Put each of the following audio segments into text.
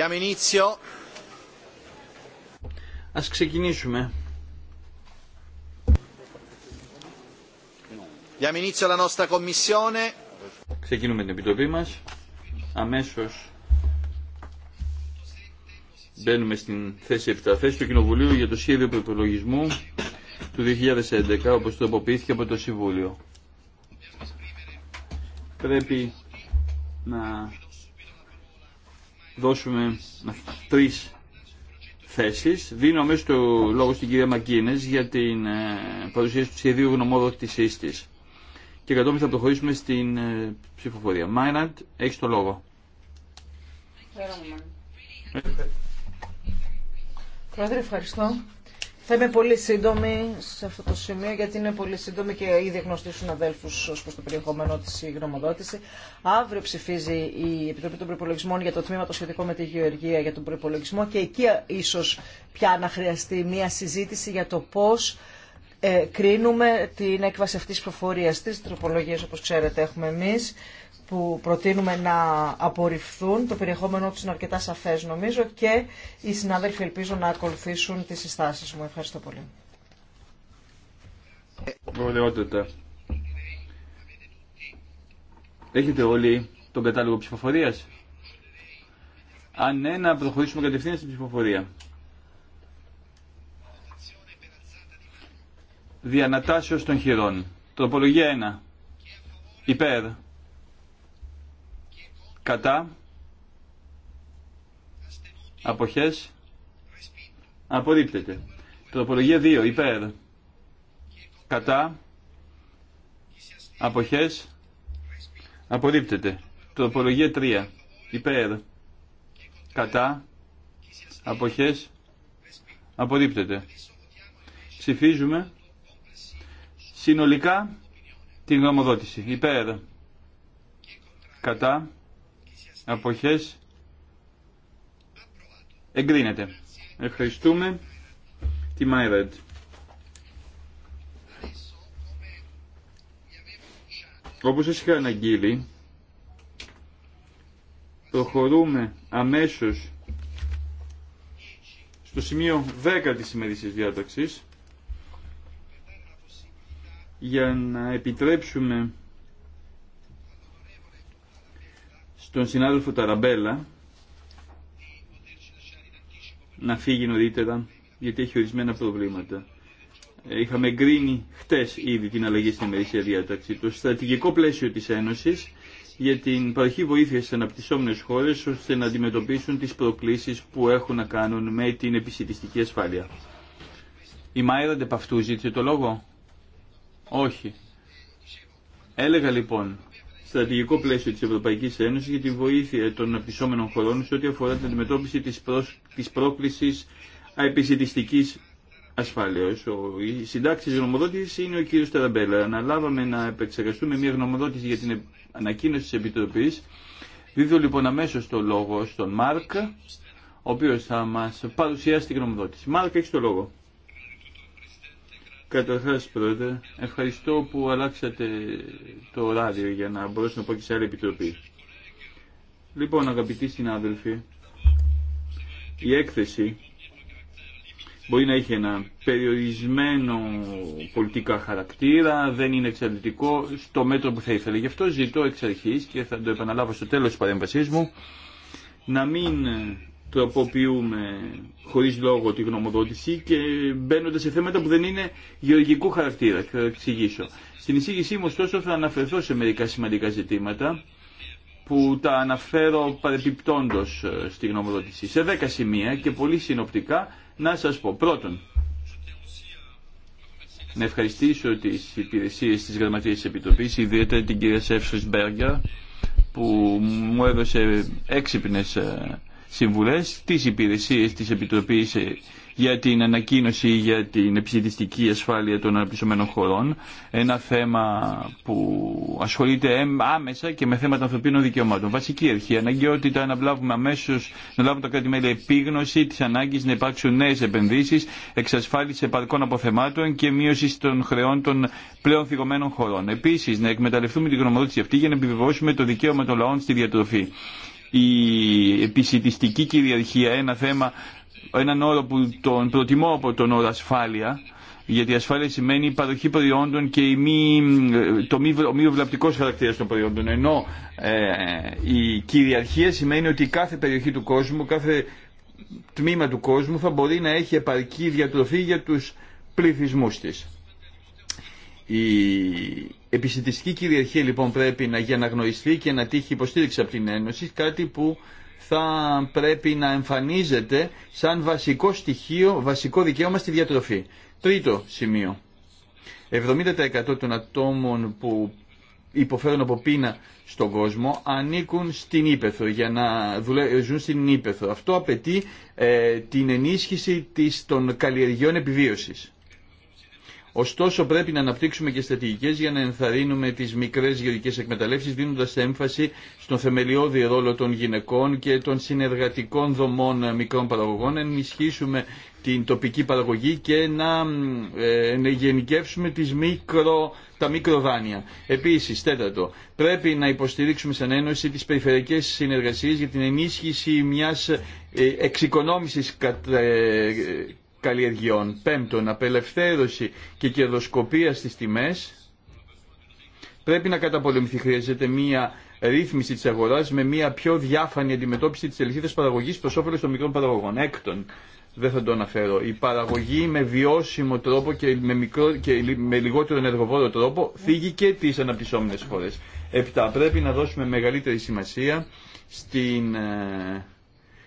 Α Ας ξεκινήσουμε. Ξεκινούμε την επιτροπή μας. Αμέσως μπαίνουμε στην θέση 7 θέση του Κοινοβουλίου για το σχέδιο προπολογισμού του 2011 όπως τοποποιήθηκε από το Συμβούλιο. Πρέπει να δώσουμε τρεις θέσει. Δίνω αμέσως το λόγο στην κυρία Μακίνες για την ε, παρουσίαση του σχεδίου γνωμόδοτησή της. Και κατόπιν θα προχωρήσουμε στην ε, ψηφοφορία. Μάιναντ, έχει το λόγο. Πρόεδρε, ευχαριστώ. Θα είμαι πολύ σύντομη σε αυτό το σημείο, γιατί είναι πολύ σύντομη και ήδη γνωστή στου αδέλφου ω προ το περιεχόμενό τη γνωμοδότηση. Αύριο ψηφίζει η Επιτροπή των Προπολογισμών για το τμήμα το σχετικό με τη γεωργία για τον προπολογισμό και εκεί ίσω πια να χρειαστεί μια συζήτηση για το πώ ε, κρίνουμε την έκβαση αυτή τη προφορία. Τι τροπολογίε, όπω ξέρετε, έχουμε εμεί που προτείνουμε να απορριφθούν. Το περιεχόμενό τους είναι αρκετά σαφές νομίζω και οι συνάδελφοι ελπίζω να ακολουθήσουν τις συστάσεις μου. Ευχαριστώ πολύ. Βολαιότητα. Έχετε όλοι τον κατάλογο ψηφοφορίας. Αν ναι, να προχωρήσουμε κατευθείαν στην ψηφοφορία. Διανατάσεως των χειρών. Τροπολογία 1. Υπέρ κατά αποχές απορρίπτεται. Τροπολογία 2 υπέρ κατά αποχές απορρίπτεται. Τροπολογία 3 υπέρ κατά αποχές απορρίπτεται. Ψηφίζουμε συνολικά την γνωμοδότηση υπέρ κατά αποχές εγκρίνεται. Ευχαριστούμε τη Μάιρετ. Όπως σας είχα αναγγείλει, προχωρούμε αμέσως στο σημείο 10 της σημερινής διάταξης για να επιτρέψουμε τον συνάδελφο Ταραμπέλα να φύγει νωρίτερα γιατί έχει ορισμένα προβλήματα. Ε, είχαμε εγκρίνει χτες ήδη την αλλαγή στην ημερήσια διάταξη. Το στρατηγικό πλαίσιο της Ένωσης για την παροχή βοήθεια στι αναπτυσσόμενε χώρε ώστε να αντιμετωπίσουν τι προκλήσει που έχουν να κάνουν με την επισητιστική ασφάλεια. Η Μάιρα Ντεπαυτού ζήτησε το λόγο. Όχι. Έλεγα λοιπόν στρατηγικό πλαίσιο της Ευρωπαϊκής Ένωσης για τη βοήθεια των αναπτυσσόμενων χωρών σε ό,τι αφορά την αντιμετώπιση της, πρόκληση της πρόκλησης αεπισητιστικής ασφάλειας. Ο, η συντάξη της γνωμοδότησης είναι ο κύριος Ταραμπέλα. Αναλάβαμε να επεξεργαστούμε μια γνωμοδότηση για την ανακοίνωση της Επιτροπής. Δίδω λοιπόν αμέσω το λόγο στον Μάρκ, ο οποίος θα μας παρουσιάσει τη γνωμοδότηση. Μάρκ, έχει το λόγο. Καταρχάς, πρώτα, ευχαριστώ που αλλάξατε το ράδιο για να μπορέσω να πω και σε άλλη επιτροπή. Λοιπόν, αγαπητοί συνάδελφοι, η έκθεση μπορεί να έχει ένα περιορισμένο πολιτικά χαρακτήρα, δεν είναι εξαρτητικό στο μέτρο που θα ήθελε. Γι' αυτό ζητώ εξ αρχής και θα το επαναλάβω στο τέλος της παρέμβασής μου, να μην τροποποιούμε χωρί λόγο τη γνωμοδότηση και μπαίνοντα σε θέματα που δεν είναι γεωργικού χαρακτήρα. Θα εξηγήσω. Στην εισήγησή μου, ωστόσο, θα αναφερθώ σε μερικά σημαντικά ζητήματα που τα αναφέρω παρεπιπτόντω ε, στη γνωμοδότηση. Σε δέκα σημεία και πολύ συνοπτικά να σα πω. Πρώτον, να ευχαριστήσω τι υπηρεσίε τη Γραμματεία τη Επιτροπής, ιδιαίτερα την κυρία Σεύσο Μπέργκερ, που μου έδωσε έξυπνε. Ε, συμβουλές της υπηρεσίας της Επιτροπής ε, για την ανακοίνωση για την επιστημιστική ασφάλεια των αναπτυσσομένων χωρών, ένα θέμα που ασχολείται άμεσα και με θέματα ανθρωπίνων δικαιωμάτων. Βασική αρχή, αναγκαιότητα να βλάβουμε αμέσω, να λάβουμε τα κράτη-μέλη επίγνωση τη ανάγκη να υπάρξουν νέε επενδύσει, εξασφάλιση επαρκών αποθεμάτων και μείωση των χρεών των πλέον θυγωμένων χωρών. Επίση, να εκμεταλλευτούμε την γνωμοδότηση αυτή για να επιβεβαιώσουμε το δικαίωμα των λαών στη διατροφή η επισητιστική κυριαρχία, ένα θέμα, έναν όρο που τον προτιμώ από τον όρο ασφάλεια, γιατί ασφάλεια σημαίνει η παροχή προϊόντων και η μη, το μη, ο μη βλαπτικό χαρακτήρα των προϊόντων. Ενώ ε, η κυριαρχία σημαίνει ότι κάθε περιοχή του κόσμου, κάθε τμήμα του κόσμου θα μπορεί να έχει επαρκή διατροφή για τους πληθυσμούς της. Η επισητιστική κυριαρχία λοιπόν πρέπει να γνωριστεί και να τύχει υποστήριξη από την Ένωση, κάτι που θα πρέπει να εμφανίζεται σαν βασικό στοιχείο, βασικό δικαίωμα στη διατροφή. Τρίτο σημείο. 70% των ατόμων που υποφέρουν από πείνα στον κόσμο ανήκουν στην Ήπεθρο για να ζουν στην Ήπεθρο. Αυτό απαιτεί ε, την ενίσχυση της, των καλλιεργειών επιβίωσης. Ωστόσο πρέπει να αναπτύξουμε και στρατηγικέ για να ενθαρρύνουμε τις μικρές γεωργικές εκμεταλλεύσεις δίνοντας έμφαση στον θεμελιώδη ρόλο των γυναικών και των συνεργατικών δομών μικρών παραγωγών, να ενισχύσουμε την τοπική παραγωγή και να, ε, γενικεύσουμε τις μικρο, τα μικροδάνεια. Επίσης, τέταρτο, πρέπει να υποστηρίξουμε σαν Ένωση τις περιφερειακές συνεργασίες για την ενίσχυση μιας ε, εξοικονόμησης καλλιεργειών. Πέμπτον, απελευθέρωση και κερδοσκοπία στις τιμές πρέπει να καταπολεμηθεί. Χρειάζεται μία ρύθμιση της αγοράς με μία πιο διάφανη αντιμετώπιση της ελευθερίας παραγωγής προς όφελος των μικρών παραγωγών. Έκτον, δεν θα το αναφέρω. Η παραγωγή με βιώσιμο τρόπο και με, μικρό, και με λιγότερο ενεργοβόρο τρόπο θίγει και τις αναπτυσσόμενες χώρες. Επτά, πρέπει να δώσουμε μεγαλύτερη σημασία στην, ε,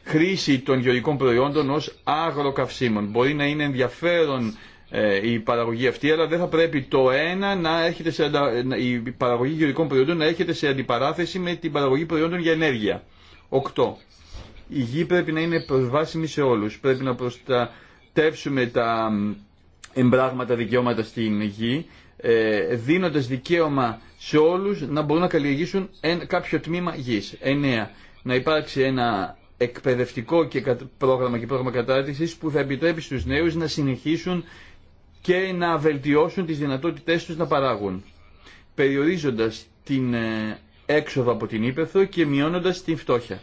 χρήση των γεωργικών προϊόντων ως αγροκαυσίμων. Μπορεί να είναι ενδιαφέρον ε, η παραγωγή αυτή, αλλά δεν θα πρέπει το ένα να έρχεται σε η παραγωγή γεωργικών προϊόντων να έρχεται σε αντιπαράθεση με την παραγωγή προϊόντων για ενέργεια. 8. Η γη πρέπει να είναι προσβάσιμη σε όλους. Πρέπει να προστατεύσουμε τα εμπράγματα δικαιώματα στην γη, ε, δίνοντας δικαίωμα σε όλους να μπορούν να καλλιεργήσουν κάποιο τμήμα γης. 9. Να υπάρξει ένα εκπαιδευτικό και πρόγραμμα και πρόγραμμα κατάρτισης που θα επιτρέπει στους νέους να συνεχίσουν και να βελτιώσουν τις δυνατότητές τους να παράγουν, περιορίζοντας την ε, έξοδο από την ύπεθρο και μειώνοντας την φτώχεια.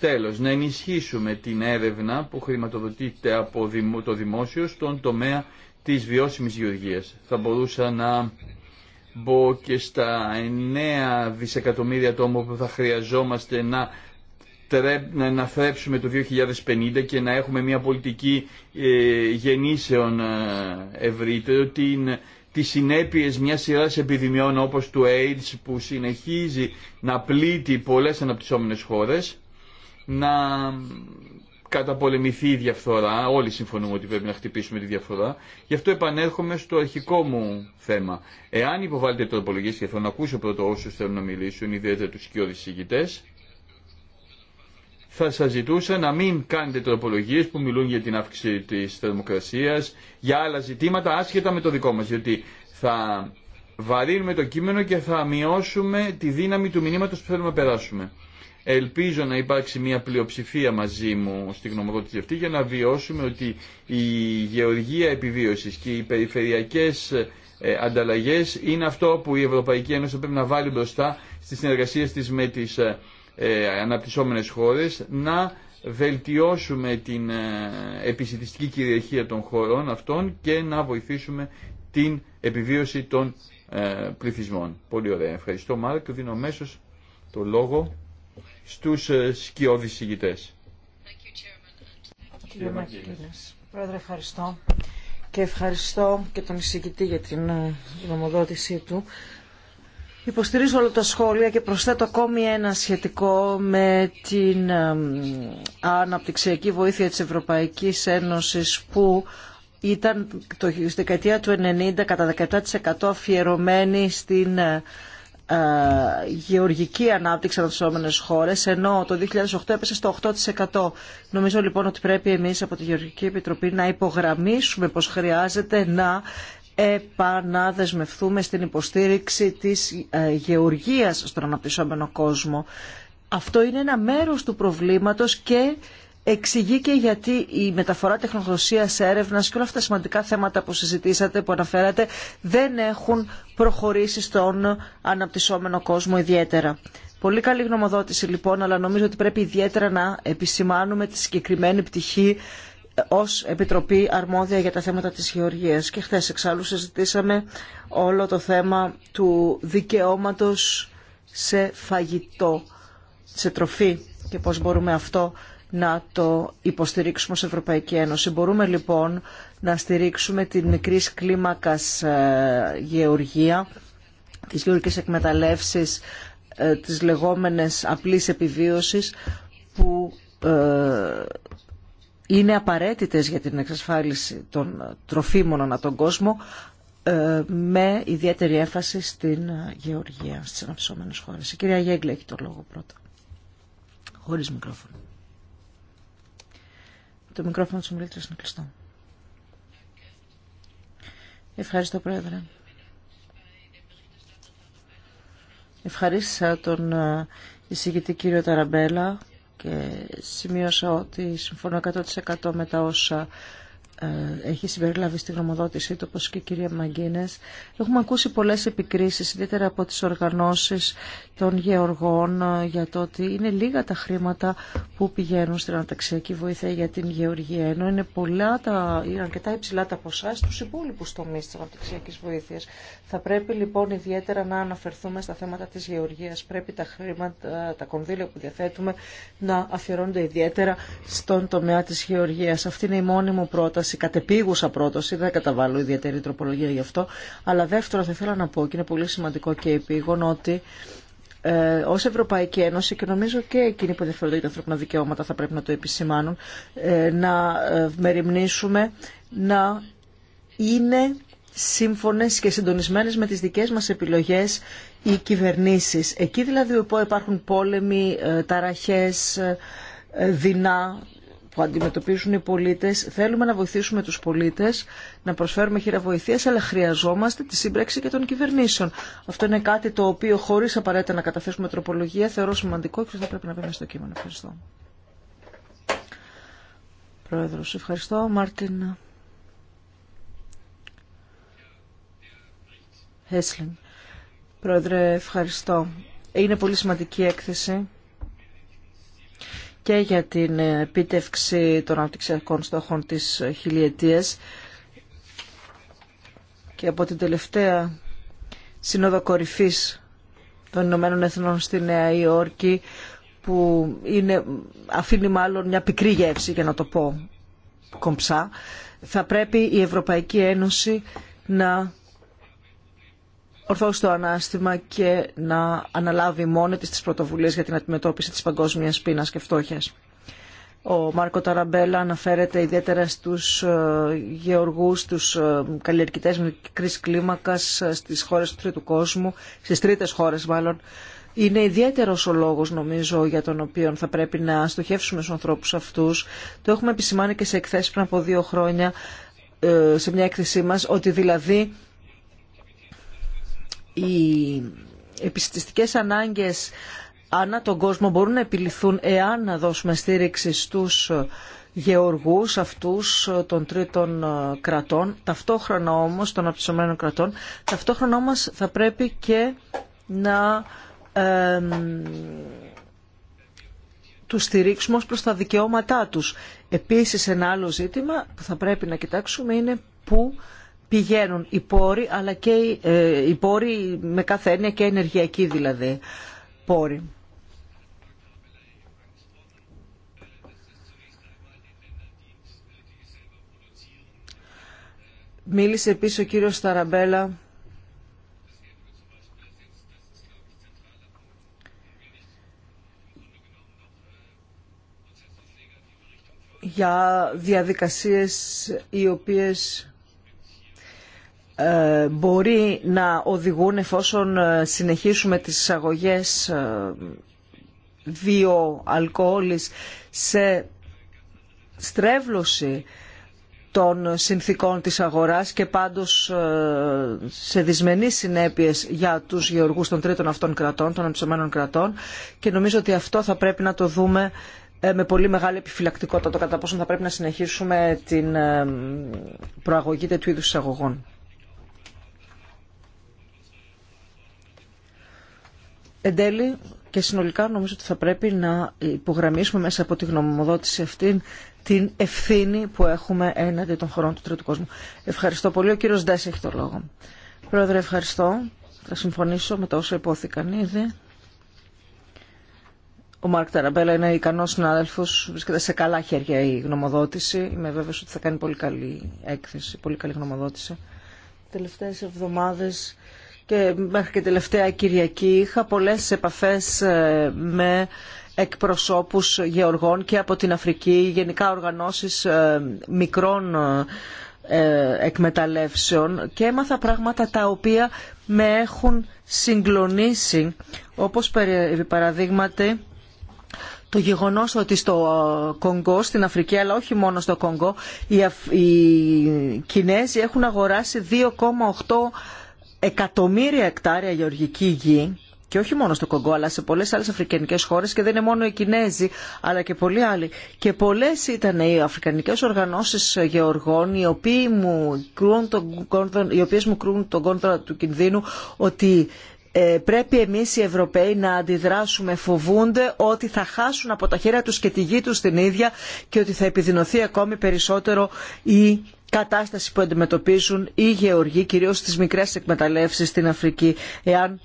Τέλος, να ενισχύσουμε την έρευνα που χρηματοδοτείται από το δημόσιο στον τομέα της βιώσιμης γεωργίας. Θα μπορούσα να μπω και στα 9 δισεκατομμύρια τόμου που θα χρειαζόμαστε να να θρέψουμε το 2050 και να έχουμε μια πολιτική ε, γεννήσεων ε, ευρύτερο, την, τις συνέπειες μια σειράς επιδημιών όπως του AIDS που συνεχίζει να πλήττει πολλές αναπτυσσόμενες χώρες, να καταπολεμηθεί η διαφθορά, όλοι συμφωνούμε ότι πρέπει να χτυπήσουμε τη διαφθορά, γι' αυτό επανέρχομαι στο αρχικό μου θέμα. Εάν υποβάλλετε τροπολογίες και θέλω να ακούσω πρώτο όσους θέλουν να μιλήσουν, ιδιαίτερα τους οικειώδεις συγκητές, θα σας ζητούσα να μην κάνετε τροπολογίες που μιλούν για την αύξηση της θερμοκρασίας, για άλλα ζητήματα άσχετα με το δικό μας, γιατί θα βαρύνουμε το κείμενο και θα μειώσουμε τη δύναμη του μηνύματος που θέλουμε να περάσουμε. Ελπίζω να υπάρξει μια πλειοψηφία μαζί μου στην γνωμοδότηση αυτή για να βιώσουμε ότι η γεωργία επιβίωσης και οι περιφερειακές ε, ανταλλαγές είναι αυτό που η Ευρωπαϊκή Ένωση πρέπει να βάλει μπροστά στις συνεργασίες της με τις ε, ε, αναπτυσσόμενες χώρες να βελτιώσουμε την ε, επισητιστική κυριαρχία των χωρών αυτών και να βοηθήσουμε την επιβίωση των ε, πληθυσμών. Πολύ ωραία. Ευχαριστώ και Δίνω μέσως το λόγο στους σκιώδεις συγητές. Κύριε Πρόεδρε ευχαριστώ και ευχαριστώ και τον εισηγητή για την γνωμοδότησή του. Υποστηρίζω όλα τα σχόλια και προσθέτω ακόμη ένα σχετικό με την αναπτυξιακή βοήθεια της Ευρωπαϊκής Ένωσης που ήταν το δεκαετία του 90 κατά 17% αφιερωμένη στην ε, ε, γεωργική ανάπτυξη αναπτυσσόμενες χώρες ενώ το 2008 έπεσε στο 8%. Νομίζω λοιπόν ότι πρέπει εμείς από τη Γεωργική Επιτροπή να υπογραμμίσουμε πως χρειάζεται να επαναδεσμευτούμε στην υποστήριξη της ε, γεωργίας στον αναπτυσσόμενο κόσμο. Αυτό είναι ένα μέρος του προβλήματος και εξηγεί και γιατί η μεταφορά τεχνογνωσίας έρευνας και όλα αυτά τα σημαντικά θέματα που συζητήσατε, που αναφέρατε, δεν έχουν προχωρήσει στον αναπτυσσόμενο κόσμο ιδιαίτερα. Πολύ καλή γνωμοδότηση λοιπόν, αλλά νομίζω ότι πρέπει ιδιαίτερα να επισημάνουμε τη συγκεκριμένη πτυχή ως Επιτροπή Αρμόδια για τα θέματα της Γεωργίας. Και χθες εξάλλου συζητήσαμε όλο το θέμα του δικαιώματος σε φαγητό, σε τροφή και πώς μπορούμε αυτό να το υποστηρίξουμε ως Ευρωπαϊκή Ένωση. Μπορούμε λοιπόν να στηρίξουμε την μικρή κλίμακας ε, γεωργία, τις γεωργικές εκμεταλλεύσεις, ε, τις λεγόμενες απλής επιβίωσης που ε, είναι απαραίτητες για την εξασφάλιση των τροφίμων ανά τον κόσμο ε, με ιδιαίτερη έμφαση στην γεωργία στις αναψώμενες χώρες. Η κυρία Γέγκλε έχει το λόγο πρώτα. Χωρίς μικρόφωνο. Το μικρόφωνο της ομιλήτρας είναι κλειστό. Ευχαριστώ Πρόεδρε. Ευχαρίστησα τον ε, εισηγητή κύριο Ταραμπέλα και σημείωσα ότι συμφωνώ 100% με τα όσα ε, έχει συμπεριλάβει στη γνωμοδότησή του, όπως και η κυρία Μαγκίνες. Έχουμε ακούσει πολλές επικρίσεις, ιδιαίτερα από τις οργανώσεις των γεωργών, ε, για το ότι είναι λίγα τα χρήματα που πηγαίνουν στην αναταξιακή βοήθεια για την γεωργία, ενώ είναι, πολλά τα, είναι αρκετά υψηλά τα ποσά στους υπόλοιπους τομείς της αναταξιακής βοήθειας. Θα πρέπει λοιπόν ιδιαίτερα να αναφερθούμε στα θέματα της γεωργίας. Πρέπει τα χρήματα, τα κονδύλια που διαθέτουμε να αφιερώνονται ιδιαίτερα στον τομέα της γεωργίας. Αυτή είναι η μόνη μου πρόταση πρόταση, κατεπίγουσα πρόταση, δεν καταβάλω ιδιαίτερη τροπολογία γι' αυτό, αλλά δεύτερο θα ήθελα να πω και είναι πολύ σημαντικό και επίγον ότι ε, ως Ευρωπαϊκή Ένωση και νομίζω και εκείνοι που ενδιαφέρονται για τα ανθρώπινα δικαιώματα θα πρέπει να το επισημάνουν, ε, να ε, μεριμνήσουμε να είναι σύμφωνες και συντονισμένες με τις δικές μας επιλογές οι κυβερνήσεις. Εκεί δηλαδή όπου υπάρχουν πόλεμοι, ε, ταραχές, δεινά που αντιμετωπίζουν οι πολίτες. Θέλουμε να βοηθήσουμε τους πολίτες, να προσφέρουμε χειραβοηθείας, αλλά χρειαζόμαστε τη σύμπραξη και των κυβερνήσεων. Αυτό είναι κάτι το οποίο χωρίς απαραίτητα να καταθέσουμε τροπολογία θεωρώ σημαντικό και θα πρέπει να μπει στο κείμενο. Ευχαριστώ. Πρόεδρος, ευχαριστώ. Μάρτιν Χέσλιν. Πρόεδρε, ευχαριστώ. Είναι πολύ σημαντική έκθεση και για την επίτευξη των αναπτυξιακών στόχων της χιλιετίας και από την τελευταία Σύνοδο Κορυφής των Ηνωμένων Εθνών στη Νέα Υόρκη που είναι, αφήνει μάλλον μια πικρή γεύση για να το πω κομψά θα πρέπει η Ευρωπαϊκή Ένωση να ορθώς το ανάστημα και να αναλάβει μόνη της τις πρωτοβουλίες για την αντιμετώπιση της παγκόσμιας πείνας και φτώχειας. Ο Μάρκο Ταραμπέλα αναφέρεται ιδιαίτερα στους ε, γεωργούς, στους ε, καλλιεργητές με κρίση κλίμακας ε, στις χώρες του τρίτου κόσμου, στις τρίτες χώρες μάλλον. Είναι ιδιαίτερος ο λόγος νομίζω για τον οποίο θα πρέπει να στοχεύσουμε στους ανθρώπους αυτούς. Το έχουμε επισημάνει και σε εκθέσεις πριν από δύο χρόνια σε μια έκθεσή μας ότι δηλαδή οι επιστηστικές ανάγκες ανά τον κόσμο μπορούν να επιληθούν εάν να δώσουμε στήριξη στους γεωργούς αυτούς των τρίτων κρατών, ταυτόχρονα όμως των απτυσσομένων κρατών, ταυτόχρονα όμως θα πρέπει και να ε, τους στηρίξουμε ως προς τα δικαιώματά τους. Επίσης ένα άλλο ζήτημα που θα πρέπει να κοιτάξουμε είναι πού πηγαίνουν οι πόροι, αλλά και ε, οι, πόροι με κάθε έννοια και ενεργειακοί δηλαδή πόροι. Μίλησε επίσης ο κύριος Σταραμπέλα για διαδικασίες οι οποίες ε, μπορεί να οδηγούν εφόσον ε, συνεχίσουμε τις εισαγωγές ε, αλκοόλης σε στρέβλωση των συνθήκων της αγοράς και πάντως σε δυσμενείς συνέπειες για τους γεωργούς των τρίτων αυτών κρατών, των αντισωμένων κρατών και νομίζω ότι αυτό θα πρέπει να το δούμε με πολύ μεγάλη επιφυλακτικότητα το κατά πόσο θα πρέπει να συνεχίσουμε την προαγωγή τέτοιου είδους εισαγωγών. Εν τέλει και συνολικά νομίζω ότι θα πρέπει να υπογραμμίσουμε μέσα από τη γνωμοδότηση αυτή την ευθύνη που έχουμε έναντι των χωρών του τρίτου κόσμου. Ευχαριστώ πολύ. Ο κύριος Ντέση έχει το λόγο. Πρόεδρε, ευχαριστώ. Θα συμφωνήσω με τα όσα υπόθηκαν ήδη. Ο Μάρκ Ταραμπέλα είναι ικανός συνάδελφος, βρίσκεται σε καλά χέρια η γνωμοδότηση. Είμαι βέβαιος ότι θα κάνει πολύ καλή έκθεση, πολύ καλή γνωμοδότηση. Τελευταίες εβδομάδες και μέχρι και τελευταία Κυριακή είχα πολλές επαφές ε, με εκπροσώπους γεωργών και από την Αφρική, γενικά οργανώσεις ε, μικρών ε, εκμεταλλεύσεων και έμαθα πράγματα τα οποία με έχουν συγκλονίσει όπως παραδείγματι το γεγονός ότι στο Κονγκό, στην Αφρική αλλά όχι μόνο στο Κονγκό οι Κινέζοι έχουν αγοράσει 2,8 εκατομμύρια εκτάρια γεωργική γη και όχι μόνο στο Κονγκό αλλά σε πολλές άλλες αφρικανικές χώρες και δεν είναι μόνο οι Κινέζοι αλλά και πολλοί άλλοι και πολλές ήταν οι αφρικανικές οργανώσεις γεωργών οι, οποίοι μου κρούν τον, οι οποίες μου κρούν τον κόντρα του κινδύνου ότι ε, πρέπει εμείς οι Ευρωπαίοι να αντιδράσουμε. Φοβούνται ότι θα χάσουν από τα χέρια τους και τη γη τους την ίδια και ότι θα επιδεινωθεί ακόμη περισσότερο η κατάσταση που αντιμετωπίζουν οι γεωργοί, κυρίως στις μικρές εκμεταλλεύσεις στην Αφρική, εάν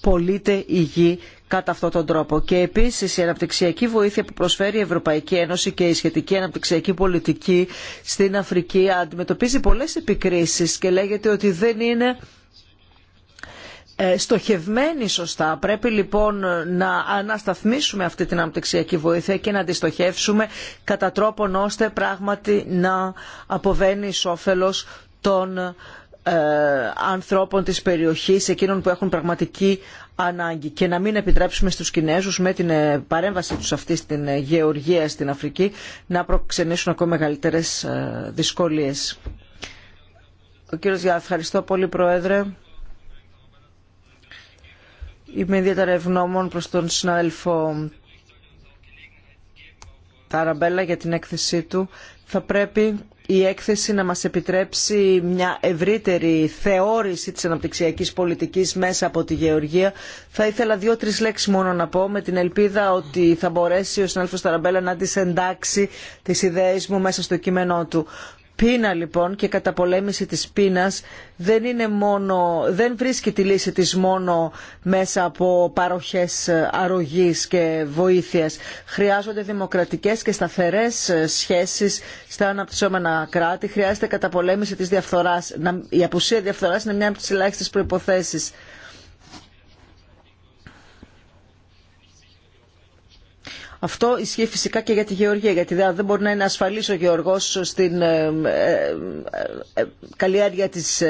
πωλείται η γη κατά αυτόν τον τρόπο. Και επίσης η αναπτυξιακή βοήθεια που προσφέρει η Ευρωπαϊκή Ένωση και η σχετική αναπτυξιακή πολιτική στην Αφρική αντιμετωπίζει πολλές επικρίσεις και λέγεται ότι δεν είναι ε, στοχευμένη σωστά. Πρέπει λοιπόν να ανασταθμίσουμε αυτή την αναπτυξιακή βοήθεια και να τη στοχεύσουμε κατά τρόπον ώστε πράγματι να αποβαίνει εις όφελος των ε, ανθρώπων της περιοχής, εκείνων που έχουν πραγματική ανάγκη και να μην επιτρέψουμε στους Κινέζους με την ε, παρέμβαση τους αυτή στην γεωργία στην Αφρική να προξενήσουν ακόμα μεγαλύτερες δυσκολίες. Ο κύριος Γιάννη, ευχαριστώ πολύ Πρόεδρε. Είμαι ιδιαίτερα ευγνώμων προς τον συνάδελφο Ταραμπέλα για την έκθεσή του. Θα πρέπει η έκθεση να μας επιτρέψει μια ευρύτερη θεώρηση της αναπτυξιακής πολιτικής μέσα από τη γεωργία. Θα ήθελα δύο-τρεις λέξεις μόνο να πω με την ελπίδα ότι θα μπορέσει ο συνάδελφος Ταραμπέλα να τις εντάξει τις ιδέες μου μέσα στο κείμενό του. Πείνα λοιπόν και καταπολέμηση της πείνας δεν, είναι μόνο, δεν βρίσκει τη λύση της μόνο μέσα από παροχές αρρωγής και βοήθειας. Χρειάζονται δημοκρατικές και σταθερές σχέσεις στα αναπτυσσόμενα κράτη. Χρειάζεται καταπολέμηση της διαφθοράς. Η απουσία διαφθοράς είναι μια από τις ελάχιστες προϋποθέσεις Αυτό ισχύει φυσικά και για τη γεωργία, γιατί δεν μπορεί να είναι ασφαλής ο γεωργός στην ε, ε, ε, καλλιέργεια της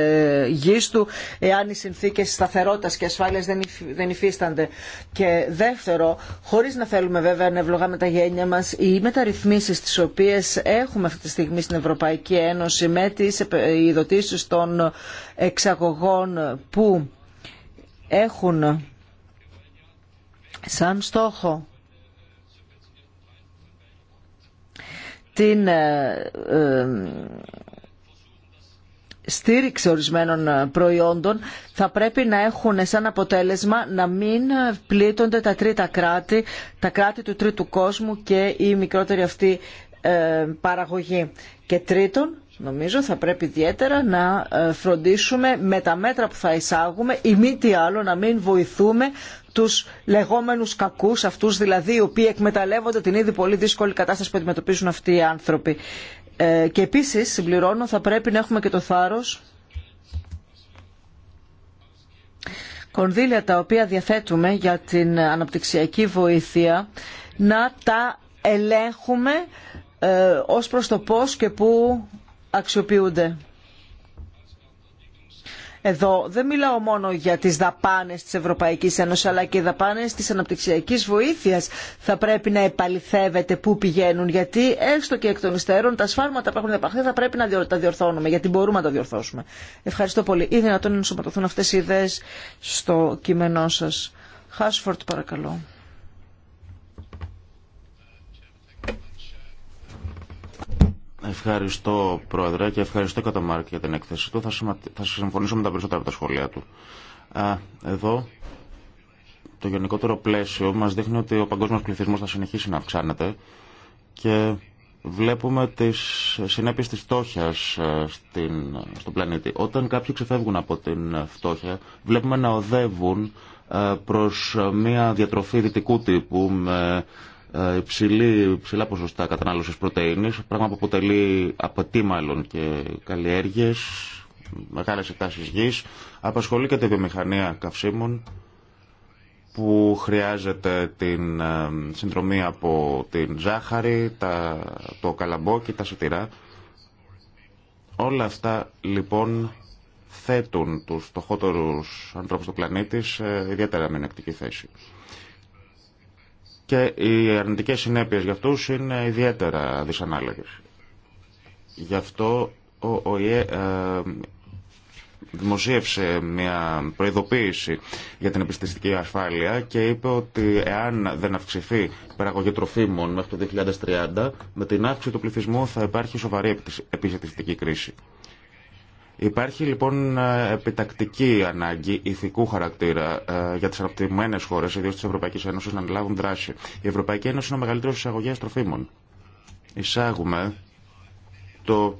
γης του, εάν οι συνθήκες σταθερότητας και ασφάλειας δεν υφίστανται. Και δεύτερο, χωρίς να θέλουμε βέβαια να ευλογάμε τα γένια μας, οι μεταρρυθμίσεις τις οποίες έχουμε αυτή τη στιγμή στην Ευρωπαϊκή Ένωση με τις ειδωτήσεις των εξαγωγών που έχουν σαν στόχο την ε, ε, στήριξη ορισμένων ε, προϊόντων θα πρέπει να έχουν σαν αποτέλεσμα να μην πλήττονται τα τρίτα κράτη, τα κράτη του τρίτου κόσμου και η μικρότερη αυτή παραγωγή. Και τρίτον, νομίζω θα πρέπει ιδιαίτερα να φροντίσουμε με τα μέτρα που θα εισάγουμε ή μη τι άλλο να μην βοηθούμε τους λεγόμενους κακούς, αυτούς δηλαδή οι οποίοι εκμεταλλεύονται την ήδη πολύ δύσκολη κατάσταση που αντιμετωπίζουν αυτοί οι άνθρωποι. Ε, και επίσης, συμπληρώνω, θα πρέπει να έχουμε και το θάρρος κονδύλια τα οποία διαθέτουμε για την αναπτυξιακή βοήθεια να τα ελέγχουμε ε, ως προς το πώς και πού αξιοποιούνται. Εδώ δεν μιλάω μόνο για τις δαπάνες της Ευρωπαϊκής Ένωσης αλλά και οι δαπάνες της αναπτυξιακής βοήθειας θα πρέπει να επαληθεύεται πού πηγαίνουν γιατί έστω και εκ των υστέρων τα σφάλματα που έχουν επαχθεί θα πρέπει να τα διορθώνουμε γιατί μπορούμε να τα διορθώσουμε. Ευχαριστώ πολύ. Ή δυνατόν να ενσωματωθούν αυτές οι ιδέες στο κείμενό σας. Χάσφορτ παρακαλώ. Ευχαριστώ, Πρόεδρε, και ευχαριστώ κατά Μάρκ για την έκθεση του. Θα συμφωνήσω με τα περισσότερα από τα σχόλια του. Εδώ το γενικότερο πλαίσιο μας δείχνει ότι ο παγκόσμιος πληθυσμό θα συνεχίσει να αυξάνεται και βλέπουμε τις συνέπειες της φτώχειας ε, στον πλανήτη. Όταν κάποιοι ξεφεύγουν από την φτώχεια βλέπουμε να οδεύουν ε, προς μια διατροφή δυτικού τύπου ε, υψηλή, υψηλά ποσοστά κατανάλωσης πρωτενη, πράγμα που αποτελεί αποτίμαλων και καλλιέργειε, μεγάλε εκτάσει γης, απασχολεί και τη βιομηχανία καυσίμων που χρειάζεται την ε, συνδρομή από την ζάχαρη, τα, το καλαμπόκι, τα σιτηρά. Όλα αυτά λοιπόν θέτουν τους φτωχότερους ανθρώπους του πλανήτη σε ιδιαίτερα μενεκτική θέση και οι αρνητικές συνέπειες για αυτούς είναι ιδιαίτερα δυσανάλογες. Γι' αυτό ο ΟΗΕ ε, δημοσίευσε μια προειδοποίηση για την επιστηστική ασφάλεια και είπε ότι εάν δεν αυξηθεί η παραγωγή τροφίμων μέχρι το 2030, με την αύξηση του πληθυσμού θα υπάρχει σοβαρή επιστημιστική κρίση. Υπάρχει λοιπόν ε, επιτακτική ανάγκη ηθικού χαρακτήρα ε, για τι αναπτυγμένε χώρε, ιδίω τη Ευρωπαϊκή Ένωση, να αναλάβουν δράση. Η Ευρωπαϊκή Ένωση είναι ο μεγαλύτερο εισαγωγέα τροφίμων. Εισάγουμε το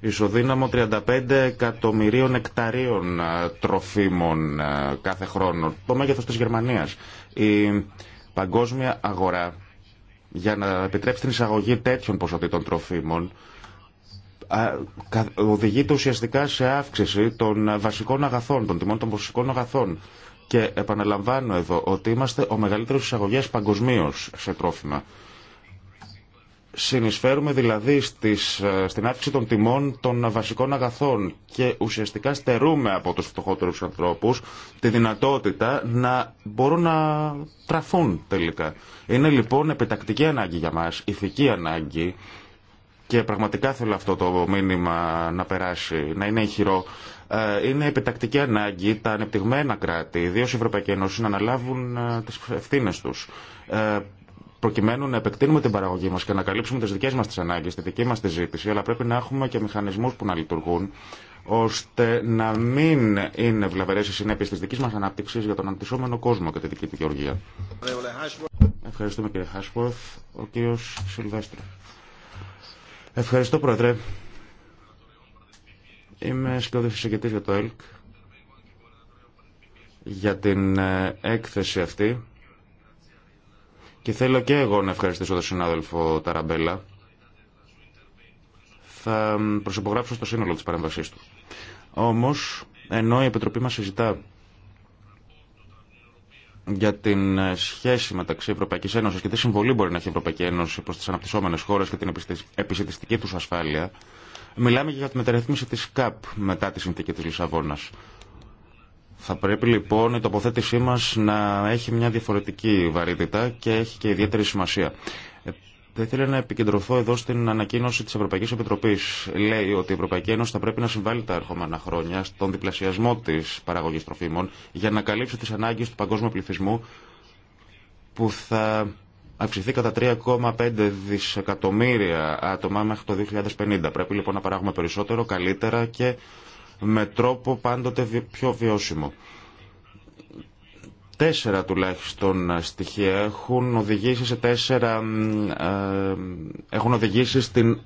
ισοδύναμο 35 εκατομμυρίων εκταρίων ε, τροφίμων κάθε χρόνο, το μέγεθος της Γερμανίας. Η παγκόσμια αγορά για να επιτρέψει την εισαγωγή τέτοιων ποσοτήτων τροφίμων οδηγείται ουσιαστικά σε αύξηση των βασικών αγαθών, των τιμών των βασικών αγαθών. Και επαναλαμβάνω εδώ ότι είμαστε ο μεγαλύτερος εισαγωγέας παγκοσμίω σε τρόφιμα. Συνεισφέρουμε δηλαδή στις, στην αύξηση των τιμών των βασικών αγαθών και ουσιαστικά στερούμε από τους φτωχότερους ανθρώπους τη δυνατότητα να μπορούν να τραφούν τελικά. Είναι λοιπόν επιτακτική ανάγκη για μας, ηθική ανάγκη, και πραγματικά θέλω αυτό το μήνυμα να περάσει, να είναι ηχηρό, ε, είναι επιτακτική ανάγκη τα ανεπτυγμένα κράτη, ιδίω η Ευρωπαϊκή Ένωση, να αναλάβουν ε, τι ευθύνε του. Ε, προκειμένου να επεκτείνουμε την παραγωγή μα και να καλύψουμε τι δικέ μα τι ανάγκε, τη δική μα τη ζήτηση, αλλά πρέπει να έχουμε και μηχανισμού που να λειτουργούν, ώστε να μην είναι βλαβερέ οι συνέπειε τη δική μα ανάπτυξη για τον αντισώμενο κόσμο και τη δική του γεωργία. Ευχαριστούμε κύριε Χάσπορθ. Ο κύριο Σιλβέστρο. Ευχαριστώ, Πρόεδρε. Είμαι σκληρός εισηγητής για το ΕΛΚ για την ε, έκθεση αυτή και θέλω και εγώ να ευχαριστήσω τον συνάδελφο Ταραμπέλα. Θα προσυπογράψω στο σύνολο της παρέμβασής του. Όμως, ενώ η Επιτροπή μας συζητά για την ε, σχέση μεταξύ Ευρωπαϊκή Ένωση και τι συμβολή μπορεί να έχει η Ευρωπαϊκή Ένωση προ τι αναπτυσσόμενε χώρε και την επιστημιστική του ασφάλεια, μιλάμε για τη μεταρρύθμιση τη ΚΑΠ μετά τη συνθήκη τη Λισαβόνα. Θα πρέπει λοιπόν η τοποθέτησή μα να έχει μια διαφορετική βαρύτητα και έχει και ιδιαίτερη σημασία. Θα ήθελα να επικεντρωθώ εδώ στην ανακοίνωση τη Ευρωπαϊκή Επιτροπή. Λέει ότι η Ευρωπαϊκή Ένωση θα πρέπει να συμβάλλει τα ερχόμενα χρόνια στον διπλασιασμό τη παραγωγή τροφίμων για να καλύψει τι ανάγκε του παγκόσμιου πληθυσμού που θα αυξηθεί κατά 3,5 δισεκατομμύρια άτομα μέχρι το 2050. Πρέπει λοιπόν να παράγουμε περισσότερο, καλύτερα και με τρόπο πάντοτε πιο βιώσιμο τέσσερα τουλάχιστον στοιχεία έχουν οδηγήσει σε τέσσερα ε, έχουν οδηγήσει στην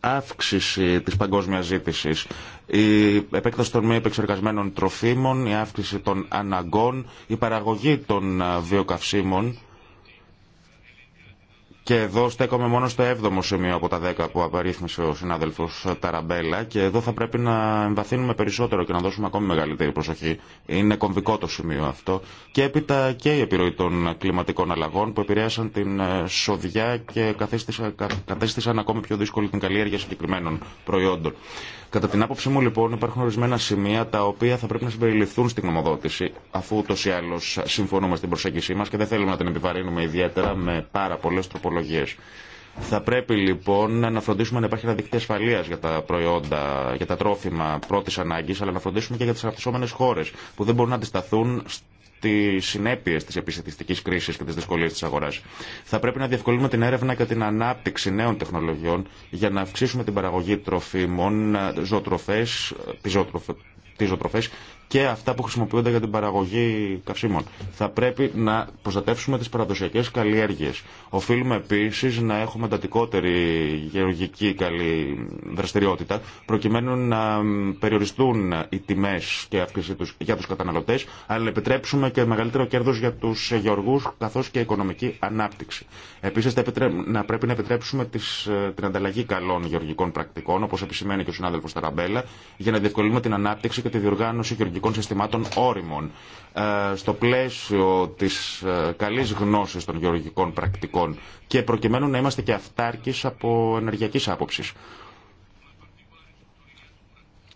αύξηση της παγκόσμιας ζήτησης. Η επέκταση των μη επεξεργασμένων τροφίμων, η αύξηση των αναγκών, η παραγωγή των ε, βιοκαυσίμων και εδώ στέκομαι μόνο στο 7ο σημείο από τα 10 που απαρίθμησε ο συνάδελφο Ταραμπέλα και εδώ θα πρέπει να εμβαθύνουμε περισσότερο και να δώσουμε ακόμη μεγαλύτερη προσοχή. Είναι κομβικό το σημείο αυτό. Και έπειτα και η επιρροή των κλιματικών αλλαγών που επηρέασαν την ε, σοδιά και καθίστησαν, καθίστησαν ακόμη πιο δύσκολη την καλλιέργεια συγκεκριμένων προϊόντων. Κατά την άποψή μου λοιπόν υπάρχουν ορισμένα σημεία τα οποία θα πρέπει να συμπεριληφθούν στην νομοδότηση αφού ούτω ή άλλω συμφωνούμε στην προσέγγιση μα και δεν θέλουμε να την επιβαρύνουμε ιδιαίτερα με πάρα πολλέ τροπολογίε θα πρέπει λοιπόν να φροντίσουμε να υπάρχει ένα δίκτυο ασφαλεία για τα προϊόντα, για τα τρόφιμα πρώτη ανάγκη, αλλά να φροντίσουμε και για τι αναπτυσσόμενε χώρε που δεν μπορούν να αντισταθούν στι συνέπειε τη επιστημιστική κρίση και τι δυσκολίε τη αγορά. Θα πρέπει να διευκολύνουμε την έρευνα και την ανάπτυξη νέων τεχνολογιών για να αυξήσουμε την παραγωγή τροφίμων, ζωοτροφέ, τι ζωοτροφέ και αυτά που χρησιμοποιούνται για την παραγωγή καυσίμων. Θα πρέπει να προστατεύσουμε τι παραδοσιακέ καλλιέργειε. Οφείλουμε επίση να έχουμε εντατικότερη γεωργική καλή δραστηριότητα προκειμένου να περιοριστούν οι τιμέ και αύξηση τους για του καταναλωτέ, αλλά να επιτρέψουμε και μεγαλύτερο κέρδο για του γεωργού καθώ και οικονομική ανάπτυξη. Επίση να πρέπει να επιτρέψουμε τις, ε, την ανταλλαγή καλών γεωργικών πρακτικών όπω επισημαίνει και ο συνάδελφο Ταραμπέλα για να διευκολύνουμε την ανάπτυξη και τη διοργάνωση φορολογικών συστημάτων όριμων ε, στο πλαίσιο της ε, καλής γνώσης των γεωργικών πρακτικών και προκειμένου να είμαστε και αυτάρκης από ενεργειακής άποψης.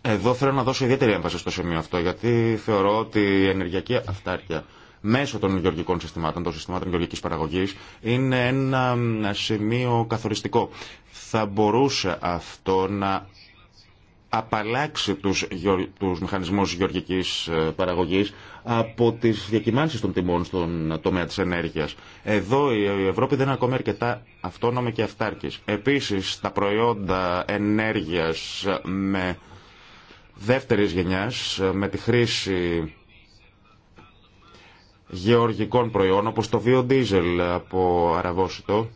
Εδώ θέλω να δώσω ιδιαίτερη έμφαση στο σημείο αυτό, γιατί θεωρώ ότι η ενεργειακή αυτάρκεια μέσω των γεωργικών συστημάτων, των συστημάτων γεωργικής παραγωγής, είναι ένα ε, σημείο καθοριστικό. Θα μπορούσε αυτό να απαλλάξει τους, τους μηχανισμούς γεωργικής ε, παραγωγής από τις διακυμάνσεις των τιμών στον τομέα της ενέργειας. Εδώ η Ευρώπη δεν είναι ακόμα αρκετά αυτόνομη και αυτάρκης. Επίσης, τα προϊόντα ενέργειας ε, με δεύτερης γενιάς, ε, με τη χρήση γεωργικών προϊόντων, όπως το βιοδίζελ από αραβόσιτο,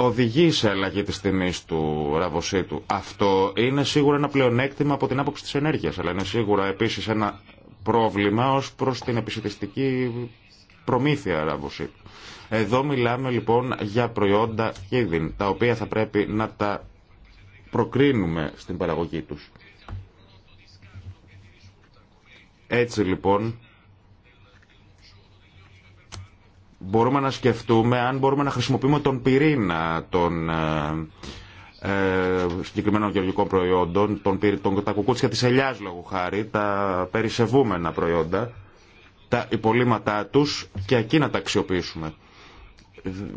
οδηγεί σε αλλαγή της τιμή του ραβοσίτου. Αυτό είναι σίγουρα ένα πλεονέκτημα από την άποψη της ενέργειας, αλλά είναι σίγουρα επίσης ένα πρόβλημα ως προς την επισητιστική προμήθεια ραβοσίτου. Εδώ μιλάμε λοιπόν για προϊόντα χίδιν, τα οποία θα πρέπει να τα προκρίνουμε στην παραγωγή τους. Έτσι λοιπόν μπορούμε να σκεφτούμε αν μπορούμε να χρησιμοποιούμε τον πυρήνα των ε, ε συγκεκριμένων γεωργικών προϊόντων, τον, τον, τα κουκούτσια της ελιάς λόγου χάρη, τα περισεβούμενα προϊόντα, τα υπολείμματά τους και εκεί να τα αξιοποιήσουμε.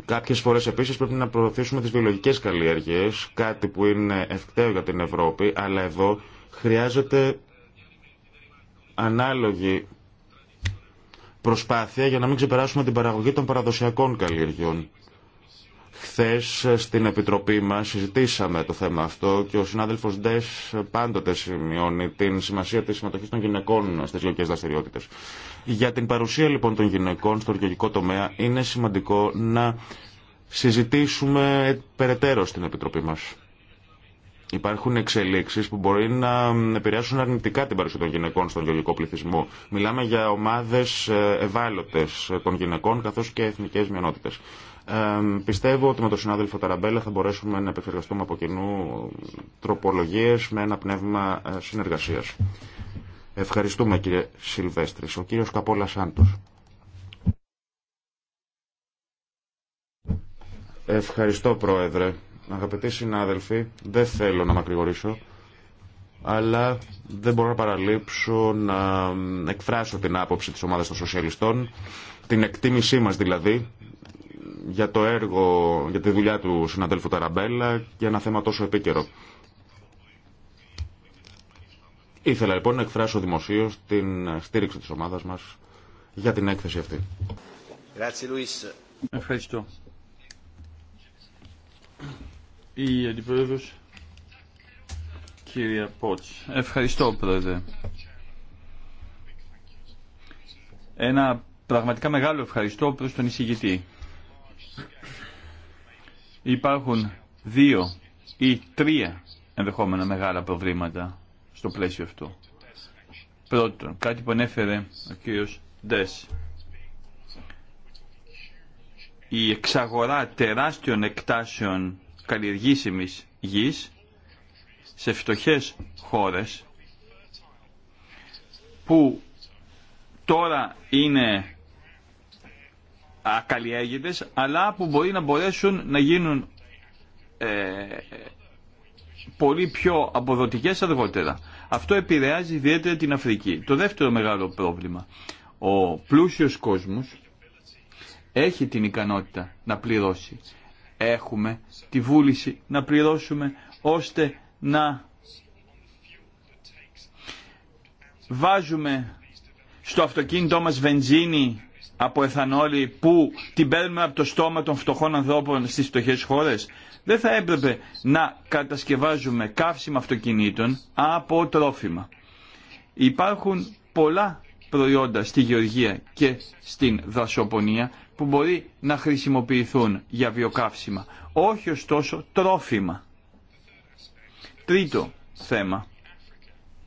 Κάποιες φορές επίσης πρέπει να προωθήσουμε τις βιολογικές καλλιέργειες, κάτι που είναι ευκταίο για την Ευρώπη, αλλά εδώ χρειάζεται ανάλογη προσπάθεια για να μην ξεπεράσουμε την παραγωγή των παραδοσιακών καλλιεργιών. Χθε ε, στην Επιτροπή μα συζητήσαμε το θέμα αυτό και ο συνάδελφο Ντε πάντοτε σημειώνει την σημασία τη συμμετοχή των γυναικών στι γεωργικέ δραστηριότητε. Για την παρουσία λοιπόν των γυναικών στο γεωργικό τομέα είναι σημαντικό να συζητήσουμε περαιτέρω στην Επιτροπή μας. Υπάρχουν εξελίξεις που μπορεί να επηρεάσουν αρνητικά την παρουσία των γυναικών στον γεωργικό πληθυσμό. Μιλάμε για ομάδες ε, ευάλωτες των γυναικών καθώς και εθνικές μειονότητες. Ε, πιστεύω ότι με τον συνάδελφο Ταραμπέλα θα μπορέσουμε να επεξεργαστούμε από κοινού τροπολογίες με ένα πνεύμα ε, συνεργασίας. Ευχαριστούμε κύριε Σιλβέστρης. Ο κύριος Καπόλα Σάντος. Ευχαριστώ πρόεδρε. Αγαπητοί συνάδελφοι, δεν θέλω να μακρηγορήσω, αλλά δεν μπορώ να παραλείψω να εκφράσω την άποψη της ομάδας των σοσιαλιστών, την εκτίμησή μας δηλαδή, για το έργο, για τη δουλειά του συναδέλφου Ταραμπέλα και ένα θέμα τόσο επίκαιρο. Ήθελα λοιπόν να εκφράσω δημοσίως την στήριξη της ομάδας μας για την έκθεση αυτή. Ευχαριστώ η Αντιπρόεδρος κυρία Πότς. Ευχαριστώ Πρόεδρε. Ένα πραγματικά μεγάλο ευχαριστώ προς τον εισηγητή. Υπάρχουν δύο ή τρία ενδεχόμενα μεγάλα προβλήματα στο πλαίσιο αυτό. Πρώτον, κάτι που ανέφερε ο κύριος Ντες. Η εξαγορά τεράστιων εκτάσεων καλλιεργήσιμης γης σε φτωχές χώρες που τώρα είναι ακαλλιέργητες αλλά που μπορεί να μπορέσουν να γίνουν ε, πολύ πιο αποδοτικές αργότερα. Αυτό επηρεάζει ιδιαίτερα την Αφρική. Το δεύτερο μεγάλο πρόβλημα. Ο πλούσιος κόσμος έχει την ικανότητα να πληρώσει έχουμε τη βούληση να πληρώσουμε ώστε να βάζουμε στο αυτοκίνητό μας βενζίνη από εθανόλη που την παίρνουμε από το στόμα των φτωχών ανθρώπων στις φτωχές χώρες. Δεν θα έπρεπε να κατασκευάζουμε καύσιμα αυτοκινήτων από τρόφιμα. Υπάρχουν πολλά προϊόντα στη γεωργία και στην δασοπονία που μπορεί να χρησιμοποιηθούν για βιοκαύσιμα, όχι ωστόσο τρόφιμα. Τρίτο θέμα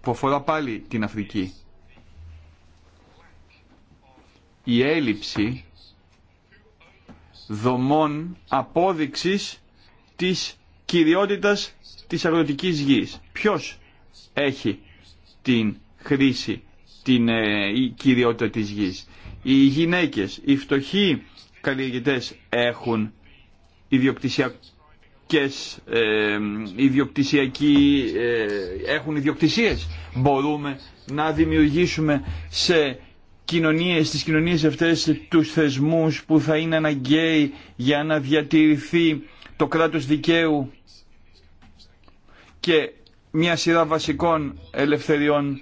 που αφορά πάλι την Αφρική. Η έλλειψη δομών απόδειξης της κυριότητας της αγροτικής γης. Ποιος έχει την χρήση, την ε, κυριότητα της γης οι γυναίκες, οι φτωχοί καλλιεργητές έχουν ιδιοκτησιακές, ε, ε, έχουν ιδιοκτησίες. Μπορούμε να δημιουργήσουμε σε κοινωνίες, στις κοινωνίες αυτές τους θεσμούς που θα είναι αναγκαίοι για να διατηρηθεί το κράτος δικαίου και μια σειρά βασικών ελευθεριών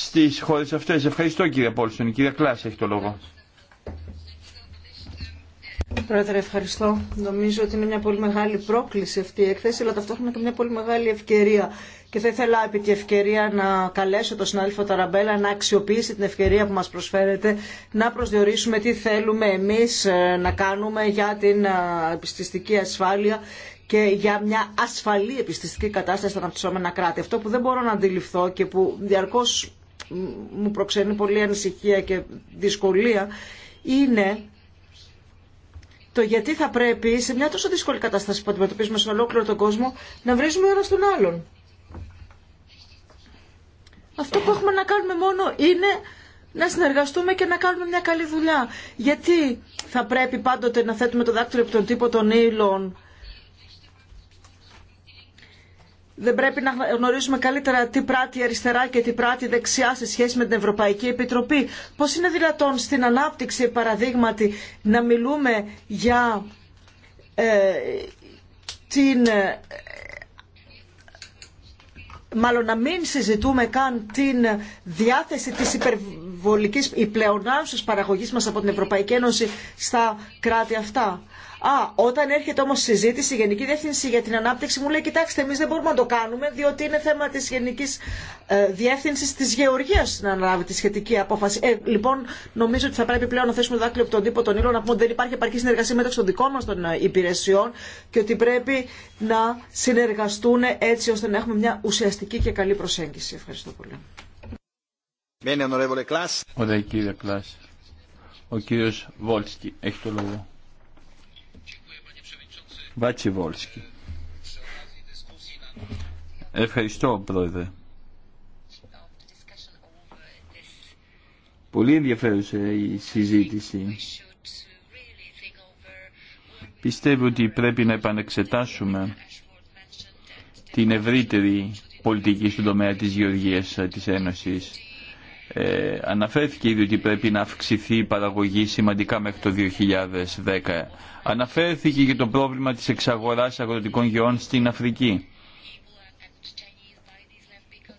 Στι χώρε αυτέ. Ευχαριστώ κύριε Πόλσον. Η κυρία Κλάση έχει το λόγο. Πρόεδρε, ευχαριστώ. Νομίζω ότι είναι μια πολύ μεγάλη πρόκληση αυτή η εκθέση, αλλά ταυτόχρονα και μια πολύ μεγάλη ευκαιρία. Και θα ήθελα επί τη ευκαιρία να καλέσω τον συνάδελφο Ταραμπέλα να αξιοποιήσει την ευκαιρία που μας προσφέρεται να προσδιορίσουμε τι θέλουμε εμείς ε, να κάνουμε για την ε, επιστηστική ασφάλεια και για μια ασφαλή επιστηστική κατάσταση στα αναπτυσσόμενα κράτη. Αυτό που δεν μπορώ να αντιληφθώ και που διαρκώς μου προξενεί πολύ ανησυχία και δυσκολία είναι το γιατί θα πρέπει σε μια τόσο δύσκολη κατάσταση που αντιμετωπίζουμε στον ολόκληρο τον κόσμο να βρίζουμε ένα τον άλλον. Αυτό που έχουμε να κάνουμε μόνο είναι να συνεργαστούμε και να κάνουμε μια καλή δουλειά. Γιατί θα πρέπει πάντοτε να θέτουμε το δάκτυλο από τον τύπο των ήλων δεν πρέπει να γνωρίζουμε καλύτερα τι πράττει η αριστερά και τι πράττει η δεξιά σε σχέση με την Ευρωπαϊκή Επιτροπή. Πώς είναι δυνατόν στην ανάπτυξη παραδείγματι να μιλούμε για ε, την ε, μάλλον να μην συζητούμε καν την διάθεση της υπερβολικής, η παραγωγής μας από την Ευρωπαϊκή Ένωση στα κράτη αυτά. Α, όταν έρχεται όμω συζήτηση, η Γενική Διεύθυνση για την Ανάπτυξη μου λέει: Κοιτάξτε, εμεί δεν μπορούμε να το κάνουμε, διότι είναι θέμα τη Γενική ε, Διεύθυνση τη Γεωργία να αναλάβει τη σχετική απόφαση. Ε, λοιπόν, νομίζω ότι θα πρέπει πλέον να θέσουμε το δάκτυλο από τον τύπο των ήλων, να πούμε ότι δεν υπάρχει επαρκή συνεργασία μεταξύ των δικών μα των ε, υπηρεσιών και ότι πρέπει να συνεργαστούν έτσι ώστε να έχουμε μια ουσιαστική και καλή προσέγγιση. Ευχαριστώ πολύ. Ο κύριος Βόλσκι, έχει το λόγο. Ευχαριστώ, Πρόεδρε. Πολύ ενδιαφέρουσα η συζήτηση. Πιστεύω ότι πρέπει να επανεξετάσουμε την ευρύτερη πολιτική στον τομέα της γεωργίας της Ένωσης. Ε, αναφέρθηκε ήδη ότι πρέπει να αυξηθεί η παραγωγή σημαντικά μέχρι το 2010. Αναφέρθηκε και το πρόβλημα της εξαγοράς αγροτικών γεών στην Αφρική.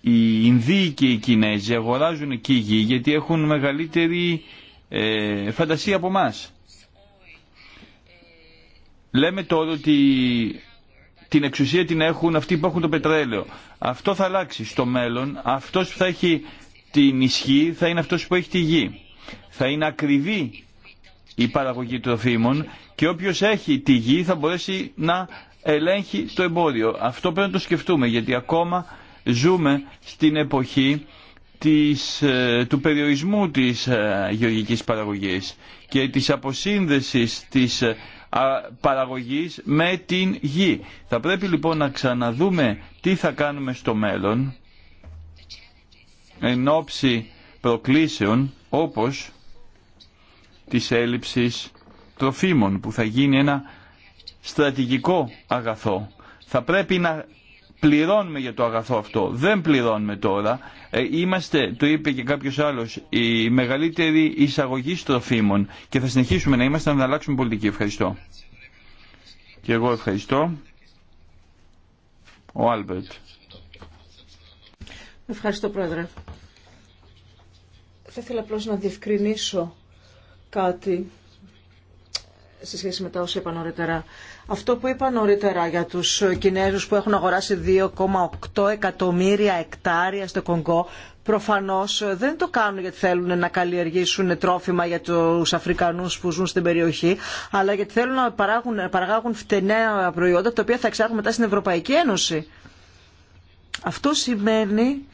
Οι Ινδίοι και οι Κινέζοι αγοράζουν εκεί γη γιατί έχουν μεγαλύτερη ε, φαντασία από εμά. Λέμε τώρα ότι την εξουσία την έχουν αυτοί που έχουν το πετρέλαιο. Αυτό θα αλλάξει στο μέλλον. Αυτός που θα έχει την ισχύ θα είναι αυτός που έχει τη γη. Θα είναι ακριβή η παραγωγή τροφίμων και όποιος έχει τη γη θα μπορέσει να ελέγχει το εμπόριο. Αυτό πρέπει να το σκεφτούμε γιατί ακόμα ζούμε στην εποχή ε, του περιορισμού της ε, γεωργικής παραγωγής και της αποσύνδεσης της ε, παραγωγής με την γη. Θα πρέπει λοιπόν να ξαναδούμε τι θα κάνουμε στο μέλλον εν ώψη προκλήσεων όπως της έλλειψης τροφίμων που θα γίνει ένα στρατηγικό αγαθό. Θα πρέπει να πληρώνουμε για το αγαθό αυτό. Δεν πληρώνουμε τώρα. Ε, είμαστε, το είπε και κάποιος άλλος, η μεγαλύτερη εισαγωγή τροφίμων και θα συνεχίσουμε να είμαστε να αλλάξουμε πολιτική. Ευχαριστώ. Και εγώ ευχαριστώ. Ο Άλμπερτ. Ευχαριστώ, Πρόεδρε. Θα ήθελα απλώ να διευκρινίσω κάτι σε σχέση με τα όσα είπα νωρίτερα. Αυτό που είπα νωρίτερα για τους Κινέζους που έχουν αγοράσει 2,8 εκατομμύρια εκτάρια στο Κονγκό, προφανώς δεν το κάνουν γιατί θέλουν να καλλιεργήσουν τρόφιμα για τους Αφρικανούς που ζουν στην περιοχή, αλλά γιατί θέλουν να παράγουν, παράγουν προϊόντα τα οποία θα εξάγουν μετά στην Ευρωπαϊκή Ένωση. Αυτό σημαίνει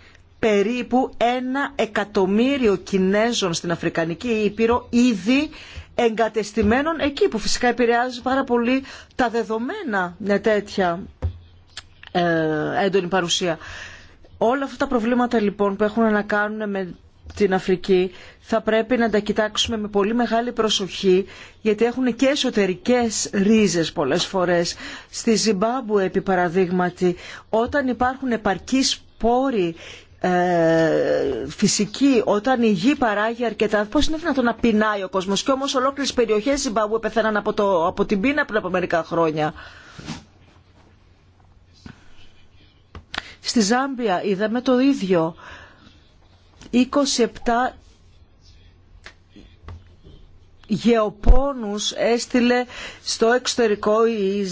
περίπου ένα εκατομμύριο Κινέζων στην Αφρικανική Ήπειρο ήδη εγκατεστημένων εκεί που φυσικά επηρεάζει πάρα πολύ τα δεδομένα μια τέτοια ε, έντονη παρουσία. Όλα αυτά τα προβλήματα λοιπόν που έχουν να κάνουν με την Αφρική θα πρέπει να τα κοιτάξουμε με πολύ μεγάλη προσοχή γιατί έχουν και εσωτερικές ρίζες πολλές φορές. Στη Ζιμπάμπου επί παραδείγματι όταν υπάρχουν επαρκείς πόροι ε, φυσική, όταν η γη παράγει αρκετά, πώ είναι δυνατόν να πεινάει ο κόσμο. Και όμω ολόκληρε περιοχέ Ζιμπαμπού πεθαίναν από, το, από την πείνα πριν από μερικά χρόνια. Στη Ζάμπια είδαμε το ίδιο. 27 γεωπόνους έστειλε στο εξωτερικό η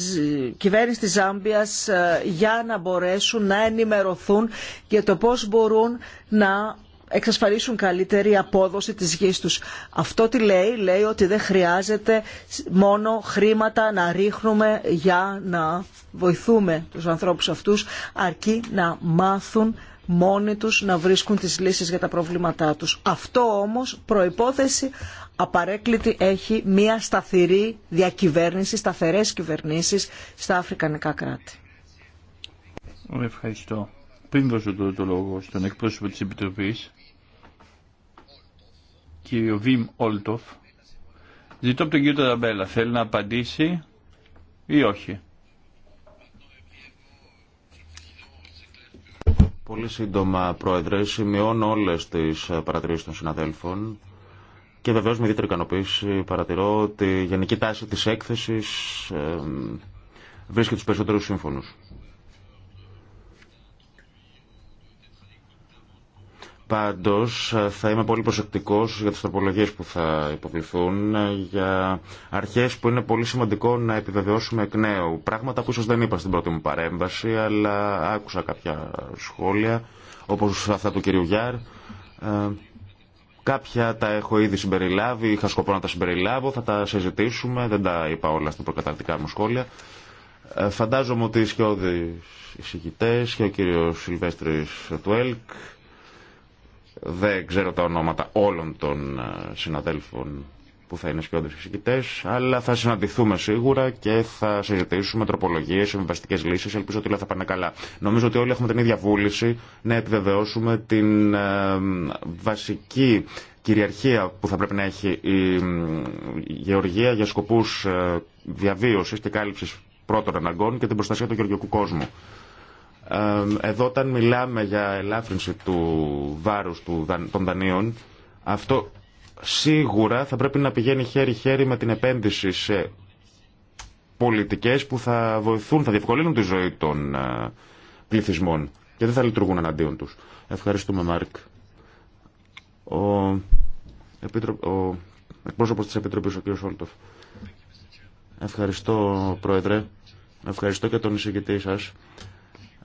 κυβέρνηση της Ζάμπιας ε, για να μπορέσουν να ενημερωθούν για το πώς μπορούν να εξασφαλίσουν καλύτερη απόδοση της γης τους. Αυτό τι λέει, λέει ότι δεν χρειάζεται μόνο χρήματα να ρίχνουμε για να βοηθούμε τους ανθρώπους αυτούς, αρκεί να μάθουν μόνοι τους να βρίσκουν τις λύσεις για τα προβλήματά τους. Αυτό όμως προϋπόθεση απαρέκλητη έχει μια σταθερή διακυβέρνηση, σταθερές κυβερνήσεις στα αφρικανικά κράτη. Ευχαριστώ. Πριν δώσω το, το λόγο στον εκπρόσωπο της Επιτροπής, κύριο Βιμ Όλτοφ, ζητώ από τον κύριο Ταραμπέλα, θέλει να απαντήσει ή όχι. Πολύ σύντομα, Πρόεδρε, σημειώνω όλες τις παρατηρήσεις των συναδέλφων. Και βεβαίω με ιδιαίτερη ικανοποίηση παρατηρώ ότι η γενική τάση της έκθεσης βρίσκει του περισσότερου σύμφωνους. Πάντω, θα είμαι πολύ προσεκτικό για τι τροπολογίε που θα υποβληθούν, για αρχέ που είναι πολύ σημαντικό να επιβεβαιώσουμε εκ νέου. Πράγματα που ίσω δεν είπα στην πρώτη μου παρέμβαση, αλλά άκουσα κάποια σχόλια, όπω αυτά του κυρίου Γιάρ. Ε, Κάποια τα έχω ήδη συμπεριλάβει, είχα σκοπό να τα συμπεριλάβω, θα τα συζητήσουμε, δεν τα είπα όλα στα προκαταρτικά μου σχόλια. Ε, φαντάζομαι ότι οι σκιώδεις εισηγητές και ο κύριος Σιλβέστρης του ΕΛΚ, δεν ξέρω τα ονόματα όλων των ε, συναδέλφων που θα είναι σκιώδε εισηγητές, αλλά θα συναντηθούμε σίγουρα και θα συζητήσουμε τροπολογίες, συμβαστικέ λύσεις, ελπίζω ότι όλα θα πάνε καλά. Νομίζω ότι όλοι έχουμε την ίδια βούληση να επιβεβαιώσουμε την ε, βασική κυριαρχία που θα πρέπει να έχει η γεωργία για σκοπούς ε, διαβίωσης και κάλυψη πρώτων αναγκών και την προστασία του γεωργικού κόσμου. Ε, εδώ όταν μιλάμε για ελάφρυνση του βάρου των δανείων, αυτό σίγουρα θα πρέπει να πηγαίνει χέρι-χέρι με την επένδυση σε πολιτικές που θα βοηθούν, θα διευκολύνουν τη ζωή των ε, πληθυσμών και δεν θα λειτουργούν εναντίον τους. Ευχαριστούμε Μάρκ. Ο, ο εκπρόσωπος της Επιτροπής, ο κ. Σόλτοφ. Ευχαριστώ Πρόεδρε. Ευχαριστώ και τον εισηγητή σας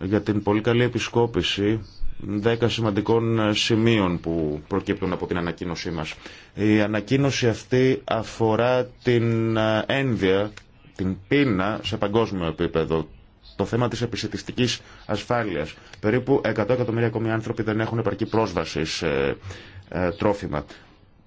για την πολύ καλή επισκόπηση δέκα σημαντικών σημείων που προκύπτουν από την ανακοίνωσή μας. Η ανακοίνωση αυτή αφορά την ε, ένδια, την πείνα σε παγκόσμιο επίπεδο το θέμα της επισητιστικής ασφάλειας. Περίπου 100 εκατομμύρια ακόμη άνθρωποι δεν έχουν επαρκή πρόσβαση σε ε, τρόφιμα.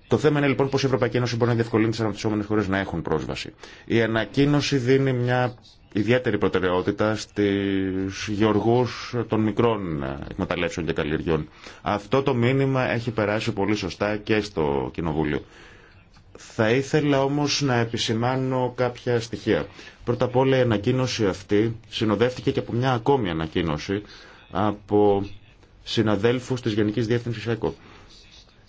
Το θέμα είναι λοιπόν πώ η Ευρωπαϊκή Ένωση μπορεί να διευκολύνει τι αναπτυσσόμενε χώρε να έχουν πρόσβαση. Η ανακοίνωση δίνει μια ιδιαίτερη προτεραιότητα στις γεωργούς των μικρών εκμεταλλεύσεων και καλλιεργιών. Αυτό το μήνυμα έχει περάσει πολύ σωστά και στο Κοινοβούλιο. Θα ήθελα όμως να επισημάνω κάποια στοιχεία. Πρώτα απ' όλα η ανακοίνωση αυτή συνοδεύτηκε και από μια ακόμη ανακοίνωση από συναδέλφους της Γενικής Διεύθυνσης ΕΚΟ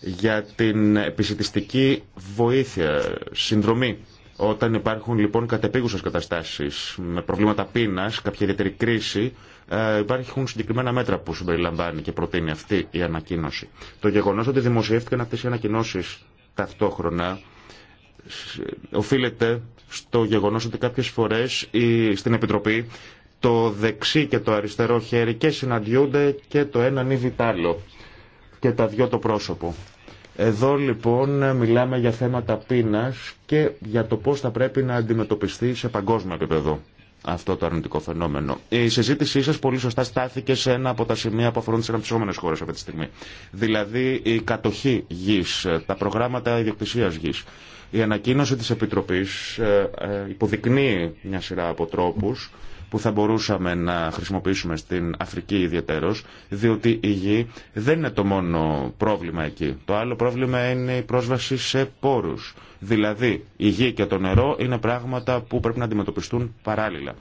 για την επισητιστική βοήθεια, συνδρομή όταν υπάρχουν λοιπόν κατεπίγουσε καταστάσει με προβλήματα πείνα, κάποια ιδιαίτερη κρίση, ε, υπάρχουν συγκεκριμένα μέτρα που συμπεριλαμβάνει και προτείνει αυτή η ανακοίνωση. Το γεγονό ότι δημοσιεύτηκαν αυτέ οι ανακοινώσει ταυτόχρονα οφείλεται στο γεγονό ότι κάποιε φορέ στην Επιτροπή το δεξί και το αριστερό χέρι και συναντιούνται και το έναν ή διτάλο και τα δυο το πρόσωπο. Εδώ λοιπόν μιλάμε για θέματα πείνας και για το πώς θα πρέπει να αντιμετωπιστεί σε παγκόσμιο επίπεδο αυτό το αρνητικό φαινόμενο. Η συζήτησή σα πολύ σωστά στάθηκε σε ένα από τα σημεία που αφορούν τι αναπτυσσόμενε χώρε αυτή τη στιγμή. Δηλαδή η κατοχή γη, τα προγράμματα ιδιοκτησία γη. Η ανακοίνωση τη Επιτροπή ε, ε, υποδεικνύει μια σειρά από τρόπου που θα μπορούσαμε να χρησιμοποιήσουμε στην Αφρική ιδιαίτερως, διότι η γη δεν είναι το μόνο πρόβλημα εκεί. Το άλλο πρόβλημα είναι η πρόσβαση σε πόρους. Δηλαδή, η γη και το νερό είναι πράγματα που πρέπει να αντιμετωπιστούν παράλληλα.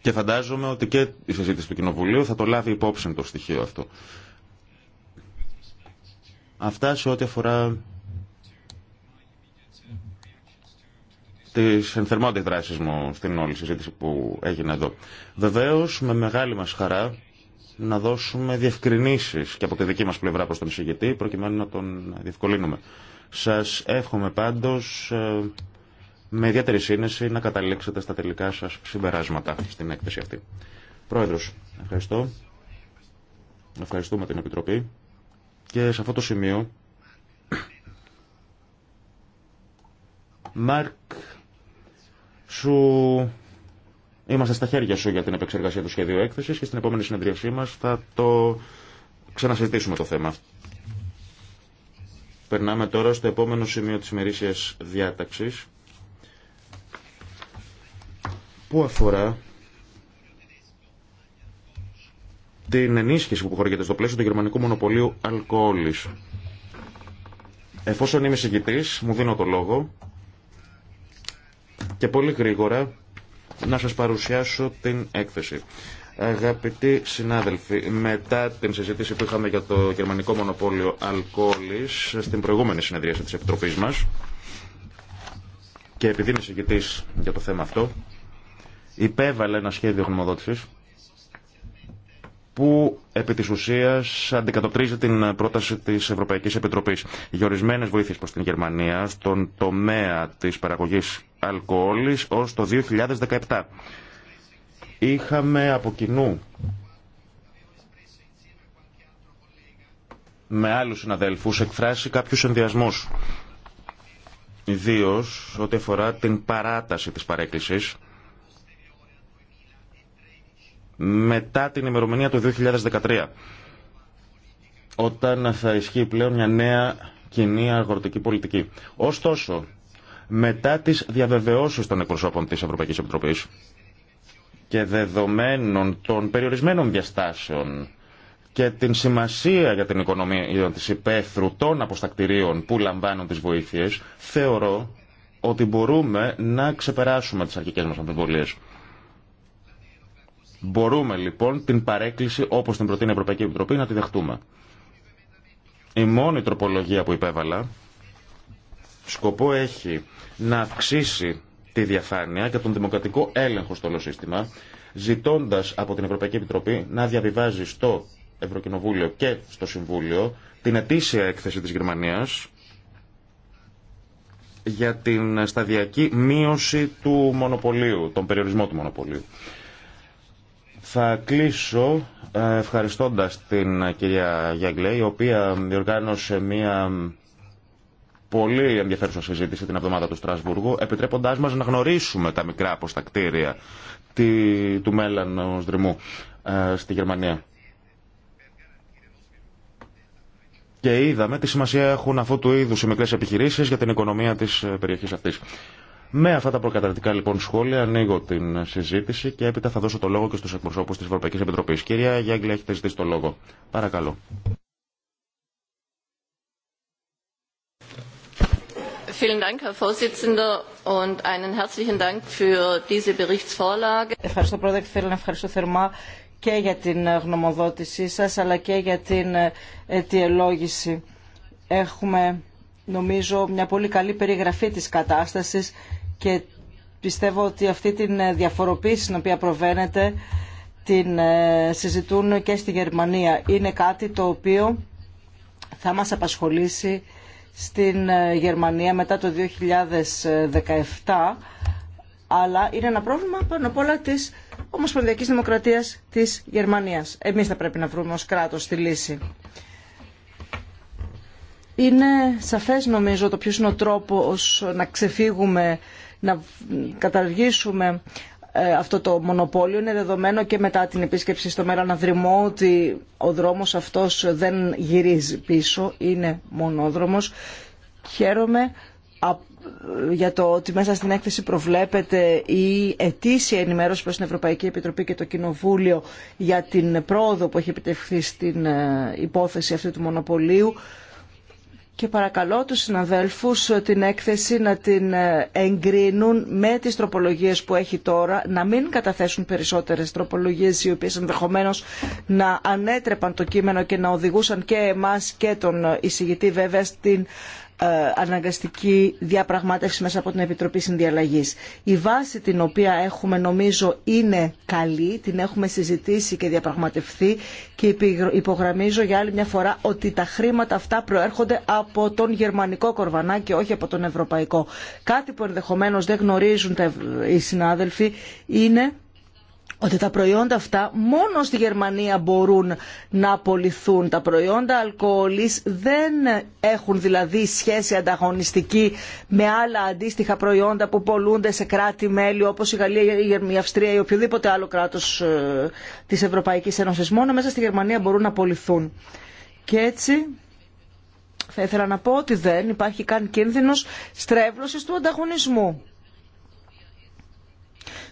Και φαντάζομαι ότι και η συζήτηση του Κοινοβουλίου θα το λάβει υπόψη το στοιχείο αυτό. Αυτά σε ό,τι αφορά της ενθερμόντες δράσεις μου στην όλη συζήτηση που έγινε εδώ. Βεβαίως, με μεγάλη μας χαρά να δώσουμε διευκρινήσεις και από τη δική μας πλευρά προς τον εισηγητή, προκειμένου να τον διευκολύνουμε. Σας εύχομαι πάντως ε, με ιδιαίτερη σύνεση να καταλήξετε στα τελικά σας συμπεράσματα στην έκθεση αυτή. Πρόεδρος, ευχαριστώ. Ευχαριστούμε την Επιτροπή. Και σε αυτό το σημείο, Μάρκ σου Είμαστε στα χέρια σου για την επεξεργασία του σχεδίου έκθεση και στην επόμενη συνεδρίασή μα θα το ξανασυζητήσουμε το θέμα. Περνάμε τώρα στο επόμενο σημείο της ημερήσιας διάταξης που αφορά την ενίσχυση που χορηγείται στο πλαίσιο του γερμανικού μονοπωλίου αλκοόλης. Εφόσον είμαι συγκητής, μου δίνω το λόγο και πολύ γρήγορα να σας παρουσιάσω την έκθεση. Αγαπητοί συνάδελφοι, μετά την συζήτηση που είχαμε για το γερμανικό μονοπόλιο αλκοόλης στην προηγούμενη συνεδρίαση της Επιτροπής μας και επειδή είναι συγκητής για το θέμα αυτό, υπέβαλε ένα σχέδιο γνωμοδότησης που επί τη ουσίας αντικατοπτρίζει την πρόταση της Ευρωπαϊκής Επιτροπής για ορισμένε βοήθειες προς την Γερμανία στον τομέα της παραγωγής αλκοόλης ως το 2017. Είχαμε από κοινού με άλλους συναδέλφους εκφράσει κάποιους ενδιασμούς ιδίως ό,τι αφορά την παράταση της παρέκκλησης μετά την ημερομηνία του 2013 όταν θα ισχύει πλέον μια νέα κοινή αγροτική πολιτική. Ωστόσο, μετά τις διαβεβαιώσεις των εκπροσώπων της Ευρωπαϊκής Επιτροπής και δεδομένων των περιορισμένων διαστάσεων και την σημασία για την οικονομία της υπαίθρου των αποστακτηρίων που λαμβάνουν τις βοήθειες, θεωρώ ότι μπορούμε να ξεπεράσουμε τις αρχικές μας αμφιβολίες. Μπορούμε λοιπόν την παρέκκληση όπως την προτείνει η Ευρωπαϊκή Επιτροπή να τη δεχτούμε. Η μόνη τροπολογία που υπέβαλα σκοπό έχει να αυξήσει τη διαφάνεια και τον δημοκρατικό έλεγχο στο όλο σύστημα, ζητώντα από την Ευρωπαϊκή Επιτροπή να διαβιβάζει στο Ευρωκοινοβούλιο και στο Συμβούλιο την ετήσια έκθεση της Γερμανίας για την σταδιακή μείωση του μονοπωλίου, τον περιορισμό του μονοπωλίου. Θα κλείσω ε, ευχαριστώντας την κυρία Γιαγκλέ, η οποία διοργάνωσε μία πολύ ενδιαφέρουσα συζήτηση την εβδομάδα του Στρασβούργου, επιτρέποντάς μας να γνωρίσουμε τα μικρά αποστακτήρια του μέλλον δρυμού ε, στη Γερμανία. Και είδαμε τι σημασία έχουν αυτού του είδους οι μικρές επιχειρήσεις για την οικονομία της ε, περιοχής αυτής. Με αυτά τα προκαταρτικά λοιπόν σχόλια ανοίγω την συζήτηση και έπειτα θα δώσω το λόγο και στους εκπροσώπους της Ευρωπαϊκής Επιτροπής. Κυρία Γιάγκλη, έχετε ζητήσει το λόγο. Παρακαλώ. Ευχαριστώ πρόεδρε και θέλω να ευχαριστώ θερμά και για την γνωμοδότησή σας αλλά και για την αιτιολόγηση. Έχουμε νομίζω μια πολύ καλή περιγραφή της κατάστασης και πιστεύω ότι αυτή τη ε, διαφοροποίηση στην οποία προβαίνεται την ε, συζητούν και στη Γερμανία. Είναι κάτι το οποίο θα μας απασχολήσει στην ε, Γερμανία μετά το 2017 αλλά είναι ένα πρόβλημα πάνω απ' όλα της Ομοσπονδιακής Δημοκρατίας της Γερμανίας. Εμείς θα πρέπει να βρούμε ως κράτος τη λύση. Είναι σαφές νομίζω το ποιος είναι ο τρόπος να ξεφύγουμε να καταργήσουμε ε, αυτό το μονοπόλιο είναι δεδομένο και μετά την επίσκεψη στο Μέρα να ότι ο δρόμος αυτός δεν γυρίζει πίσω, είναι μονόδρομος. Χαίρομαι για το ότι μέσα στην έκθεση προβλέπεται η ετήσια ενημέρωση προς την Ευρωπαϊκή Επιτροπή και το Κοινοβούλιο για την πρόοδο που έχει επιτευχθεί στην ε, υπόθεση αυτή του μονοπωλίου και παρακαλώ τους συναδέλφους ε, την έκθεση να την ε, εγκρίνουν με τις τροπολογίες που έχει τώρα, να μην καταθέσουν περισσότερες τροπολογίες οι οποίες ενδεχομένω να ανέτρεπαν το κείμενο και να οδηγούσαν και εμάς και τον ε, εισηγητή βέβαια στην ε, αναγκαστική διαπραγμάτευση μέσα από την Επιτροπή Συνδιαλλαγής. Η βάση την οποία έχουμε νομίζω είναι καλή, την έχουμε συζητήσει και διαπραγματευτεί και υπογραμμίζω για άλλη μια φορά ότι τα χρήματα αυτά προέρχονται από τον γερμανικό κορβανά και όχι από τον ευρωπαϊκό. Κάτι που ενδεχομένως δεν γνωρίζουν οι συνάδελφοι είναι ότι τα προϊόντα αυτά μόνο στη Γερμανία μπορούν να απολυθούν. Τα προϊόντα αλκοόλης δεν έχουν δηλαδή σχέση ανταγωνιστική με άλλα αντίστοιχα προϊόντα που πολλούνται σε κράτη-μέλη όπως η Γαλλία, η Αυστρία ή οποιοδήποτε άλλο κράτος ε, της Ευρωπαϊκής Ένωσης. Μόνο μέσα στη Γερμανία μπορούν να απολυθούν. Και έτσι θα ήθελα να πω ότι δεν υπάρχει καν κίνδυνος στρέβλωσης του ανταγωνισμού.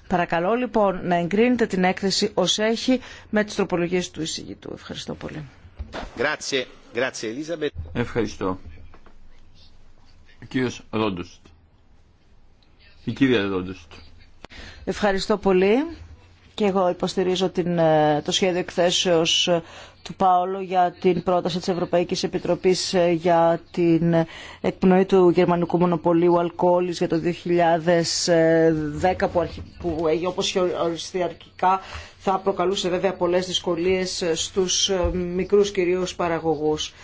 Παρακαλώ λοιπόν να εγκρίνετε την έκθεση ω έχει με τι τροπολογίε του εισηγητού. Ευχαριστώ πολύ. Ευχαριστώ. Κύριο Ρόντουστ. Η κυρία Ρόντουστ. Ευχαριστώ πολύ. Και εγώ υποστηρίζω την, ε, το σχέδιο εκθέσεως ε, του Παόλου για την πρόταση της Ευρωπαϊκής Επιτροπής ε, για την εκπνοή του γερμανικού μονοπωλίου αλκοόλης για το 2010 που, αρχι... που όπως οριστεί αρχικά θα προκαλούσε βέβαια πολλές δυσκολίες στους μικρούς κυρίως παραγωγούς.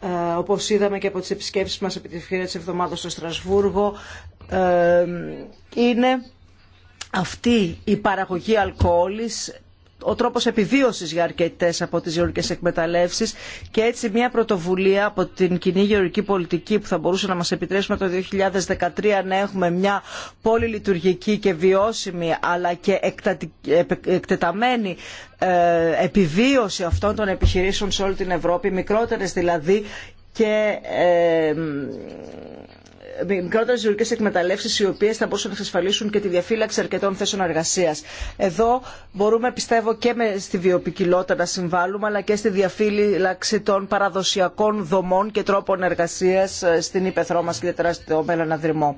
Ε, όπως είδαμε και από τις επισκέψεις μας επί τη ευκαιρία της εβδομάδας στο Στρασβούργο, ε, είναι αυτή η παραγωγή αλκοόλης ο τρόπος επιβίωσης για αρκετές από τις γεωργικές εκμεταλλεύσεις και έτσι μια πρωτοβουλία από την κοινή γεωργική πολιτική που θα μπορούσε να μας επιτρέψει το 2013 να έχουμε μια πολυλειτουργική και βιώσιμη αλλά και εκτεταμένη ε, επιβίωση αυτών των επιχειρήσεων σε όλη την Ευρώπη, μικρότερες δηλαδή και ε, μικρότερε γεωργικέ εκμεταλλεύσει οι οποίε θα μπορούσαν να εξασφαλίσουν και τη διαφύλαξη αρκετών θέσεων εργασία. Εδώ μπορούμε, πιστεύω, και με στη βιοπικιλότητα να συμβάλλουμε, αλλά και στη διαφύλαξη των παραδοσιακών δομών και τρόπων εργασία ε, στην ύπεθρό μα και τεράστιο Μέλλον Δρυμό.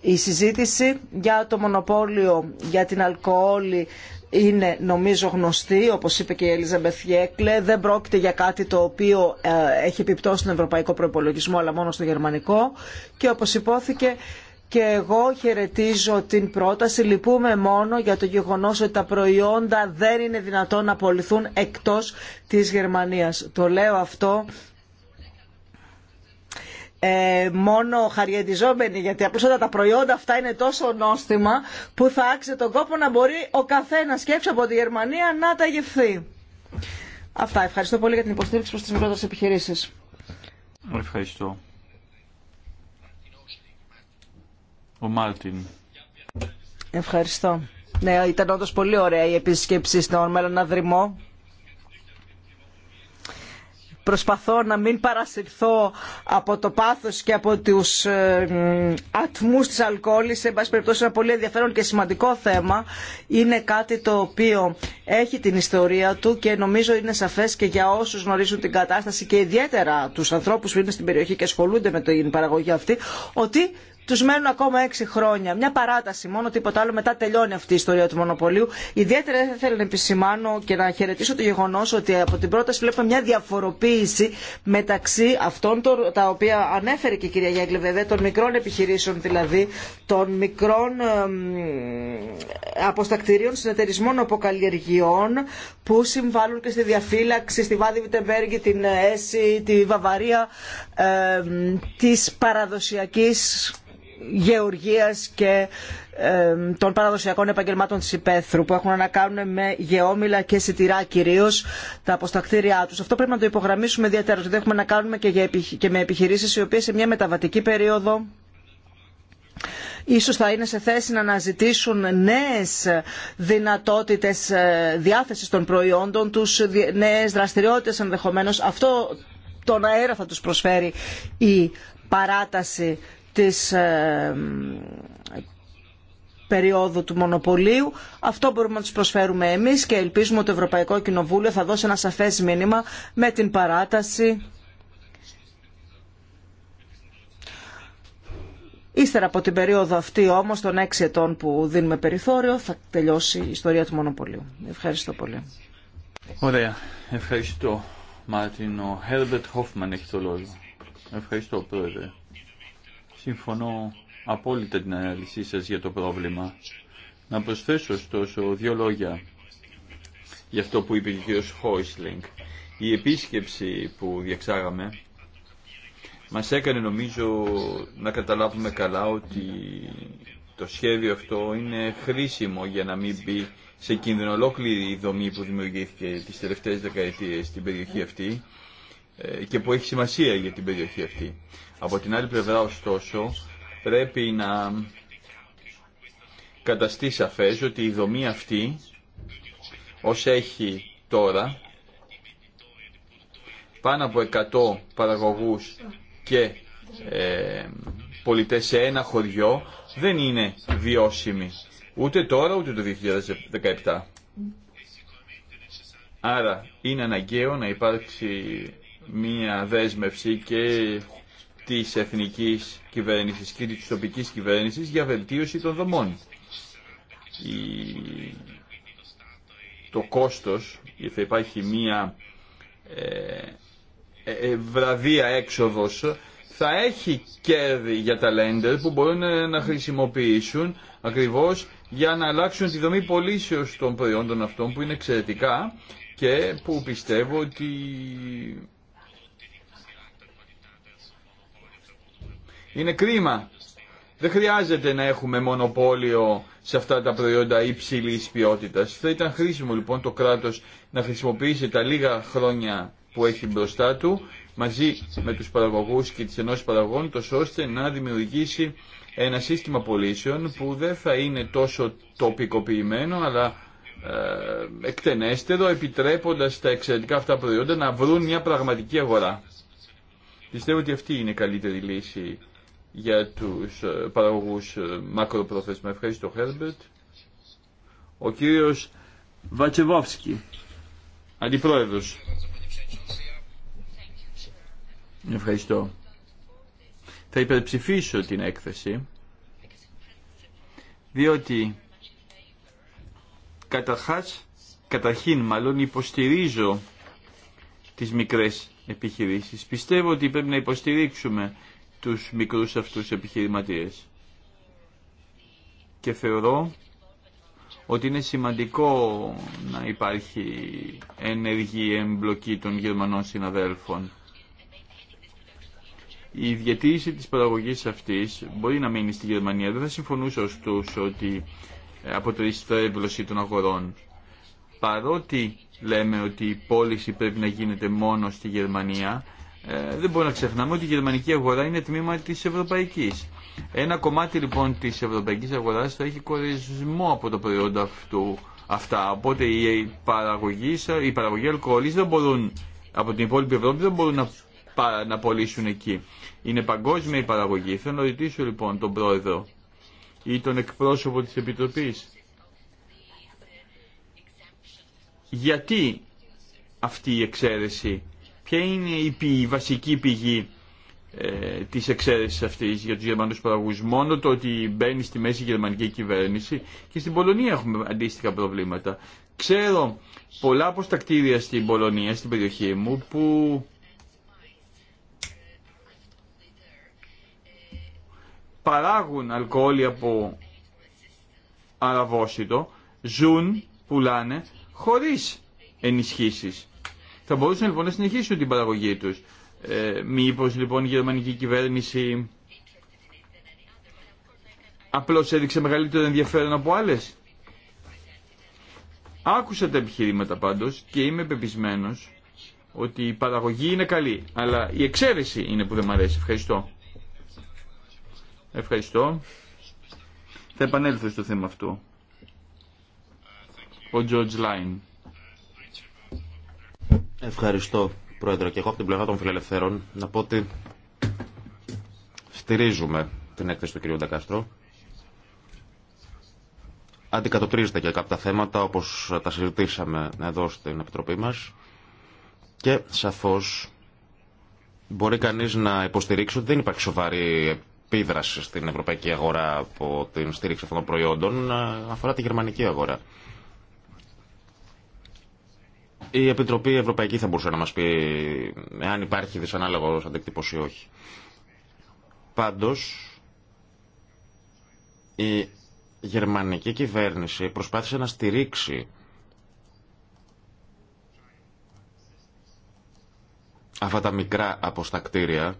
Η συζήτηση για το μονοπόλιο, για την αλκοόλη, είναι νομίζω γνωστή, όπως είπε και η Ελίζα Μπεθιέκλε. Δεν πρόκειται για κάτι το οποίο ε, έχει επιπτώσει τον ευρωπαϊκό προπολογισμό, αλλά μόνο στο γερμανικό. Και όπως υπόθηκε, και εγώ χαιρετίζω την πρόταση. Λυπούμε μόνο για το γεγονός ότι τα προϊόντα δεν είναι δυνατόν να απολυθούν εκτός της Γερμανίας. Το λέω αυτό ε, μόνο χαριετιζόμενοι, γιατί απλώς όταν τα προϊόντα αυτά είναι τόσο νόστιμα που θα άξιζε τον κόπο να μπορεί ο καθένα και από τη Γερμανία να τα γευθεί. Αυτά. Ευχαριστώ πολύ για την υποστήριξη προ τι μικρότερε επιχειρήσεις. Ευχαριστώ. Ο Μάλτιν. Ευχαριστώ. Ναι, ήταν όντω πολύ ωραία η επίσκεψη στον Μέλλον Αδρυμό προσπαθώ να μην παρασυρθώ από το πάθος και από τους ε, ατμούς της αλκοόλης. Εν πάση περιπτώσει ένα πολύ ενδιαφέρον και σημαντικό θέμα. Είναι κάτι το οποίο έχει την ιστορία του και νομίζω είναι σαφές και για όσους γνωρίζουν την κατάσταση και ιδιαίτερα τους ανθρώπους που είναι στην περιοχή και ασχολούνται με την παραγωγή αυτή ότι του μένουν ακόμα έξι χρόνια. Μια παράταση μόνο, τίποτα άλλο. Μετά τελειώνει αυτή η ιστορία του μονοπωλίου. Ιδιαίτερα θα ήθελα να επισημάνω και να χαιρετήσω το γεγονό ότι από την πρόταση βλέπουμε μια διαφοροποίηση μεταξύ αυτών τα οποία ανέφερε και η κυρία Γιάνγκλη βέβαια, των μικρών επιχειρήσεων δηλαδή, των μικρών αποστακτηρίων συνεταιρισμών αποκαλλιεργειών που συμβάλλουν και στη διαφύλαξη, στη Βάδη Βιτεμπέργη, την ΕΣΥ, τη Βαβαρία ε, της παραδοσιακής γεωργίας και ε, των παραδοσιακών επαγγελμάτων της υπαίθρου που έχουν να κάνουν με γεώμηλα και σιτηρά κυρίως τα αποστακτήριά τους. Αυτό πρέπει να το υπογραμμίσουμε ιδιαίτερα ότι έχουμε να κάνουμε και με επιχειρήσεις οι οποίες σε μια μεταβατική περίοδο ίσως θα είναι σε θέση να αναζητήσουν νέες δυνατότητες ε, διάθεσης των προϊόντων τους, νέες δραστηριότητες ενδεχομένως. Αυτό τον αέρα θα τους προσφέρει η παράταση της ε, περίοδου του μονοπωλίου. Αυτό μπορούμε να τους προσφέρουμε εμείς και ελπίζουμε ότι το Ευρωπαϊκό Κοινοβούλιο θα δώσει ένα σαφές μήνυμα με την παράταση Ύστερα από την περίοδο αυτή όμως των έξι ετών που δίνουμε περιθώριο θα τελειώσει η ιστορία του μονοπωλίου. Ευχαριστώ πολύ. Ωραία. Ευχαριστώ. Μάρτιν, ο Herbert Hoffman έχει το λόγο. Ευχαριστώ πρόεδρε. Συμφωνώ απόλυτα την ανάλυση σας για το πρόβλημα. Να προσθέσω ωστόσο δύο λόγια για αυτό που είπε ο κ. Χόισλινγκ. Η επίσκεψη που διεξάγαμε μας έκανε νομίζω να καταλάβουμε καλά ότι το σχέδιο αυτό είναι χρήσιμο για να μην μπει σε κίνδυνο ολόκληρη η δομή που δημιουργήθηκε τις τελευταίες δεκαετίες στην περιοχή αυτή ε, και που έχει σημασία για την περιοχή αυτή. Από την άλλη πλευρά, ωστόσο, πρέπει να καταστεί σαφές ότι η δομή αυτή, ως έχει τώρα, πάνω από 100 παραγωγούς και ε, πολιτές σε ένα χωριό, δεν είναι βιώσιμη Ούτε τώρα, ούτε το 2017. Άρα είναι αναγκαίο να υπάρξει μία δέσμευση και της εθνικής κυβέρνησης και της τοπικής κυβέρνησης για βελτίωση των δομών. Η... Το κόστος, θα υπάρχει μία ε, ε, ε, βραδία έξοδος, θα έχει κέρδη για τα lender που μπορούν να χρησιμοποιήσουν ακριβώς για να αλλάξουν τη δομή πωλήσεως των προϊόντων αυτών που είναι εξαιρετικά και που πιστεύω ότι είναι κρίμα. Δεν χρειάζεται να έχουμε μονοπόλιο σε αυτά τα προϊόντα υψηλή ποιότητα. Θα ήταν χρήσιμο λοιπόν το κράτος να χρησιμοποιήσει τα λίγα χρόνια που έχει μπροστά του μαζί με τους παραγωγούς και τις ενώσεις παραγωγών ώστε να δημιουργήσει ένα σύστημα πωλήσεων που δεν θα είναι τόσο τοπικοποιημένο αλλά ε, εκτενέστερο επιτρέποντας τα εξαιρετικά αυτά προϊόντα να βρουν μια πραγματική αγορά. Πιστεύω ότι αυτή είναι η καλύτερη λύση για τους ε, παραγωγούς ε, μακροπρόθεσμα. Ευχαριστώ, Χέρμπερτ. Ο κύριος Βατσεβόφσκι, αντιπρόεδρος. Ευχαριστώ θα υπερψηφίσω την έκθεση διότι καταρχάς, καταρχήν μάλλον υποστηρίζω τις μικρές επιχειρήσεις. Πιστεύω ότι πρέπει να υποστηρίξουμε τους μικρούς αυτούς επιχειρηματίες. Και θεωρώ ότι είναι σημαντικό να υπάρχει ενεργή εμπλοκή των Γερμανών συναδέλφων η διατήρηση της παραγωγής αυτής μπορεί να μείνει στη Γερμανία. Δεν θα συμφωνούσα ωστόσο ότι ε, αποτελεί στρέβλωση των αγορών. Παρότι λέμε ότι η πώληση πρέπει να γίνεται μόνο στη Γερμανία, ε, δεν μπορούμε να ξεχνάμε ότι η γερμανική αγορά είναι τμήμα της ευρωπαϊκής. Ένα κομμάτι λοιπόν της ευρωπαϊκής αγοράς θα έχει κορισμό από το προϊόντα αυτού, αυτά. Οπότε η παραγωγοί, οι αλκοόλης δεν μπορούν, από την υπόλοιπη Ευρώπη δεν μπορούν να να πωλήσουν εκεί. Είναι παγκόσμια η παραγωγή. Θέλω να ρωτήσω λοιπόν τον πρόεδρο ή τον εκπρόσωπο της Επιτροπής. Γιατί αυτή η εξαίρεση, ποια είναι η, πηγή, η πηγή ε, της εξαίρεσης αυτής για τους γερμανούς παραγωγούς. Μόνο το ότι μπαίνει στη μέση γερμανική κυβέρνηση και στην Πολωνία έχουμε αντίστοιχα προβλήματα. Ξέρω πολλά από στα κτίρια στην Πολωνία, στην περιοχή μου, που παράγουν αλκοόλια από αραβόσιτο, ζουν, πουλάνε, χωρίς ενισχύσεις. Θα μπορούσαν λοιπόν να συνεχίσουν την παραγωγή τους. Ε, μήπως λοιπόν η γερμανική κυβέρνηση απλώς έδειξε μεγαλύτερο ενδιαφέρον από άλλες. Άκουσα τα επιχειρήματα πάντως και είμαι πεπισμένος ότι η παραγωγή είναι καλή, αλλά η εξαίρεση είναι που δεν μου αρέσει. Ευχαριστώ. Ευχαριστώ. Θα επανέλθω στο θέμα αυτό. Ο George Line. Ευχαριστώ, Πρόεδρε. Και εγώ από την πλευρά των φιλελευθέρων να πω ότι στηρίζουμε την έκθεση του κ. Ντακάστρο. Αντικατοπτρίζεται και κάποια θέματα όπως τα συζητήσαμε εδώ στην Επιτροπή μας και σαφώς μπορεί κανείς να υποστηρίξει ότι δεν υπάρχει σοβαρή επίδραση στην ευρωπαϊκή αγορά από την στήριξη αυτών των προϊόντων ε, αφορά τη γερμανική αγορά. Η Επιτροπή Ευρωπαϊκή θα μπορούσε να μας πει αν υπάρχει δυσανάλογος αντίκτυπος ή όχι. Πάντως, η γερμανική κυβέρνηση προσπάθησε να στηρίξει αυτά τα μικρά αποστακτήρια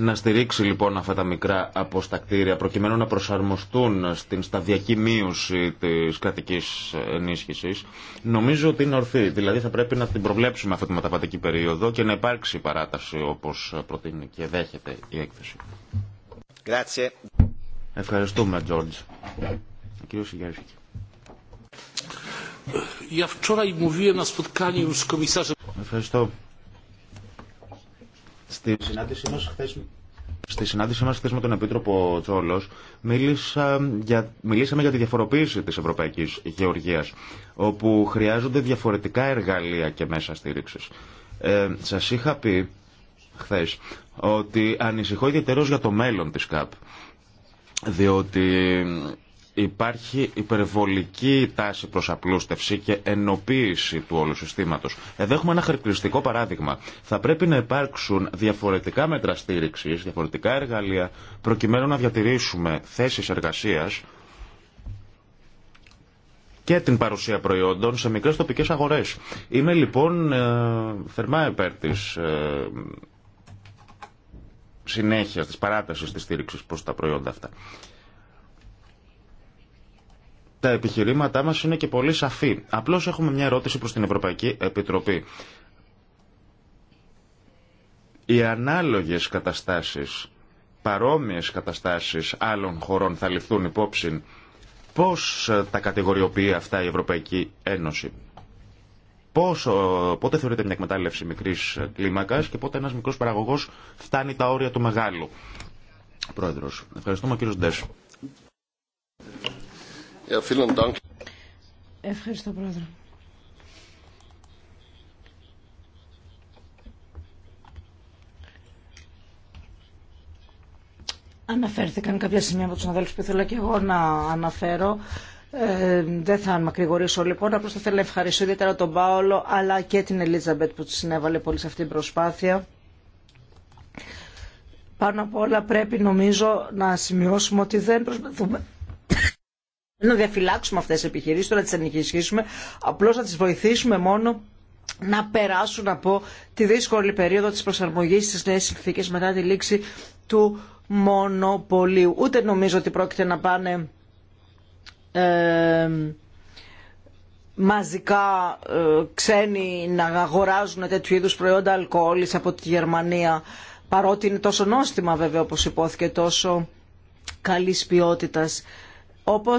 Να στηρίξει λοιπόν αυτά τα μικρά αποστακτήρια προκειμένου να προσαρμοστούν στην σταδιακή μείωση τη κρατική ενίσχυση, νομίζω ότι είναι ορθή. Δηλαδή θα πρέπει να την προβλέψουμε αυτή τη μεταβατική περίοδο και να υπάρξει παράταση όπω προτείνει και δέχεται η έκθεση. Ευχαριστούμε, Τζόρτζ. Κύριο ε, Ευχαριστώ. Στη συνάντησή μας χθες... Στη συνάντησή μας χθες με τον Επίτροπο Τσόλος μίλησα για, μιλήσαμε για τη διαφοροποίηση της Ευρωπαϊκής Γεωργίας όπου χρειάζονται διαφορετικά εργαλεία και μέσα στήριξης. Ε, σας είχα πει χθες ότι ανησυχώ ιδιαιτερός για το μέλλον της ΚΑΠ διότι Υπάρχει υπερβολική τάση προς απλούστευση και ενοποίηση του όλου συστήματος. Εδώ έχουμε ένα χαρακτηριστικό παράδειγμα. Θα πρέπει να υπάρξουν διαφορετικά μέτρα στήριξη, διαφορετικά εργαλεία, προκειμένου να διατηρήσουμε θέσεις εργασίας και την παρουσία προϊόντων σε μικρές τοπικές αγορές. Είμαι λοιπόν ε, θερμά υπέρ της ε, συνέχειας, της παράτασης της στήριξης προς τα προϊόντα αυτά. Τα επιχειρήματά μας είναι και πολύ σαφή. Απλώς έχουμε μια ερώτηση προς την Ευρωπαϊκή Επιτροπή. Οι ανάλογες καταστάσεις, παρόμοιες καταστάσεις άλλων χωρών θα ληφθούν υπόψη. Πώς τα κατηγοριοποιεί αυτά η Ευρωπαϊκή Ένωση. Πώς πότε θεωρείται μια εκμετάλλευση μικρής κλίμακας και πότε ένας μικρός παραγωγός φτάνει τα όρια του μεγάλου. Πρόεδρος, ευχαριστούμε κύριο Ντέσου. Ευχαριστώ πρόεδρε. Αναφέρθηκαν κάποια σημεία από τους αδέλφους που ήθελα και εγώ να αναφέρω. Ε, δεν θα μακρηγορήσω λοιπόν, απλώς θα ήθελα να ευχαριστήσω ιδιαίτερα τον Πάολο αλλά και την Ελίζαμπετ που συνέβαλε πολύ σε αυτή την προσπάθεια. Πάνω απ' όλα πρέπει νομίζω να σημειώσουμε ότι δεν προσπαθούμε να διαφυλάξουμε αυτές τις επιχειρήσεις, να τις ενισχύσουμε, απλώς να τις βοηθήσουμε μόνο να περάσουν από τη δύσκολη περίοδο της προσαρμογής στις νέες συνθήκες μετά τη λήξη του μονοπωλίου. Ούτε νομίζω ότι πρόκειται να πάνε ε, μαζικά ε, ξένοι να αγοράζουν τέτοιου είδους προϊόντα αλκοόλης από τη Γερμανία παρότι είναι τόσο νόστιμα βέβαια όπως υπόθηκε τόσο καλής ποιότητας Όπω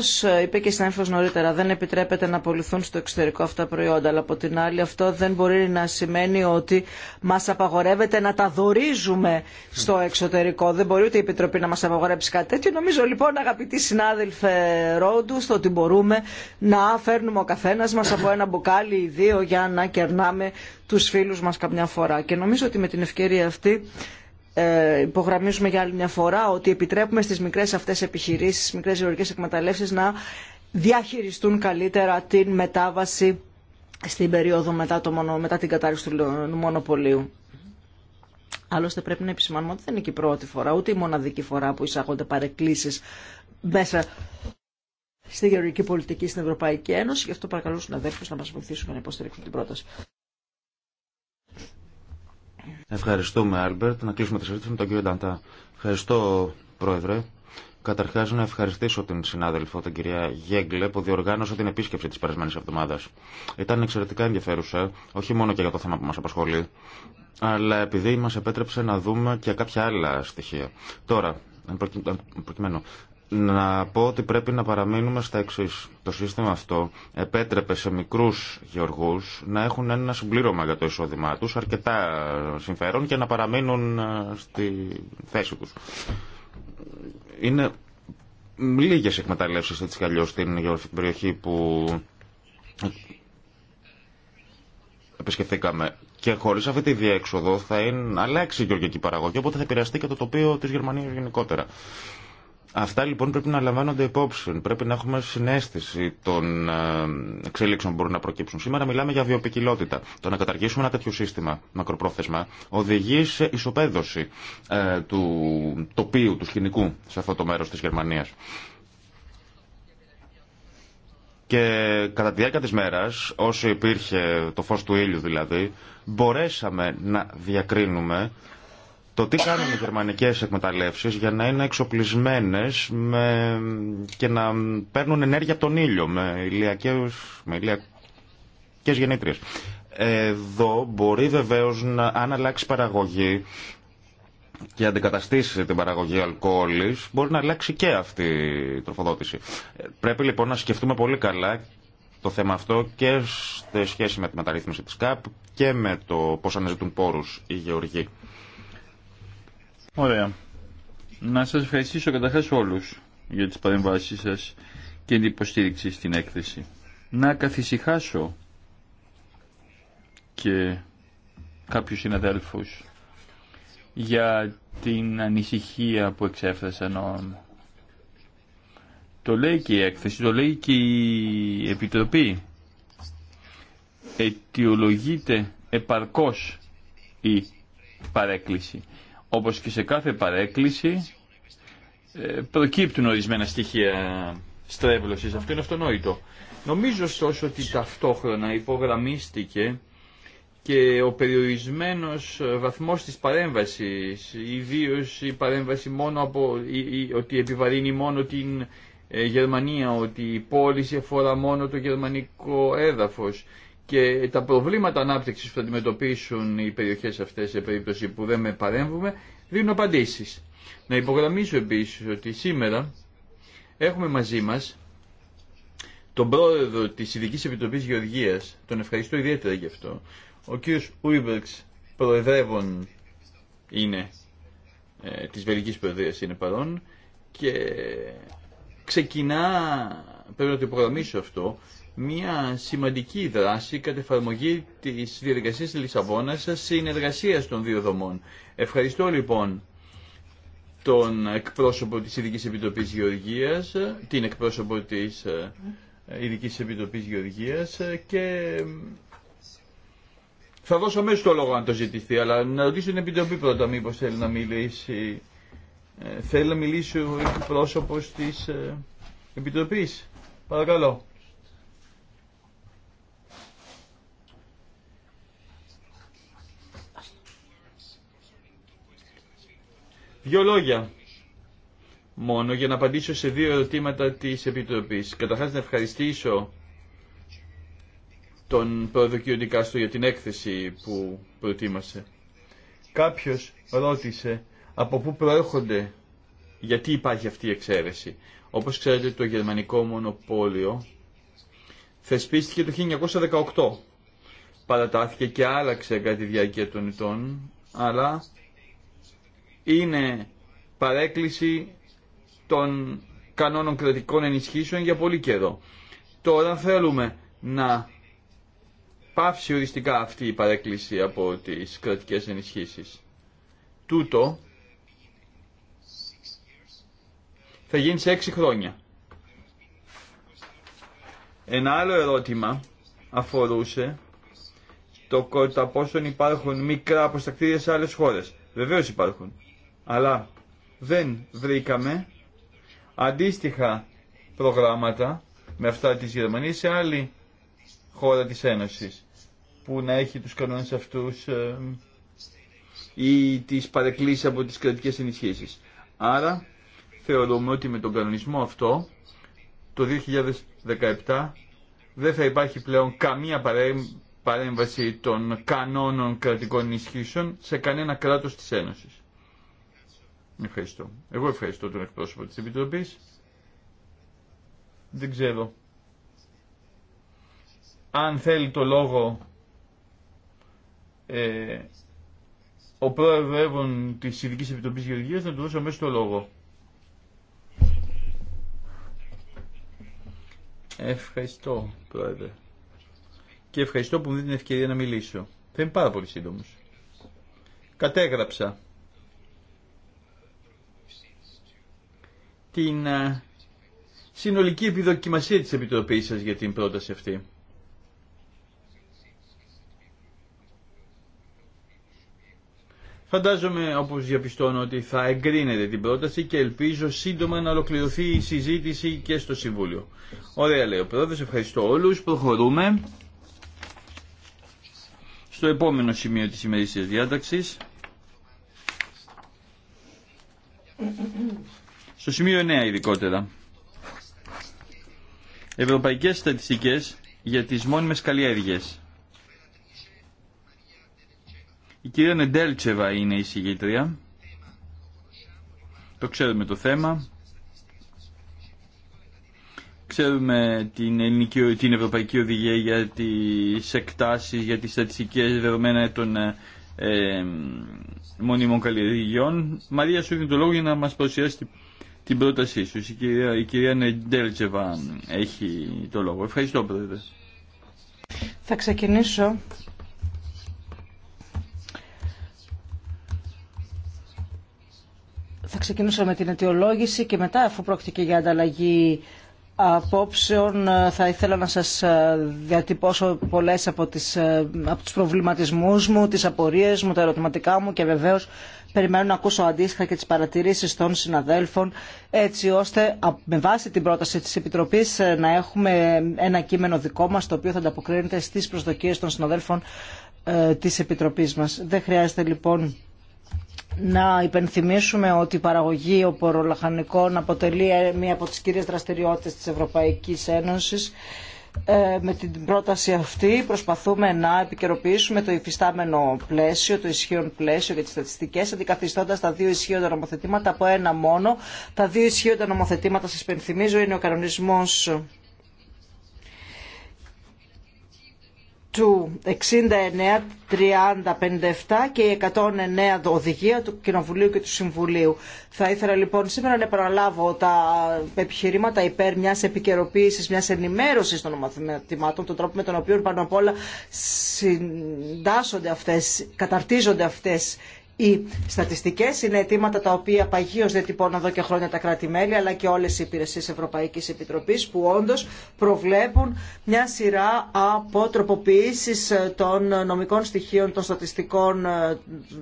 είπε και η συνάδελφος νωρίτερα, δεν επιτρέπεται να απολυθούν στο εξωτερικό αυτά προϊόντα, αλλά από την άλλη αυτό δεν μπορεί να σημαίνει ότι μα απαγορεύεται να τα δορίζουμε στο εξωτερικό. Δεν μπορεί ούτε η Επιτροπή να μα απαγορέψει κάτι τέτοιο. Νομίζω λοιπόν αγαπητοί συνάδελφε Ρόντου, ότι μπορούμε να φέρνουμε ο καθένα μα από ένα μπουκάλι ή δύο για να κερνάμε του φίλου μα καμιά φορά. Και νομίζω ότι με την ευκαιρία αυτή ε, υπογραμμίζουμε για άλλη μια φορά ότι επιτρέπουμε στις μικρές αυτές επιχειρήσεις, στις μικρές γεωργικές εκμεταλλεύσεις να διαχειριστούν καλύτερα την μετάβαση στην περίοδο μετά, το μετά την κατάρριξη του μονοπωλίου. Άλλωστε πρέπει να επισημάνουμε ότι δεν είναι και η πρώτη φορά, ούτε η μοναδική φορά που εισάγονται παρεκκλήσεις μέσα στη γεωργική πολιτική στην Ευρωπαϊκή Ένωση. Γι' αυτό παρακαλώ συναδέλφους να μας βοηθήσουν να υποστηρίξουν την πρόταση. Ευχαριστούμε, Άλμπερτ. Να κλείσουμε τη συζήτηση με τον κύριο Νταντά. Ευχαριστώ, Πρόεδρε. Καταρχά, να ευχαριστήσω την συνάδελφο, την κυρία Γέγκλε, που διοργάνωσε την επίσκεψη τη περασμένη εβδομάδα. Ήταν εξαιρετικά ενδιαφέρουσα, όχι μόνο και για το θέμα που μα απασχολεί, αλλά επειδή μα επέτρεψε να δούμε και κάποια άλλα στοιχεία. Τώρα, προκειμένου, να πω ότι πρέπει να παραμείνουμε στα εξή. Το σύστημα αυτό επέτρεπε σε μικρού γεωργού να έχουν ένα συμπλήρωμα για το εισόδημά του, αρκετά συμφέρον και να παραμείνουν ε, στη θέση του. Είναι λίγε εκμεταλλεύσει έτσι κι αλλιώ στην γεωργική περιοχή που επισκεφθήκαμε. Και χωρί αυτή τη διέξοδο θα είναι, αλλάξει η γεωργική παραγωγή, οπότε θα επηρεαστεί και το τοπίο τη Γερμανία γενικότερα. Αυτά λοιπόν πρέπει να λαμβάνονται υπόψη. Πρέπει να έχουμε συνέστηση των ε, εξέλιξεων που μπορούν να προκύψουν. Σήμερα μιλάμε για βιοπικιλότητα. Το να καταργήσουμε ένα τέτοιο σύστημα μακροπρόθεσμα οδηγεί σε ισοπαίδωση ε, του τοπίου, του σκηνικού σε αυτό το μέρο τη Γερμανία. Και κατά τη διάρκεια τη μέρα, όσο υπήρχε το φω του ήλιου δηλαδή, μπορέσαμε να διακρίνουμε το τι κάνουν οι γερμανικές εκμεταλλεύσεις για να είναι εξοπλισμένες με... και να παίρνουν ενέργεια από τον ήλιο με ηλιακές, με ηλιακές γεννήτριες. Εδώ μπορεί βεβαίως να, αν αλλάξει παραγωγή και αντικαταστήσει την παραγωγή αλκοόλης, μπορεί να αλλάξει και αυτή η τροφοδότηση. Πρέπει λοιπόν να σκεφτούμε πολύ καλά το θέμα αυτό και σε σχέση με τη μεταρρύθμιση της ΚΑΠ και με το πώς αναζητούν πόρους οι γεωργοί. Ωραία. Να σας ευχαριστήσω καταρχάς όλους για τις παρεμβάσεις σας και την υποστήριξη στην έκθεση. Να καθησυχάσω και κάποιους συναδέλφους για την ανησυχία που εξέφρασαν Το λέει και η έκθεση, το λέει και η Επιτροπή. Αιτιολογείται επαρκώς η παρέκκληση. Όπως και σε κάθε παρέκκληση ε, προκύπτουν ορισμένα στοιχεία στρέβλωσης. Αυτό είναι αυτονόητο. Νομίζω ωστόσο ότι ταυτόχρονα υπογραμμίστηκε και ο περιορισμένος βαθμός της παρέμβασης, ιδίω η παρέμβαση μόνο από, ότι επιβαρύνει μόνο την ε, Γερμανία, ότι η πώληση αφορά μόνο το γερμανικό έδαφος, και τα προβλήματα ανάπτυξης που θα αντιμετωπίσουν οι περιοχές αυτές σε περίπτωση που δεν με παρέμβουμε δίνουν απαντήσει. Να υπογραμμίσω επίσης ότι σήμερα έχουμε μαζί μας τον πρόεδρο της ειδική επιτροπή Γεωργίας, τον ευχαριστώ ιδιαίτερα γι' αυτό, ο κ. Ούιμπερξ προεδρεύων είναι ε, της Βελικής Προεδρίας είναι παρόν και ξεκινά, πρέπει να το υπογραμμίσω αυτό, μια σημαντική δράση κατά εφαρμογή της διεργασίας της Λισαβόνας συνεργασίας των δύο δομών. Ευχαριστώ λοιπόν τον εκπρόσωπο της Ειδικής Επιτροπής Γεωργίας, την εκπρόσωπο της ε, Ειδικής Επιτροπής Γεωργίας και θα δώσω αμέσως το λόγο αν το ζητηθεί, αλλά να ρωτήσω την Επιτροπή πρώτα μήπως θέλει να μιλήσει. Ε, θέλει να μιλήσει ο εκπρόσωπος της ε, Επιτροπής. Παρακαλώ. Δύο λόγια μόνο για να απαντήσω σε δύο ερωτήματα τη επιτροπή. Καταρχά, να ευχαριστήσω τον πρόεδρο κ. για την έκθεση που προτίμασε. Κάποιος ρώτησε από πού προέρχονται, γιατί υπάρχει αυτή η εξαίρεση. Όπως ξέρετε το γερμανικό μονοπόλιο θεσπίστηκε το 1918. Παρατάθηκε και άλλαξε κατά τη διάρκεια των ετών, αλλά είναι παρέκκληση των κανόνων κρατικών ενισχύσεων για πολύ καιρό. Τώρα θέλουμε να πάψει οριστικά αυτή η παρέκκληση από τις κρατικές ενισχύσεις. Τούτο θα γίνει σε έξι χρόνια. Ένα άλλο ερώτημα αφορούσε το κατά πόσον υπάρχουν μικρά αποστακτήρια σε άλλες χώρες. Βεβαίως υπάρχουν αλλά δεν βρήκαμε αντίστοιχα προγράμματα με αυτά της Γερμανίας σε άλλη χώρα της Ένωσης που να έχει τους κανόνες αυτούς ε, ή τις παρεκκλήσεις από τις κρατικές ενισχύσεις. Άρα θεωρούμε ότι με τον κανονισμό αυτό το 2017 δεν θα υπάρχει πλέον καμία παρέμβαση των κανόνων κρατικών ενισχύσεων σε κανένα κράτος της Ένωσης. Ευχαριστώ. Εγώ ευχαριστώ τον εκπρόσωπο της Επιτροπής. Δεν ξέρω αν θέλει το λόγο ε, ο πρόεδρος της Ειδικής Επιτροπής Γεωργίας να του δώσω αμέσως το λόγο. Ευχαριστώ, Πρόεδρε. Και ευχαριστώ που μου δίνει την ευκαιρία να μιλήσω. Θα είμαι πάρα πολύ σύντομο. Κατέγραψα την ε, συνολική επιδοκιμασία της Επιτροπής σας για την πρόταση αυτή. Φαντάζομαι, όπως διαπιστώνω, ότι θα εγκρίνετε την πρόταση και ελπίζω σύντομα να ολοκληρωθεί η συζήτηση και στο Συμβούλιο. Ωραία λέει ο Πρόεδρος, ευχαριστώ όλους, προχωρούμε στο επόμενο σημείο της ημερήσιας διάταξης. Στο σημείο 9 ειδικότερα. Ευρωπαϊκές στατιστικές για τις μόνιμες καλλιέργειες. Η κυρία Νεντέλτσεβα είναι η συγγήτρια. Το ξέρουμε το θέμα. Ξέρουμε την, την Ευρωπαϊκή Οδηγία για τις εκτάσεις, για τις στατιστικές δεδομένα των ε, ε, μονίμων καλλιεργειών. Μαρία, σου δίνει το λόγο για να μας παρουσιάσει την πρότασή σου. Η κυρία, η κυρία έχει το λόγο. Ευχαριστώ, Πρόεδρε. Θα ξεκινήσω θα ξεκινήσω με την αιτιολόγηση και μετά αφού πρόκειται και για ανταλλαγή απόψεων θα ήθελα να σας διατυπώσω πολλές από, τις, από τους προβληματισμούς μου, τις απορίες μου, τα ερωτηματικά μου και βεβαίως Περιμένω να ακούσω αντίστοιχα και τις παρατηρήσεις των συναδέλφων έτσι ώστε με βάση την πρόταση της Επιτροπής ε, να έχουμε ένα κείμενο δικό μας το οποίο θα ανταποκρίνεται στις προσδοκίες των συναδέλφων ε, της Επιτροπής μας. Δεν χρειάζεται λοιπόν να υπενθυμίσουμε ότι η παραγωγή οπορολαχανικών αποτελεί ε, μία από τις κυρίες δραστηριότητες της Ευρωπαϊκής Ένωσης ε, με την πρόταση αυτή προσπαθούμε να επικαιροποιήσουμε το υφιστάμενο πλαίσιο, το ισχύον πλαίσιο για τις στατιστικές, αντικαθιστώντας τα δύο ισχύοντα νομοθετήματα από ένα μόνο. Τα δύο ισχύοντα νομοθετήματα, σας πενθυμίζω, είναι ο κανονισμός του 69, 30, 57 και η 109 οδηγία του Κοινοβουλίου και του Συμβουλίου. Θα ήθελα λοιπόν σήμερα να επαναλάβω τα επιχειρήματα υπέρ μια επικαιροποίηση, μια ενημέρωση των μαθημάτων, τον τρόπο με τον οποίο πάνω απ' όλα συντάσσονται αυτέ, καταρτίζονται αυτέ οι στατιστικέ είναι αιτήματα τα οποία δεν τυπώνουν εδώ και χρόνια τα κράτη-μέλη αλλά και όλε οι υπηρεσίε Ευρωπαϊκής Επιτροπής που όντω προβλέπουν μια σειρά από τροποποιήσει ε, των νομικών στοιχείων των, στατιστικών, ε,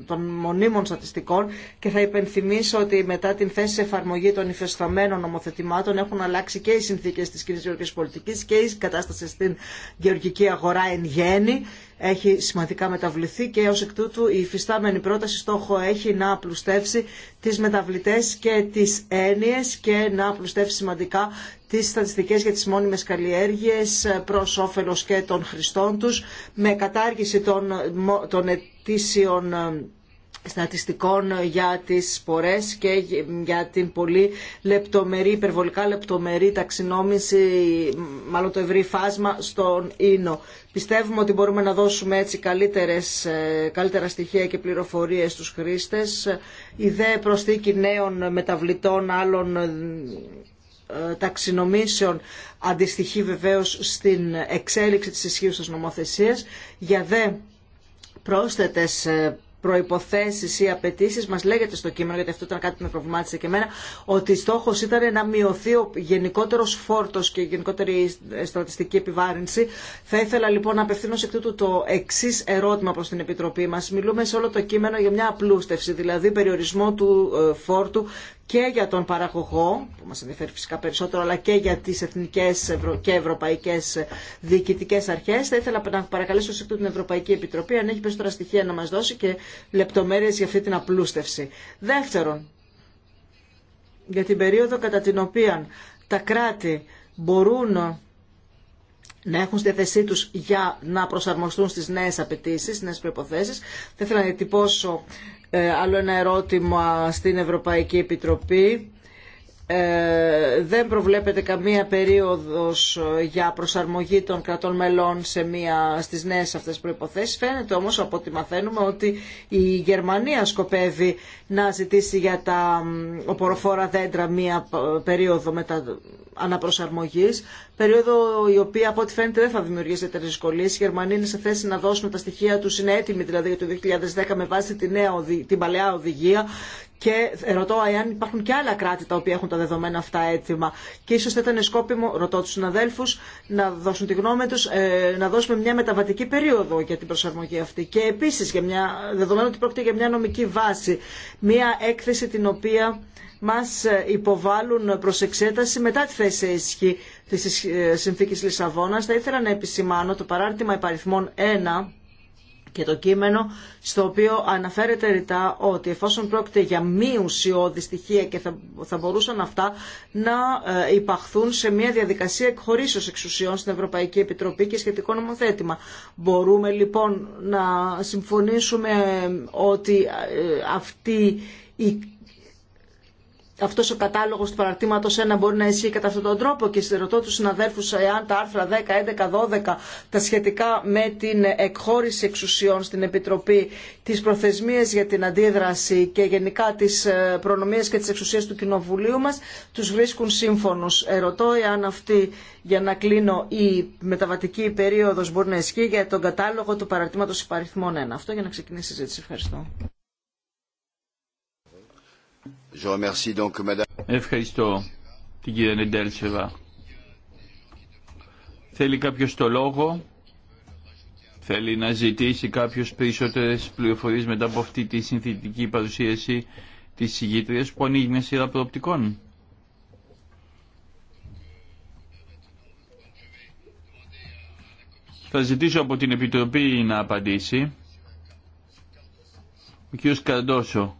των μονίμων στατιστικών και θα υπενθυμίσω ότι μετά την θέση εφαρμογή των υφεσταμένων νομοθετημάτων έχουν αλλάξει και οι συνθήκε τη κοινή γεωργική πολιτική και η κατάσταση στην γεωργική αγορά εν γέννη έχει σημαντικά μεταβληθεί και ως εκ τούτου η υφιστάμενη πρόταση στόχο έχει να απλουστεύσει τις μεταβλητές και τις έννοιες και να απλουστεύσει σημαντικά τις στατιστικές για τις μόνιμες καλλιέργειες προς όφελος και των χρηστών τους με κατάργηση των, των ετήσιων στατιστικών για τις σπορές και για την πολύ λεπτομερή, υπερβολικά λεπτομερή ταξινόμηση, μάλλον το ευρύ φάσμα στον ίνο. Πιστεύουμε ότι μπορούμε να δώσουμε έτσι καλύτερες, ε, καλύτερα στοιχεία και πληροφορίες στους χρήστες. Η δε προσθήκη νέων μεταβλητών άλλων ε, ταξινομήσεων αντιστοιχεί βεβαίως στην εξέλιξη της ισχύουσας νομοθεσίας. Για δε πρόσθετες ε, προϋποθέσεις ή απαιτήσει μας λέγεται στο κείμενο, γιατί αυτό ήταν κάτι που με προβλημάτισε και εμένα, ότι στόχος ήταν να μειωθεί ο γενικότερος φόρτος και η γενικότερη στρατιστική επιβάρυνση. Θα ήθελα λοιπόν να απευθύνω σε τούτου το εξή ερώτημα προς την Επιτροπή μας. Μιλούμε σε όλο το κείμενο για μια απλούστευση, δηλαδή περιορισμό του ε, φόρτου και για τον παραγωγό, που μας ενδιαφέρει φυσικά περισσότερο, αλλά και για τις εθνικές και ευρωπαϊκές διοικητικές αρχές. Θα ήθελα να παρακαλέσω σε την Ευρωπαϊκή Επιτροπή αν έχει περισσότερα στοιχεία να μας δώσει και λεπτομέρειες για αυτή την απλούστευση. Δεύτερον, για την περίοδο κατά την οποία τα κράτη μπορούν να έχουν στη θέση τους για να προσαρμοστούν στις νέες απαιτήσεις, στις νέες προϋποθέσεις. Θα ήθελα να διατυπώσω ε, άλλο ένα ερώτημα στην Ευρωπαϊκή Επιτροπή ε, δεν προβλέπεται καμία περίοδος ε, για προσαρμογή των κρατών μελών σε μία, στις νέες αυτές προϋποθέσεις. Φαίνεται όμως από ό,τι μαθαίνουμε ότι η Γερμανία σκοπεύει να ζητήσει για τα οποροφόρα δέντρα μία ε, περίοδο μετα... Ε, αναπροσαρμογής, περίοδο η οποία από ό,τι φαίνεται δεν θα δημιουργήσει τέτοιες δυσκολίες. Οι Γερμανοί είναι σε θέση να δώσουν τα στοιχεία του είναι έτοιμοι δηλαδή για το 2010 με βάση νέα, την παλαιά οδηγία και ρωτώ εάν υπάρχουν και άλλα κράτη τα οποία έχουν τα δεδομένα αυτά έτοιμα. Και ίσω θα ήταν σκόπιμο, ρωτώ του συναδέλφου, να δώσουν τη γνώμη του, ε, να δώσουμε μια μεταβατική περίοδο για την προσαρμογή αυτή. Και επίση, δεδομένου ότι πρόκειται για μια νομική βάση, μια έκθεση την οποία μα υποβάλλουν προ εξέταση μετά τη θέση ισχύ τη ε, συνθήκη Λισαβόνα. Θα ήθελα να επισημάνω το παράρτημα υπαριθμών 1 και το κείμενο στο οποίο αναφέρεται ρητά ότι εφόσον πρόκειται για μη ουσιώδη στοιχεία και θα, θα μπορούσαν αυτά να ε, υπαχθούν σε μια διαδικασία εκχωρήσεως εξουσιών στην Ευρωπαϊκή Επιτροπή και σχετικό νομοθέτημα. Μπορούμε λοιπόν να συμφωνήσουμε ε, ότι ε, αυτή η αυτό ο κατάλογο του παραρτήματο 1 μπορεί να ισχύει κατά αυτόν τον τρόπο και ρωτώ του συναδέλφου εάν τα άρθρα 10, 11, 12 τα σχετικά με την εκχώρηση εξουσιών στην Επιτροπή, τι προθεσμίε για την αντίδραση και γενικά τι ε, προνομίε και τι εξουσίε του Κοινοβουλίου μα του βρίσκουν σύμφωνου. Ερωτώ εάν αυτή για να κλείνω η μεταβατική περίοδο μπορεί να ισχύει για τον κατάλογο του παραρτήματο υπαριθμών 1. Αυτό για να ξεκινήσει η συζήτηση. Ευχαριστώ. Ευχαριστώ την κυρία Νεντέλσεβα. Θέλει κάποιος το λόγο, θέλει να ζητήσει κάποιος περισσότερες πληροφορίες μετά από αυτή τη συνθητική παρουσίαση της συγγήτριας που ανοίγει μια σειρά προοπτικών. Θα ζητήσω από την Επιτροπή να απαντήσει. Ο κ. Καρντόσο.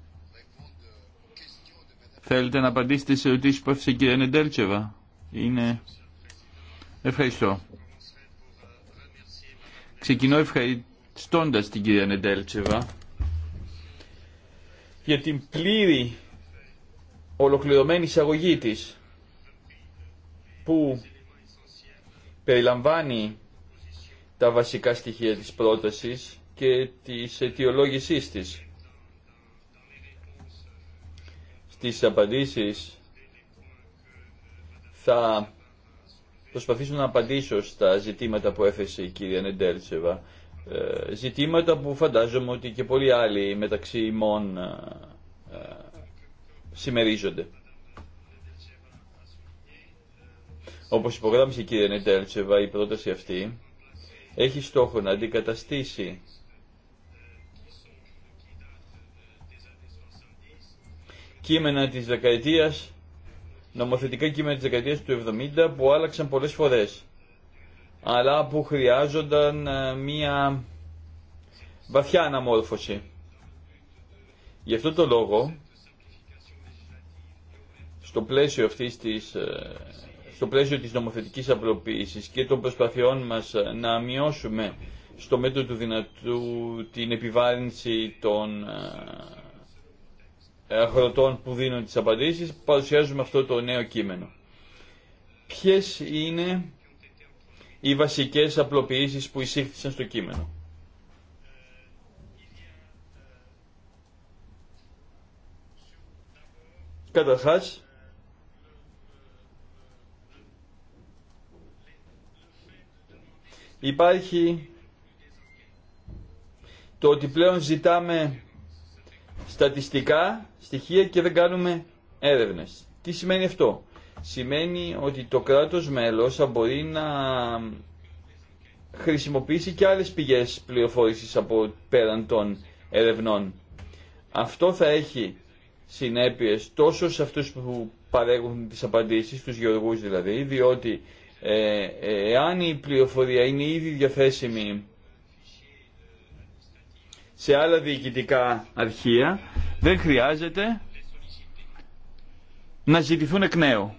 Θέλετε να απαντήσετε σε ερωτήσει που έφυγε η κυρία Νεντέλτσεβα. Είναι... Ευχαριστώ. Ξεκινώ ευχαριστώντα την κυρία Νεντέλτσεβα για την πλήρη ολοκληρωμένη εισαγωγή της που περιλαμβάνει τα βασικά στοιχεία της πρότασης και της αιτιολόγησής της. στις απαντήσεις θα προσπαθήσω να απαντήσω στα ζητήματα που έθεσε η κυρία Νεντέλτσεβα. Ε, ζητήματα που φαντάζομαι ότι και πολλοί άλλοι μεταξύ ημών ε, ε, συμμερίζονται. Όπως υπογράμμισε η κυρία Νεντέλτσεβα, η πρόταση αυτή έχει στόχο να αντικαταστήσει κείμενα της δεκαετίας, νομοθετικά κείμενα της δεκαετίας του 70 που άλλαξαν πολλές φορές, αλλά που χρειάζονταν ε, μία βαθιά αναμόρφωση. Γι' αυτό το λόγο, στο πλαίσιο αυτής της ε, στο πλαίσιο της νομοθετικής απλοποίησης και των προσπαθειών μας ε, να μειώσουμε στο μέτρο του δυνατού την επιβάρυνση των αγροτών που δίνουν τις απαντήσεις, παρουσιάζουμε αυτό το νέο κείμενο. Ποιες είναι οι βασικές απλοποιήσεις που εισήχθησαν στο κείμενο. Καταρχάς, υπάρχει το ότι πλέον ζητάμε στατιστικά στοιχεία και δεν κάνουμε έρευνες. Τι σημαίνει αυτό. Σημαίνει ότι το κράτος μέλος θα μπορεί να χρησιμοποιήσει και άλλες πηγές πληροφόρησης από πέραν των ερευνών. Αυτό θα έχει συνέπειες τόσο σε αυτούς που παρέχουν τις απαντήσεις, τους γεωργούς δηλαδή, διότι ε, ε, εάν η πληροφορία είναι ήδη διαθέσιμη σε άλλα διοικητικά αρχεία δεν χρειάζεται να ζητηθούν εκ νέου.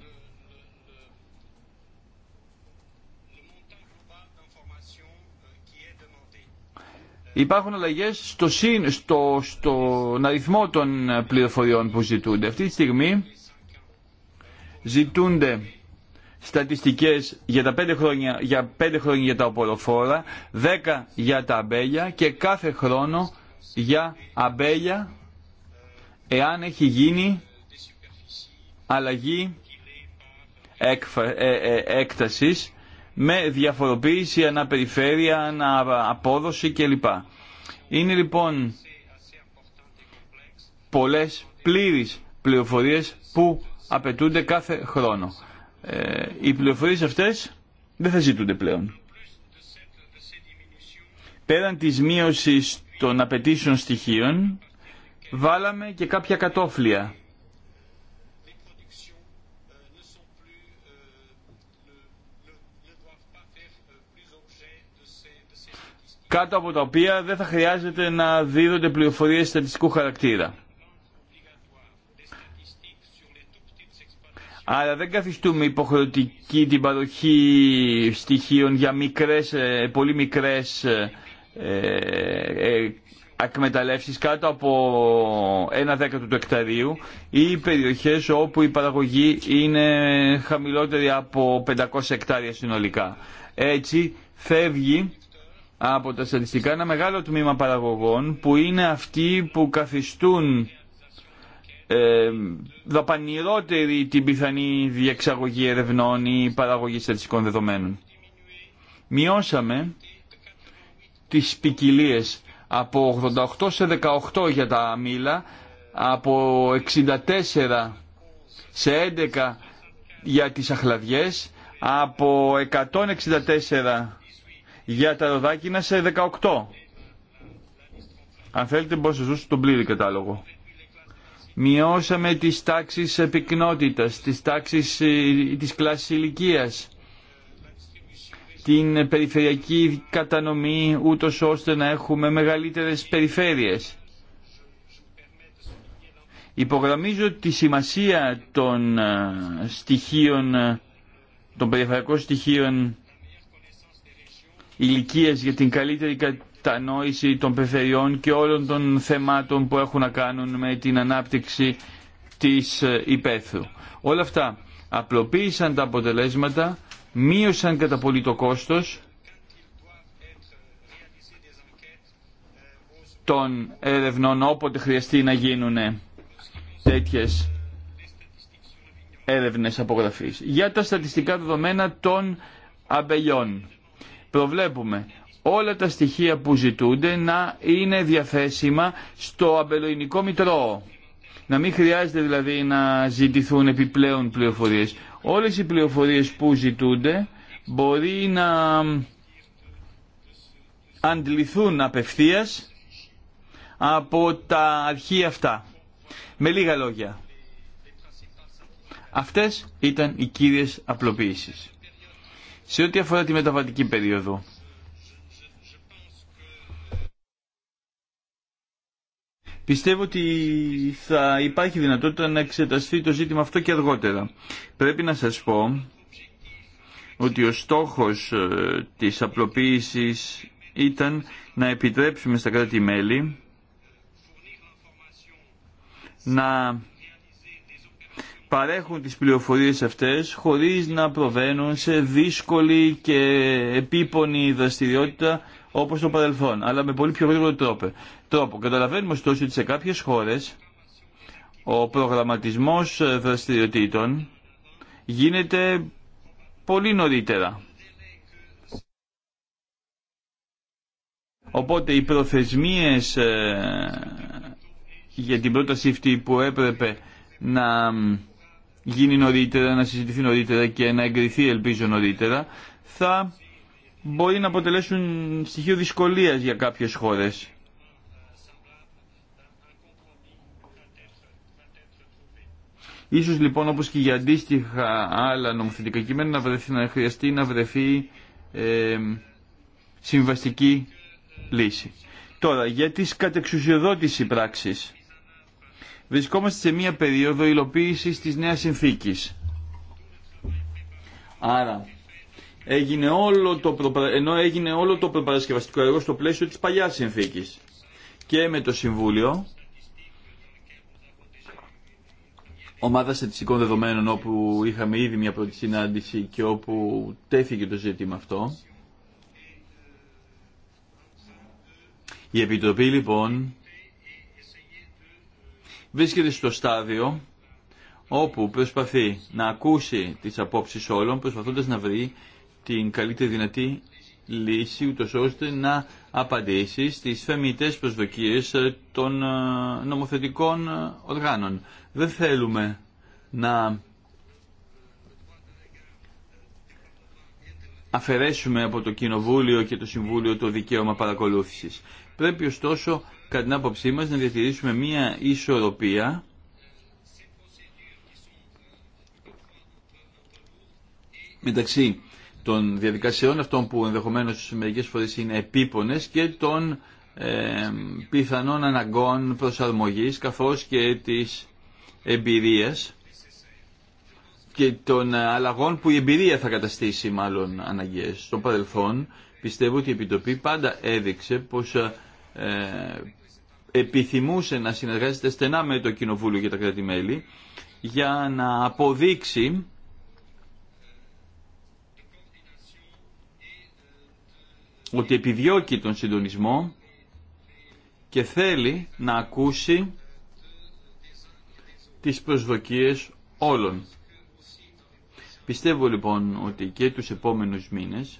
Υπάρχουν αλλαγέ στο, συν, στο, στον αριθμό των πληροφοριών που ζητούνται. Αυτή τη στιγμή ζητούνται στατιστικές για τα πέντε χρόνια για, πέντε χρόνια για τα οποροφόρα, δέκα για τα αμπέλια και κάθε χρόνο για αμπέλια εάν έχει γίνει αλλαγή ε, ε, έκτασης με διαφοροποίηση, αναπεριφέρεια, απόδοση κλπ. Είναι λοιπόν πολλές πλήρεις πληροφορίες που απαιτούνται κάθε χρόνο. Ε, οι πληροφορίες αυτές δεν θα ζητούνται πλέον. Πέραν της μείωσης των απαιτήσεων στοιχείων, βάλαμε και κάποια κατόφλια. κάτω από τα οποία δεν θα χρειάζεται να δίδονται πληροφορίες στατιστικού χαρακτήρα. Άρα δεν καθιστούμε υποχρεωτική την παροχή στοιχείων για μικρές, ε, πολύ μικρές ε, ε, εκμεταλλεύσει κάτω από ένα δέκατο του εκταρίου ή περιοχές όπου η παραγωγή είναι χαμηλότερη από 500 εκτάρια συνολικά. Έτσι φεύγει από τα στατιστικά ένα μεγάλο τμήμα παραγωγών που είναι αυτοί που καθιστούν ε, δαπανηρότερη την πιθανή διεξαγωγή ερευνών ή παραγωγή στατιστικών δεδομένων. Μειώσαμε τις ποικιλίε από 88 σε 18 για τα μήλα, από 64 σε 11 για τις αχλαδιές, από 164 για τα ροδάκινα σε 18. Αν θέλετε μπορείς να τον πλήρη κατάλογο. Μειώσαμε τις τάξεις επικνότητας, τις τάξεις ε, της κλάσης ηλικία, την περιφερειακή κατανομή ούτως ώστε να έχουμε μεγαλύτερες περιφέρειες. Υπογραμμίζω τη σημασία των ε, στοιχείων, ε, των περιφερειακών στοιχείων ηλικίε για την καλύτερη κατανόηση των πεθεριών και όλων των θεμάτων που έχουν να κάνουν με την ανάπτυξη της ε, υπαίθρου. Όλα αυτά απλοποίησαν τα αποτελέσματα, μείωσαν κατά πολύ το κόστος των ερευνών όποτε χρειαστεί να γίνουν τέτοιες έρευνες απογραφής. Για τα στατιστικά δεδομένα των αμπελιών προβλέπουμε όλα τα στοιχεία που ζητούνται να είναι διαθέσιμα στο αμπελοϊνικό μητρό. Να μην χρειάζεται δηλαδή να ζητηθούν επιπλέον πληροφορίες. Όλες οι πληροφορίες που ζητούνται μπορεί να αντιληθούν απευθείας από τα αρχεία αυτά. Με λίγα λόγια. Αυτές ήταν οι κύριες απλοποίησεις. Σε ό,τι αφορά τη μεταβατική περίοδο, Πιστεύω ότι θα υπάρχει δυνατότητα να εξεταστεί το ζήτημα αυτό και αργότερα. Πρέπει να σας πω ότι ο στόχος ε, της απλοποίησης ήταν να επιτρέψουμε στα κράτη-μέλη να παρέχουν τις πληροφορίες αυτές χωρίς να προβαίνουν σε δύσκολη και επίπονη δραστηριότητα όπως το παρελθόν, αλλά με πολύ πιο γρήγορο τρόπο. τρόπο. Καταλαβαίνουμε ωστόσο ότι σε κάποιες χώρες ο προγραμματισμός δραστηριοτήτων γίνεται πολύ νωρίτερα. Οπότε οι προθεσμίες ε, για την πρόταση αυτή που έπρεπε να γίνει νωρίτερα, να συζητηθεί νωρίτερα και να εγκριθεί ελπίζω νωρίτερα, θα μπορεί να αποτελέσουν στοιχείο δυσκολίας για κάποιες χώρες. Ίσως λοιπόν όπως και για αντίστοιχα άλλα νομοθετικά κείμενα να, βρεθεί, να χρειαστεί να βρεθεί συμβαστική λύση. Τώρα για τις κατεξουσιοδότηση πράξεις Βρισκόμαστε σε μία περίοδο υλοποίηση της νέας συνθήκης. Άρα, έγινε όλο το προπα... ενώ έγινε όλο το προπαρασκευαστικό έργο στο πλαίσιο της παλιάς συνθήκης και με το Συμβούλιο, ομάδα στατιστικών δεδομένων όπου είχαμε ήδη μια πρώτη συνάντηση και όπου τέθηκε το ζήτημα αυτό. Η Επιτροπή λοιπόν βρίσκεται στο στάδιο όπου προσπαθεί να ακούσει τις απόψεις όλων προσπαθώντας να βρει την καλύτερη δυνατή λύση ούτως ώστε να απαντήσει στις θεμητές προσδοκίες των ε, νομοθετικών ε, οργάνων. Δεν θέλουμε να αφαιρέσουμε από το Κοινοβούλιο και το Συμβούλιο το δικαίωμα παρακολούθησης. Πρέπει ωστόσο κατά την άποψή μας, να διατηρήσουμε μία ισορροπία μεταξύ των διαδικασιών αυτών που ενδεχομένως μερικές φορές είναι επίπονες και των ε, πιθανών αναγκών προσαρμογής καθώς και της εμπειρίας και των αλλαγών που η εμπειρία θα καταστήσει μάλλον αναγκαίες. Στο παρελθόν πιστεύω ότι η Επιτροπή πάντα έδειξε πως ε, επιθυμούσε να συνεργάζεται στενά με το Κοινοβούλιο για τα κράτη-μέλη για να αποδείξει ότι επιδιώκει τον συντονισμό και θέλει να ακούσει τις προσδοκίες όλων. Πιστεύω λοιπόν ότι και τους επόμενους μήνες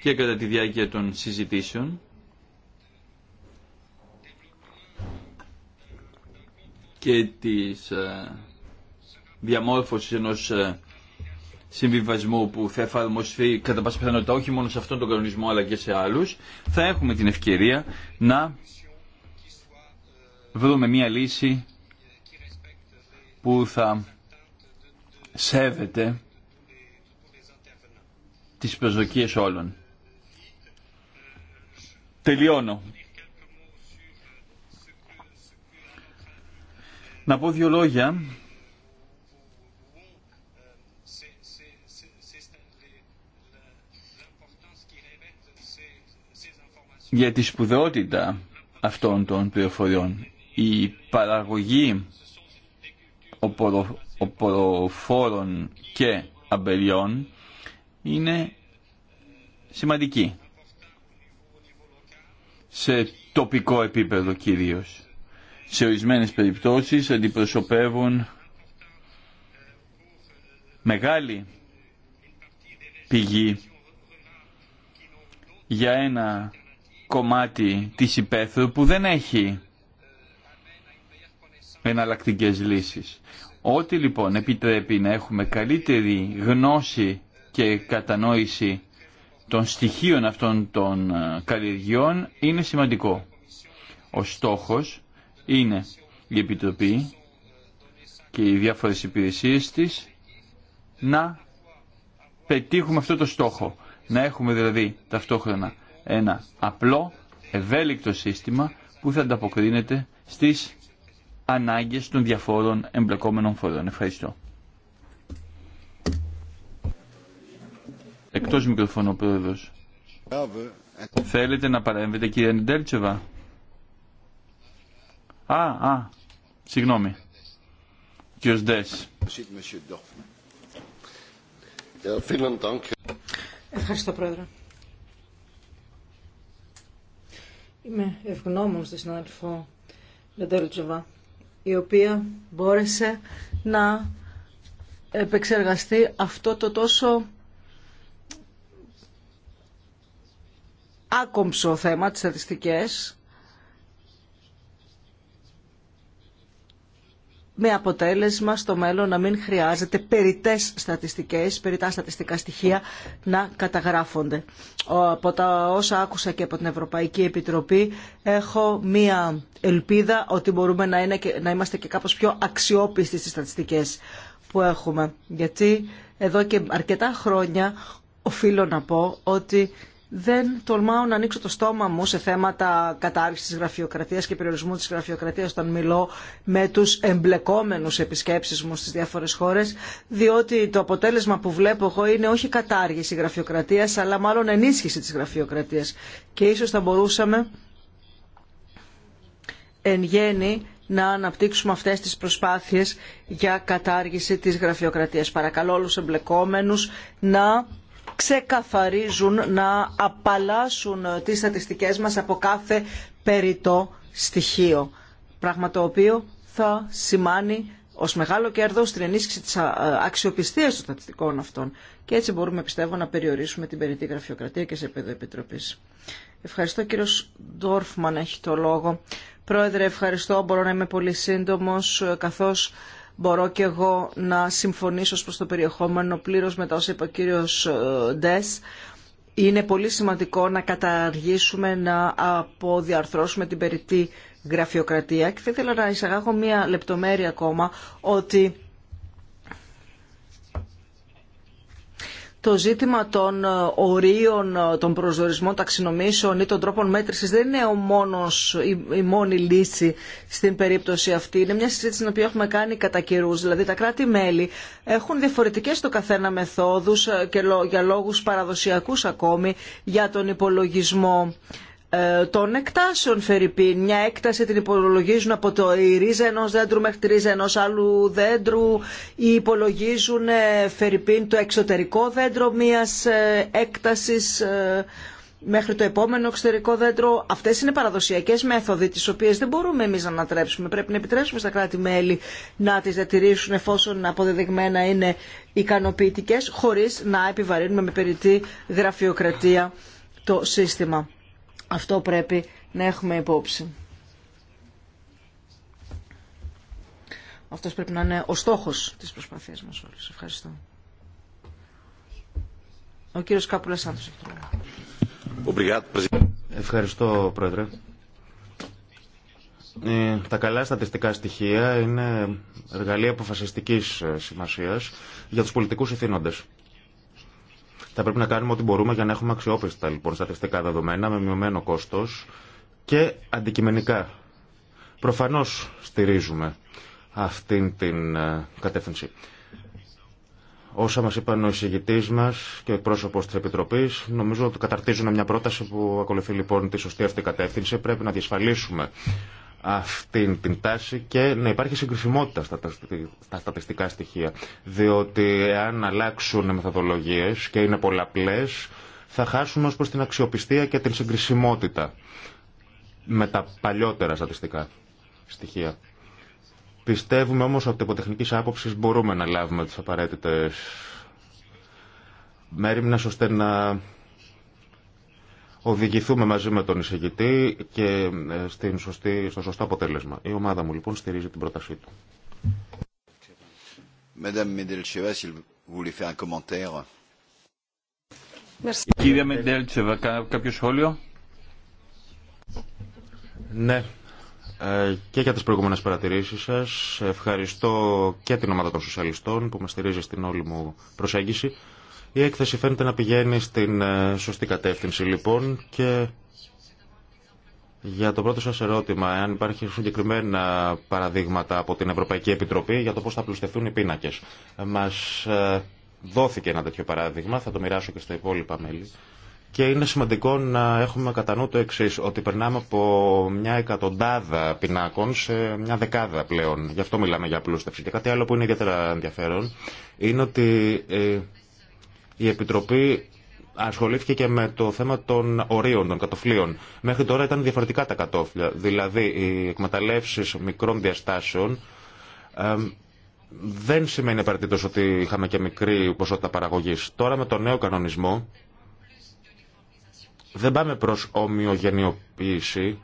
και κατά τη διάρκεια των συζητήσεων και της ε, διαμόρφωσης ενός ε, συμβιβασμού που θα εφαρμοστεί κατά πάση πιθανότητα όχι μόνο σε αυτόν τον κανονισμό αλλά και σε άλλους, θα έχουμε την ευκαιρία να βρούμε μία λύση που θα σέβεται τις προσδοκίες όλων. Τελειώνω Να πω δύο λόγια για τη σπουδαιότητα αυτών των πληροφοριών. Η παραγωγή οποροφόρων και αμπελιών είναι σημαντική. Σε τοπικό επίπεδο κυρίως σε ορισμένες περιπτώσεις αντιπροσωπεύουν μεγάλη πηγή για ένα κομμάτι της υπαίθρου που δεν έχει εναλλακτικέ λύσεις. Ό,τι λοιπόν επιτρέπει να έχουμε καλύτερη γνώση και κατανόηση των στοιχείων αυτών των καλλιεργιών είναι σημαντικό. Ο στόχος είναι η Επιτροπή και οι διάφορες υπηρεσίες της να πετύχουμε αυτό το στόχο. Να έχουμε δηλαδή ταυτόχρονα ένα απλό, ευέλικτο σύστημα που θα ανταποκρίνεται στις ανάγκες των διαφόρων εμπλεκόμενων φορών. Ευχαριστώ. Εκτός μικροφώνου, Πρόεδρος. Θέλετε να παρέμβετε, κύριε Ντέλτσεβα. Α, α, συγγνώμη. Κύριος Ντές. Ευχαριστώ, Πρόεδρε. Είμαι ευγνώμων στη συνάδελφο Λεντέλτζοβα, η οποία μπόρεσε να επεξεργαστεί αυτό το τόσο άκομψο θέμα, τις στατιστικές, με αποτέλεσμα στο μέλλον να μην χρειάζεται περιτές στατιστικές, περιτά στατιστικά στοιχεία να καταγράφονται. Από τα όσα άκουσα και από την Ευρωπαϊκή Επιτροπή έχω μία ελπίδα ότι μπορούμε να, είναι και, να είμαστε και κάπως πιο αξιόπιστοι στις στατιστικές που έχουμε. Γιατί εδώ και αρκετά χρόνια οφείλω να πω ότι δεν τολμάω να ανοίξω το στόμα μου σε θέματα κατάργησης της γραφειοκρατίας και περιορισμού της γραφειοκρατίας όταν μιλώ με τους εμπλεκόμενους επισκέψεις μου στις διάφορες χώρες διότι το αποτέλεσμα που βλέπω εγώ είναι όχι κατάργηση γραφειοκρατίας αλλά μάλλον ενίσχυση της γραφειοκρατίας και ίσω θα μπορούσαμε εν γέννη να αναπτύξουμε αυτές τις προσπάθειες για κατάργηση της γραφειοκρατίας. Παρακαλώ όλους εμπλεκόμενους να ξεκαθαρίζουν, να απαλλάσσουν τις στατιστικές μας από κάθε περιττό στοιχείο. Πράγμα το οποίο θα σημάνει ως μεγάλο κέρδος την ενίσχυση της αξιοπιστίας των στατιστικών αυτών. Και έτσι μπορούμε, πιστεύω, να περιορίσουμε την περιττή γραφειοκρατία και σε επίπεδο επιτροπής. Ευχαριστώ κύριο Ντόρφμαν έχει το λόγο. Πρόεδρε, ευχαριστώ. Μπορώ να είμαι πολύ σύντομος, καθώς μπορώ και εγώ να συμφωνήσω προς το περιεχόμενο πλήρως με τα όσα είπε ο κύριος ε, Ντες. Είναι πολύ σημαντικό να καταργήσουμε, να αποδιαρθρώσουμε την περιττή γραφειοκρατία και θα ήθελα να εισαγάγω μία λεπτομέρεια ακόμα ότι το ζήτημα των ε, ορίων, ε, των προσδορισμών, ταξινομήσεων ή των τρόπων μέτρησης δεν είναι ο μόνος, η μόνη λύση στην περίπτωση αυτή. Είναι μια συζήτηση την οποία έχουμε κάνει κατά καιρού. Δηλαδή τα κράτη-μέλη έχουν διαφορετικές το καθένα μεθόδους ε, και για λόγους παραδοσιακούς ακόμη για τον υπολογισμό ε, των εκτάσεων Φερρυπίν. Μια έκταση την υπολογίζουν από το η ρίζα ενό δέντρου μέχρι τη ρίζα ενό άλλου δέντρου ή υπολογίζουν ε, Φερρυπίν το εξωτερικό δέντρο μια ε, έκταση μέχρι το επόμενο εξωτερικό δέντρο. Αυτές είναι παραδοσιακές μέθοδοι τις οποίες δεν μπορούμε εμείς να ανατρέψουμε. Πρέπει να επιτρέψουμε στα κράτη-μέλη να τις διατηρήσουν εφόσον αποδεδειγμένα είναι ικανοποιητικές χωρίς να επιβαρύνουμε με περιττή γραφειοκρατία το σύστημα. Αυτό πρέπει να έχουμε υπόψη. Αυτός πρέπει να είναι ο στόχος της προσπάθειας μας όλες. Ευχαριστώ. Ο κύριος Κάπουλα Ευχαριστώ, Πρόεδρε. Ε, τα καλά στατιστικά στοιχεία είναι εργαλεία αποφασιστικής ε, σημασίας για τους πολιτικούς ευθύνοντες. Θα πρέπει να κάνουμε ό,τι μπορούμε για να έχουμε αξιόπιστα λοιπόν στατιστικά δεδομένα με μειωμένο κόστο και αντικειμενικά. Προφανώ στηρίζουμε αυτήν την ε, κατεύθυνση. Όσα μας είπαν ο εισηγητή μα και ο πρόσωπος τη Επιτροπή, νομίζω ότι καταρτίζουν μια πρόταση που ακολουθεί λοιπόν τη σωστή αυτή κατεύθυνση. Πρέπει να διασφαλίσουμε αυτήν την τάση και να υπάρχει συγκρισιμότητα στα στατιστικά στοιχεία. Διότι αν αλλάξουν οι μεθοδολογίες και είναι πολλαπλές, θα χάσουν ως προς την αξιοπιστία και την συγκρισιμότητα με τα παλιότερα στατιστικά στοιχεία. Πιστεύουμε όμως ότι από τεχνικής άποψης μπορούμε να λάβουμε τις απαραίτητες μέρημνες ώστε να οδηγηθούμε μαζί με τον εισηγητή και ε, στην σωστή, στο σωστό αποτέλεσμα. Η ομάδα μου λοιπόν στηρίζει την πρότασή του. Κύριε Μεντέλτσεβα, κάποιο σχόλιο. Ναι, ε, και για τις προηγούμενες παρατηρήσεις σας. Ευχαριστώ και την ομάδα των σοσιαλιστών που με στηρίζει στην όλη μου προσέγγιση. Η έκθεση φαίνεται να πηγαίνει στην ε, σωστή κατεύθυνση λοιπόν και για το πρώτο σας ερώτημα, αν υπάρχει συγκεκριμένα παραδείγματα από την Ευρωπαϊκή Επιτροπή για το πώς θα πλουστευτούν οι πίνακες. Ε, μας ε, δόθηκε ένα τέτοιο παράδειγμα, θα το μοιράσω και στα υπόλοιπα μέλη. Και είναι σημαντικό να έχουμε κατά νου το εξή, ότι περνάμε από μια εκατοντάδα πινάκων σε μια δεκάδα πλέον. Γι' αυτό μιλάμε για πλούστευση. Και κάτι άλλο που είναι ιδιαίτερα ενδιαφέρον είναι ότι η Επιτροπή ασχολήθηκε και με το θέμα των ορίων, των κατοφλίων. Μέχρι τώρα ήταν διαφορετικά τα κατόφλια. Δηλαδή, οι εκμεταλλεύσει μικρών διαστάσεων δεν σημαίνει απαραίτητο ότι είχαμε και μικρή ποσότητα παραγωγή. Τώρα με τον νέο κανονισμό δεν πάμε προ ομοιογενειοποίηση,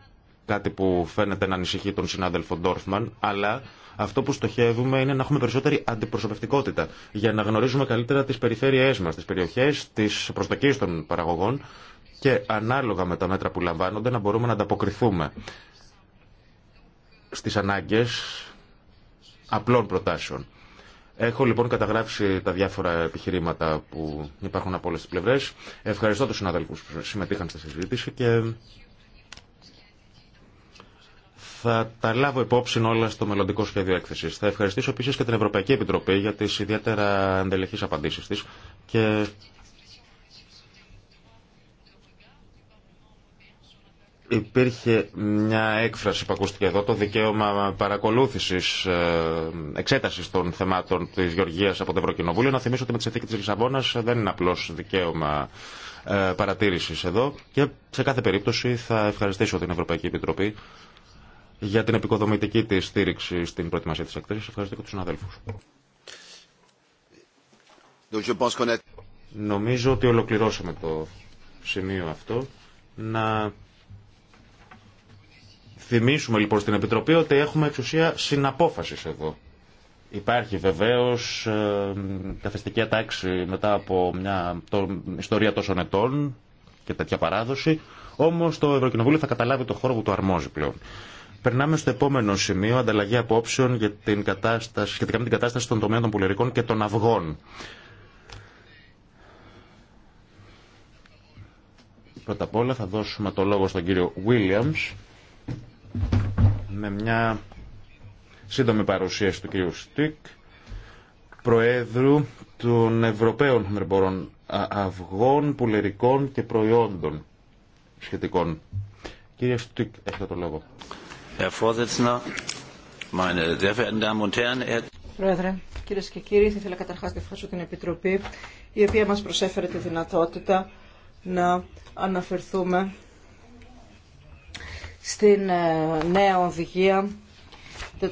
κάτι που φαίνεται να ανησυχεί τον συνάδελφο Ντόρφμαν, αλλά αυτό που στοχεύουμε είναι να έχουμε περισσότερη αντιπροσωπευτικότητα για να γνωρίζουμε καλύτερα τι περιφέρειέ μα, τι περιοχέ, τι προσδοκίε των παραγωγών και ανάλογα με τα μέτρα που λαμβάνονται να μπορούμε να ανταποκριθούμε στις ανάγκες απλών προτάσεων. Έχω λοιπόν καταγράψει τα διάφορα επιχειρήματα που υπάρχουν από όλε τι πλευρέ. Ευχαριστώ του συναδέλφους που συμμετείχαν στη συζήτηση και θα τα λάβω υπόψη όλα στο μελλοντικό σχέδιο έκθεση. Θα ευχαριστήσω επίση και την Ευρωπαϊκή Επιτροπή για τι ιδιαίτερα εντελεχεί απαντήσει τη και Υπήρχε μια έκφραση που ακούστηκε εδώ, το δικαίωμα παρακολούθηση ε, εξέταση των θεμάτων τη Γεωργία από το Ευρωκοινοβούλιο. Να θυμίσω ότι με τη συνθήκη τη Λισαβόνα δεν είναι απλώ δικαίωμα ε, παρατήρηση εδώ. Και σε κάθε περίπτωση θα ευχαριστήσω την Ευρωπαϊκή Επιτροπή για την επικοδομητική τη στήριξη στην προετοιμασία τη εκθέση. Ευχαριστώ και του συναδέλφου. Νομίζω ότι ολοκληρώσαμε το σημείο αυτό. Να θυμίσουμε λοιπόν στην Επιτροπή ότι έχουμε εξουσία συναπόφασης εδώ. Υπάρχει βεβαίως ε, καθεστική ατάξη μετά από μια το, ιστορία τόσων ετών και τέτοια παράδοση, όμως το Ευρωκοινοβούλιο θα καταλάβει το χώρο που το αρμόζει πλέον. Περνάμε στο επόμενο σημείο, ανταλλαγή απόψεων για την κατάσταση, σχετικά με την κατάσταση των τομέων των πουλερικών και των αυγών. Πρώτα απ' όλα θα δώσουμε το λόγο στον κύριο Williams με μια σύντομη παρουσίαση του κύριου Στικ, Προέδρου των Ευρωπαίων Μερμπορών Αυγών, Πουλερικών και Προϊόντων σχετικών. Κύριε Στικ, έχετε το λόγο. Herr er- Πρόεδρε, κυρίε και κύριοι, θα ήθελα καταρχά να ευχαριστήσω την Επιτροπή, η οποία μα προσέφερε τη δυνατότητα να αναφερθούμε στην ε, νέα οδηγία 499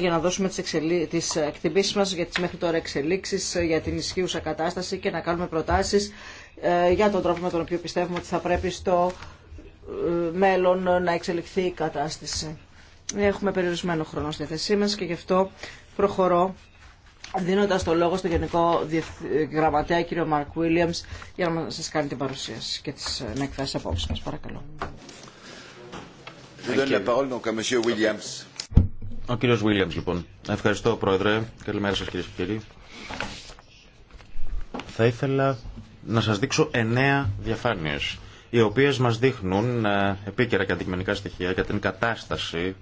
για να δώσουμε τι τις εκτιμήσεις μας για τις μέχρι τώρα εξελίξει ε, για την ισχύουσα κατάσταση και να κάνουμε προτάσει ε, για τον τρόπο με τον οποίο πιστεύουμε ότι θα πρέπει στο μέλλον να εξελιχθεί η κατάσταση. Έχουμε περιορισμένο χρόνο στη θέσή μας και γι' αυτό προχωρώ δίνοντας το λόγο στο Γενικό Γραμματέα κύριο Μαρκ Βίλιαμς για να σας κάνει την παρουσίαση και τις, ε, να εκφράσει απόψεις μας. Παρακαλώ. Ο κύριος Βίλιαμς λοιπόν. Ευχαριστώ Πρόεδρε. Καλημέρα σας κύριε και κύριοι. Θα ήθελα να σας δείξω εννέα διαφάνειες οι οποίες μας δείχνουν ε, επίκαιρα και αντικειμενικά στοιχεία για την κατάσταση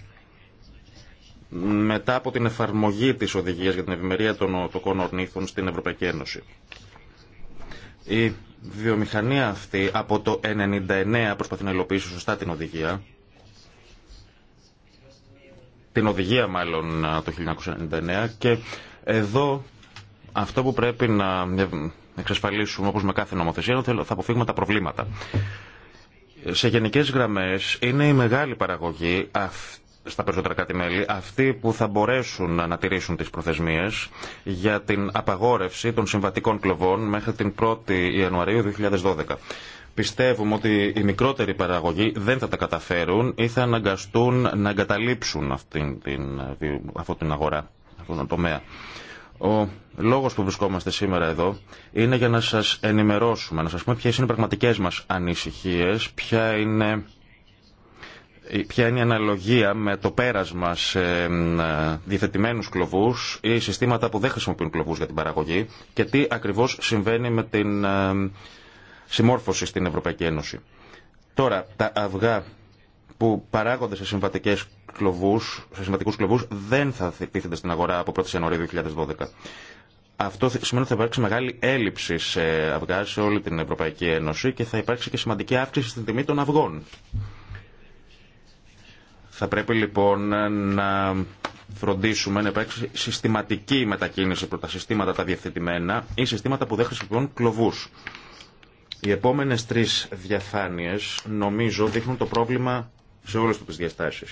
μετά από την εφαρμογή της οδηγίας για την ευημερία των οτοκών ορνήθων στην Ευρωπαϊκή Ένωση. Η βιομηχανία αυτή από το 1999 προσπαθεί να υλοποιήσει σωστά την οδηγία. Την οδηγία μάλλον ε, το 1999 και εδώ αυτό που πρέπει να να εξασφαλίσουμε όπως με κάθε νομοθεσία θα αποφύγουμε τα προβλήματα. Σε γενικές γραμμές είναι η μεγάλη παραγωγή στα περισσοτερα κάτι κράτη-μέλη, αυτοί που θα μπορέσουν να ανατηρήσουν τις προθεσμίες για την απαγόρευση των συμβατικών κλοβών μέχρι την 1η Ιανουαρίου 2012. Πιστεύουμε ότι οι μικρότεροι παραγωγοί δεν θα τα καταφέρουν ή θα αναγκαστούν να εγκαταλείψουν αυτή την, την αγορά, αυτόν τον τομέα. Ο λόγος που βρισκόμαστε σήμερα εδώ είναι για να σας ενημερώσουμε, να σας πούμε ποιες είναι οι πραγματικές μας ανησυχίες, ποια είναι, ποια είναι η αναλογία με το πέρασμα σε διεθετημένους κλοβούς ή συστήματα που δεν χρησιμοποιούν κλοβούς για την παραγωγή και τι ακριβώς συμβαίνει με την ε, συμμόρφωση στην Ευρωπαϊκή Ένωση. Τώρα, τα αυγά που παράγονται σε συμβατικές κλοβούς, σε σημαντικούς κλοβούς δεν θα τίθενται στην αγορά από 1η Ιανουαρίου 2012. Αυτό σημαίνει ότι θα υπάρξει μεγάλη έλλειψη σε αυγά σε όλη την Ευρωπαϊκή Ένωση και θα υπάρξει και σημαντική αύξηση στην τιμή των αυγών. Θα πρέπει λοιπόν να φροντίσουμε να υπάρξει συστηματική μετακίνηση προ τα συστήματα τα διευθετημένα ή συστήματα που δεν χρησιμοποιούν κλοβού. Οι επόμενε τρει διαφάνειε νομίζω δείχνουν το πρόβλημα σε όλε τι διαστάσει.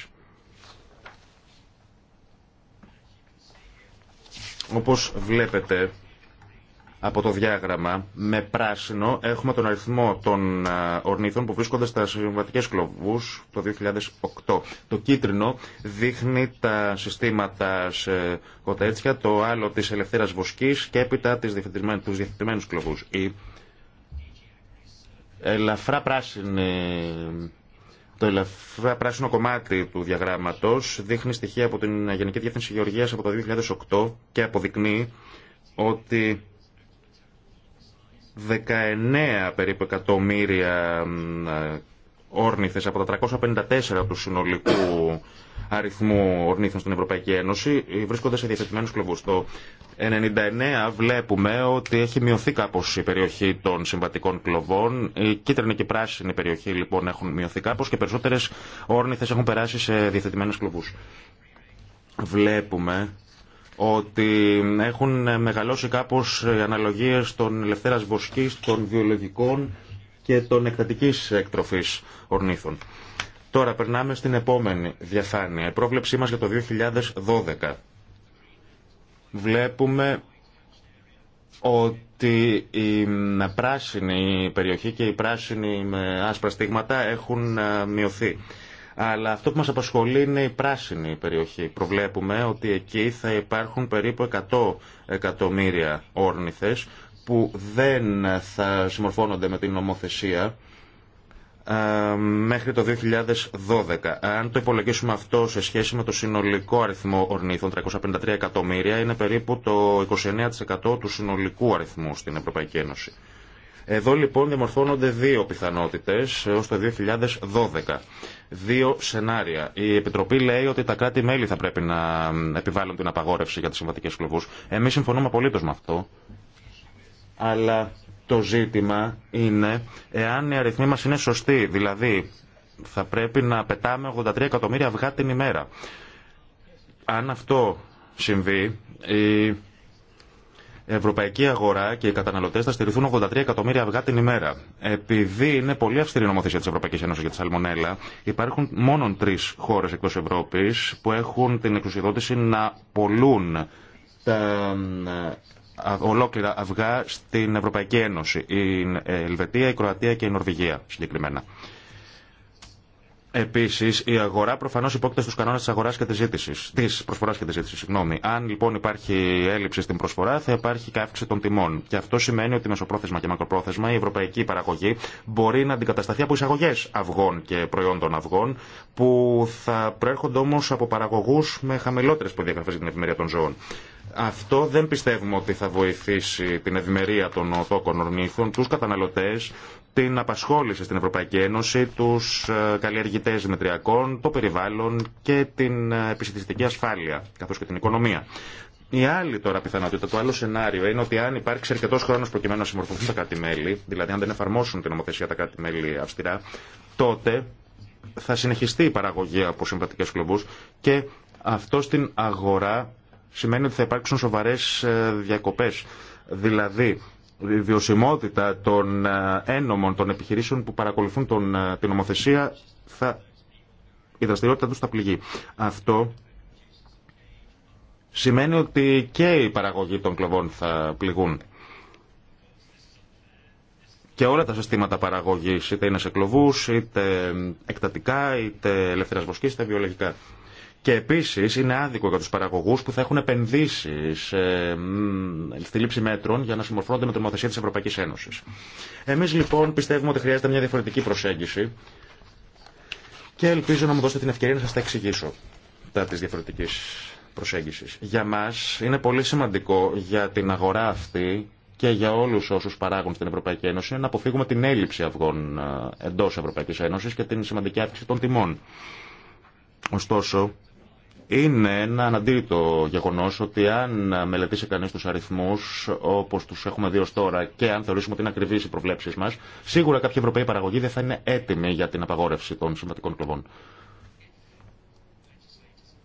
Όπως βλέπετε από το διάγραμμα, με πράσινο έχουμε τον αριθμό των ε, ορνήθων που βρίσκονται στα συμβατικέ κλωβούς το 2008. Το κίτρινο δείχνει τα συστήματα σε κοτέτσια, το άλλο της ελευθέρας βοσκής και έπειτα τους διευθυντημένους κλωβούς. Η ελαφρά πράσινη το ελαφρά πράσινο κομμάτι του διαγράμματο δείχνει στοιχεία από την Γενική Διεύθυνση Γεωργία από το 2008 και αποδεικνύει ότι 19 περίπου εκατομμύρια ε, όρνηθες από τα 354 του συνολικού αριθμού ορνήθων στην Ευρωπαϊκή Ένωση ε, βρίσκονται σε διαθετημένους κλωβούς. Το 1999 βλέπουμε ότι έχει μειωθεί κάπως η περιοχή των συμβατικών κλοβών. Η κίτρινη και η πράσινη περιοχή λοιπόν έχουν μειωθεί κάπως και περισσότερες ορνήθες έχουν περάσει σε διαθετημένους κλωβούς. Βλέπουμε ότι έχουν μεγαλώσει κάπως οι αναλογίες των ελευθέρας βοσκής, των βιολογικών και των εκτατικής εκτροφής ορνήθων. Τώρα περνάμε στην επόμενη διαφάνεια. Η πρόβλεψή μας για το 2012. Βλέπουμε ότι η πράσινη περιοχή και οι πράσινοι με άσπρα στίγματα έχουν ε, μειωθεί. Αλλά αυτό που μας απασχολεί είναι η πράσινη περιοχή. Προβλέπουμε ότι εκεί θα υπάρχουν περίπου 100 εκατομμύρια όρνηθες που δεν θα συμμορφώνονται με την νομοθεσία ε, μέχρι το 2012. Αν το υπολογίσουμε αυτό σε σχέση με το συνολικό αριθμό ορνήθων, 353 εκατομμύρια, είναι περίπου το 29% του συνολικού αριθμού στην Ευρωπαϊκή Ένωση. Εδώ λοιπόν διαμορφώνονται δύο πιθανότητες έως το 2012. Δύο σενάρια. Η Επιτροπή λέει ότι τα κράτη-μέλη θα πρέπει να επιβάλλουν την απαγόρευση για τις συμβατικές κλωβούς. Εμείς συμφωνούμε απολύτως με αυτό. Αλλά το ζήτημα είναι εάν οι αριθμοί μας είναι σωστοί, δηλαδή θα πρέπει να πετάμε 83 εκατομμύρια αυγά την ημέρα. Αν αυτό συμβεί, η ευρωπαϊκή αγορά και οι καταναλωτέ θα στηριχθούν 83 εκατομμύρια αυγά την ημέρα. Επειδή είναι πολύ αυστηρή η νομοθεσία τη Ευρωπαϊκή Ένωση για τη Σαλμονέλα, υπάρχουν μόνο τρει χώρες εκτός Ευρώπης που έχουν την εξουσιοδότηση να πολλούν τα ολόκληρα αυγά στην Ευρωπαϊκή Ένωση. Η Ελβετία, η Κροατία και η Νορβηγία συγκεκριμένα. Επίση, η αγορά προφανώ υπόκειται στου κανόνε τη αγορά και τη ζήτηση. Τη προσφορά και τη ζήτηση, συγγνώμη. Αν λοιπόν υπάρχει έλλειψη στην προσφορά, θα υπάρχει και αύξηση των τιμών. Και αυτό σημαίνει ότι μεσοπρόθεσμα και μακροπρόθεσμα η ευρωπαϊκή παραγωγή μπορεί να αντικατασταθεί από εισαγωγέ αυγών και προϊόντων αυγών, που θα προέρχονται όμω από παραγωγού με χαμηλότερε προδιαγραφέ για την ευημερία των ζώων. Αυτό δεν πιστεύουμε ότι θα βοηθήσει την ευημερία των οθόκων ορνήθων, τους καταναλωτές, την απασχόληση στην Ευρωπαϊκή Ένωση, τους ε, καλλιεργητές μετριακών, το περιβάλλον και την ε, επιστημιστική ασφάλεια, καθώς και την οικονομία. Η άλλη τώρα πιθανότητα, το άλλο σενάριο είναι ότι αν υπάρξει αρκετό χρόνο προκειμένου να συμμορφωθούν τα κράτη-μέλη, δηλαδή αν δεν εφαρμόσουν την νομοθεσία τα κράτη-μέλη αυστηρά, τότε θα συνεχιστεί η παραγωγή από συμβατικέ κλοβού και αυτό στην αγορά σημαίνει ότι θα υπάρξουν σοβαρέ ε, διακοπές. Δηλαδή, η βιωσιμότητα των ε, ένομων των επιχειρήσεων που παρακολουθούν τον, ε, την νομοθεσία θα, η δραστηριότητα του θα πληγεί. Αυτό σημαίνει ότι και η παραγωγή των κλωβών θα πληγούν. Και όλα τα συστήματα παραγωγής, είτε είναι σε κλωβούς, είτε εκτατικά, είτε ελευθερασβοσκής, είτε βιολογικά. Και επίση είναι άδικο για του παραγωγού που θα έχουν επενδύσει ε, στη λήψη μέτρων για να συμμορφώνονται με την νομοθεσία τη Ευρωπαϊκή Ένωση. Εμεί λοιπόν πιστεύουμε ότι χρειάζεται μια διαφορετική προσέγγιση και ελπίζω να μου δώσετε την ευκαιρία να σα τα εξηγήσω τα τη διαφορετική προσέγγιση. Για μα είναι πολύ σημαντικό για την αγορά αυτή και για όλου όσου παράγουν στην Ευρωπαϊκή Ένωση να αποφύγουμε την έλλειψη αυγών ε, εντό Ευρωπαϊκή Ένωση και την σημαντική αύξηση των τιμών. Ωστόσο, είναι ένα αναντήρητο γεγονό ότι αν μελετήσει κανεί του αριθμού όπω του έχουμε δει ω τώρα και αν θεωρήσουμε ότι είναι ακριβεί οι προβλέψει μα, σίγουρα κάποια Ευρωπαϊκή παραγωγή δεν θα είναι έτοιμη για την απαγόρευση των συμβατικών κλοβών.